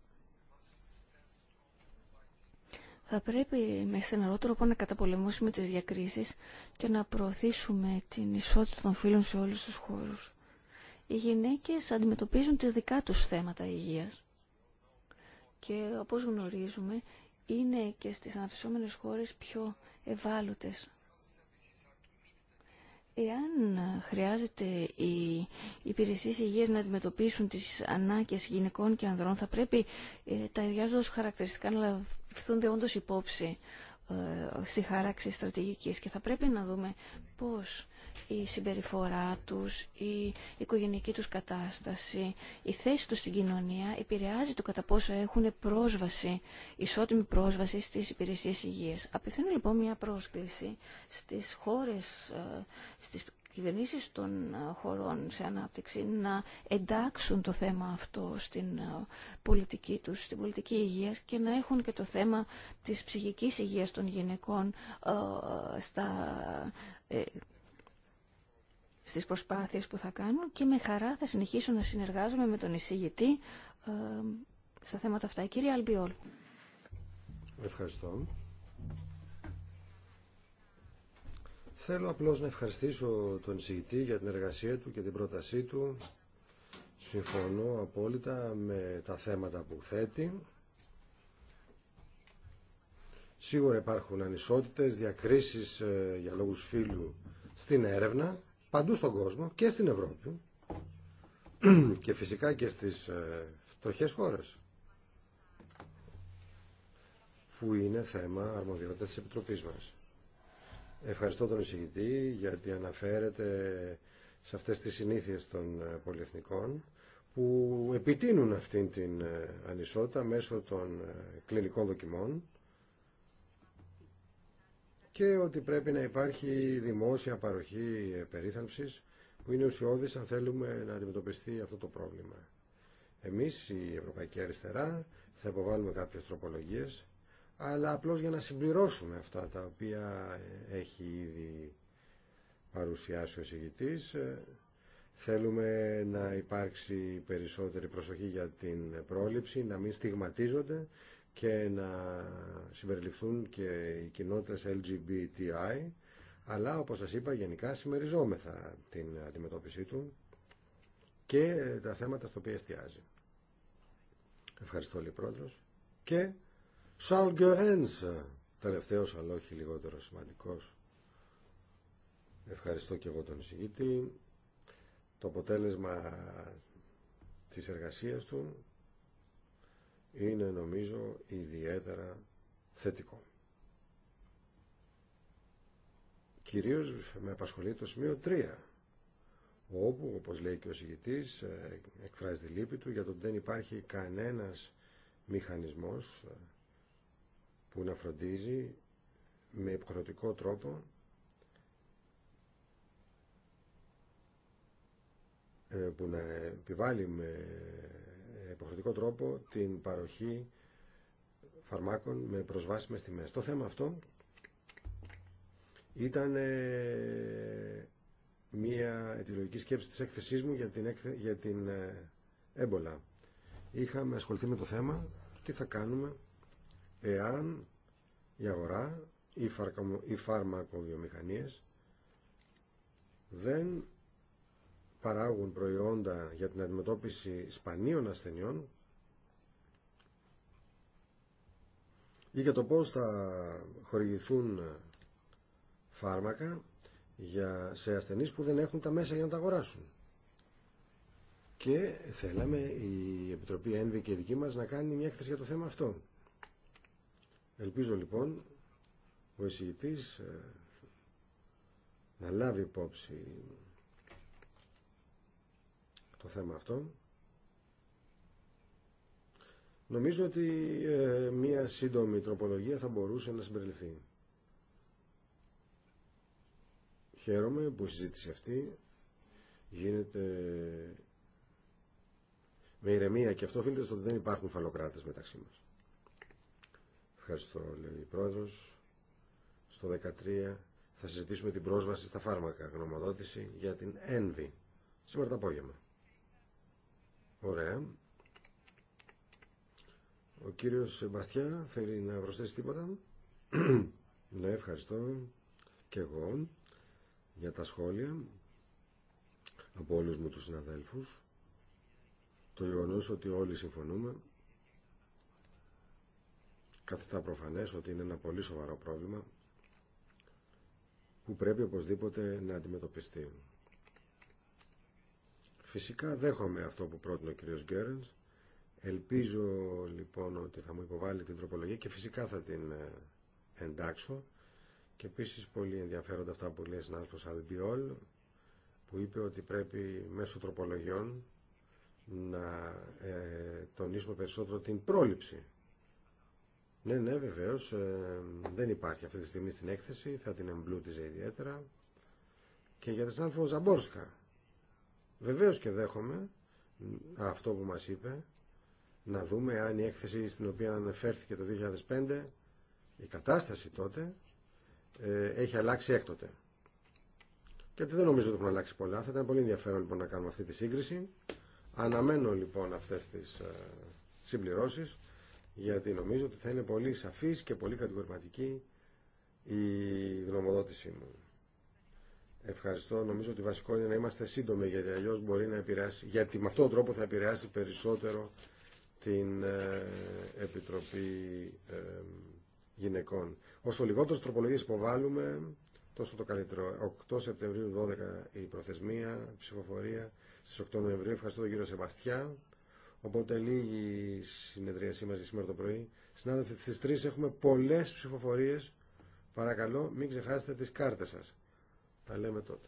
θα πρέπει με στεναρό τρόπο να καταπολεμήσουμε τις διακρίσεις και να προωθήσουμε την ισότητα των φίλων σε όλους τους χώρους. Οι γυναίκες αντιμετωπίζουν τα δικά τους θέματα υγείας. Και όπως γνωρίζουμε, είναι και στις αναπτυσσόμενες χώρες πιο ευάλωτες. Εάν χρειάζεται οι υπηρεσίες υγείας να αντιμετωπίσουν τις ανάγκες γυναικών και ανδρών, θα πρέπει ε, τα ιδιάζοντας χαρακτηριστικά να ληφθούνται όντως υπόψη ε, στη χάραξη στρατηγικής και θα πρέπει να δούμε πώς η συμπεριφορά τους, η οικογενική τους κατάσταση, η θέση τους στην κοινωνία επηρεάζει το κατά πόσο έχουν πρόσβαση, ισότιμη πρόσβαση στις υπηρεσίες υγείας. Απευθύνω λοιπόν μια πρόσκληση στις χώρες, ε, στις κυβερνήσει των ε, χωρών σε ανάπτυξη να εντάξουν το θέμα αυτό στην ε, πολιτική τους, στην πολιτική υγεία και να έχουν και το θέμα της ψυχικής υγείας των γυναικών ε, στα στις προσπάθειες που θα κάνουν και με χαρά θα συνεχίσουν να συνεργάζομαι με τον εισηγητή στα θέματα αυτά. Η κυρία Αλμπιόλ. Ευχαριστώ. Θέλω απλώς να ευχαριστήσω τον εισηγητή για την εργασία του και την πρότασή του. Συμφωνώ απόλυτα με τα θέματα που θέτει. Σίγουρα υπάρχουν ανισότητες, διακρίσεις ε, για λόγους φύλου στην έρευνα, παντού στον κόσμο και στην Ευρώπη <clears throat> και φυσικά και στις ε, φτωχές χώρες που είναι θέμα αρμοδιότητας της Επιτροπής μας. Ευχαριστώ τον εισηγητή γιατί αναφέρεται σε αυτές τις συνήθειες των ε, πολυεθνικών που επιτείνουν αυτήν την ε, ανισότητα μέσω των ε, κλινικών δοκιμών και ότι πρέπει να υπάρχει δημόσια παροχή περίθαλψης που είναι ουσιώδης αν θέλουμε να αντιμετωπιστεί αυτό το πρόβλημα. Εμείς η Ευρωπαϊκή Αριστερά θα υποβάλουμε κάποιες τροπολογίες αλλά απλώς για να συμπληρώσουμε αυτά τα οποία έχει ήδη παρουσιάσει ο εισηγητής. Ε, θέλουμε να υπάρξει περισσότερη προσοχή για την πρόληψη, να μην στιγματίζονται και να συμπεριληφθούν και οι κοινότητες LGBTI, αλλά όπως σας είπα γενικά συμμεριζόμεθα την αντιμετώπιση του και τα θέματα στο οποία εστιάζει. Ευχαριστώ όλοι και Σαρλ Γκερένς, τελευταίος αλλά όχι λιγότερο σημαντικός. Ευχαριστώ και εγώ τον εισηγητή. Το αποτέλεσμα της εργασίας του είναι νομίζω ιδιαίτερα θετικό. Κυρίως με απασχολεί το σημείο 3 όπου, όπως λέει και ο συγητής, ε, εκφράζει τη λύπη του για το ότι δεν υπάρχει κανένας μηχανισμός ε, που να φροντίζει με υποχρεωτικό τρόπο ε, που να επιβάλλει με υποχρεωτικό τρόπο την παροχή φαρμάκων με προσβάσιμες τιμές. Το θέμα αυτό ήταν ε, μία αιτιολογική σκέψη της έκθεσής μου για την, για την ε, έμπολα. Είχαμε ασχοληθεί με το θέμα, τι θα κάνουμε εάν η αγορά ή οι φάρμακοβιομηχανίες δεν παράγουν προϊόντα για την αντιμετώπιση σπανίων ασθενειών ή για το πώς θα χορηγηθούν φάρμακα για, σε ασθενείς που δεν έχουν τα μέσα για να τα αγοράσουν. Και θέλαμε η Επιτροπή ΕΝΒΙ και η δική μας να κάνει μια έκθεση για το θέμα αυτό. Ελπίζω λοιπόν ο εισηγητής ε, να λάβει υπόψη το θέμα αυτό. Νομίζω ότι ε, μία σύντομη τροπολογία θα μπορούσε να συμπεριληφθεί. Χαίρομαι που η συζήτηση αυτή γίνεται με ηρεμία και αυτό οφείλεται στο ότι δεν υπάρχουν φαλοκράτες μεταξύ μας. Ευχαριστώ, λέει η Πρόεδρος. Στο 13 θα συζητήσουμε την πρόσβαση στα φάρμακα, γνωμοδότηση για την ένβη. Σήμερα το απόγευμα. Ωραία. Ο κύριος Μπαστιά θέλει να προσθέσει τίποτα. <clears throat> ναι, ευχαριστώ και εγώ για τα σχόλια από όλους μου τους συναδέλφους. Το γεγονό ότι όλοι συμφωνούμε καθιστά προφανές ότι είναι ένα πολύ σοβαρό πρόβλημα που πρέπει οπωσδήποτε να αντιμετωπιστεί. Φυσικά δέχομαι αυτό που πρότεινε ο κ. Γκέρενς. Ελπίζω λοιπόν ότι θα μου υποβάλει την τροπολογία και φυσικά θα την ε, εντάξω. Και επίση πολύ ενδιαφέροντα αυτά που λέει συνάδελφος Αλμπιόλ που είπε ότι πρέπει μέσω τροπολογιών να ε, τονίσουμε περισσότερο την πρόληψη ναι, ναι, βεβαίως. Ε, δεν υπάρχει αυτή τη στιγμή στην έκθεση. Θα την εμπλούτιζε ιδιαίτερα. Και για τη Σάνφο Ζαμπόρσκα. Βεβαίω και δέχομαι αυτό που μας είπε. Να δούμε αν η έκθεση στην οποία αναφέρθηκε το 2005, η κατάσταση τότε, ε, έχει αλλάξει έκτοτε. Και δεν νομίζω ότι έχουν αλλάξει πολλά. Θα ήταν πολύ ενδιαφέρον λοιπόν να κάνουμε αυτή τη σύγκριση. Αναμένω λοιπόν αυτές τις ε, συμπληρώσεις γιατί νομίζω ότι θα είναι πολύ σαφής και πολύ κατηγορηματική η γνωμοδότησή μου. Ευχαριστώ. Νομίζω ότι βασικό είναι να είμαστε σύντομοι γιατί αλλιώ μπορεί να επηρεάσει, γιατί με αυτόν τον τρόπο θα επηρεάσει περισσότερο την ε, Επιτροπή ε, Γυναικών. Όσο λιγότερε τροπολογίε υποβάλλουμε, τόσο το καλύτερο. 8 Σεπτεμβρίου 12 η προθεσμία, η ψηφοφορία. στι 8 Νοεμβρίου ευχαριστώ τον κύριο Σεβαστιά Οπότε λίγη συνεδρίασή μας σήμερα το πρωί. Συνάδελφοι, στι 3 έχουμε πολλές ψηφοφορίε, Παρακαλώ, μην ξεχάσετε τις κάρτες σας. Τα λέμε τότε.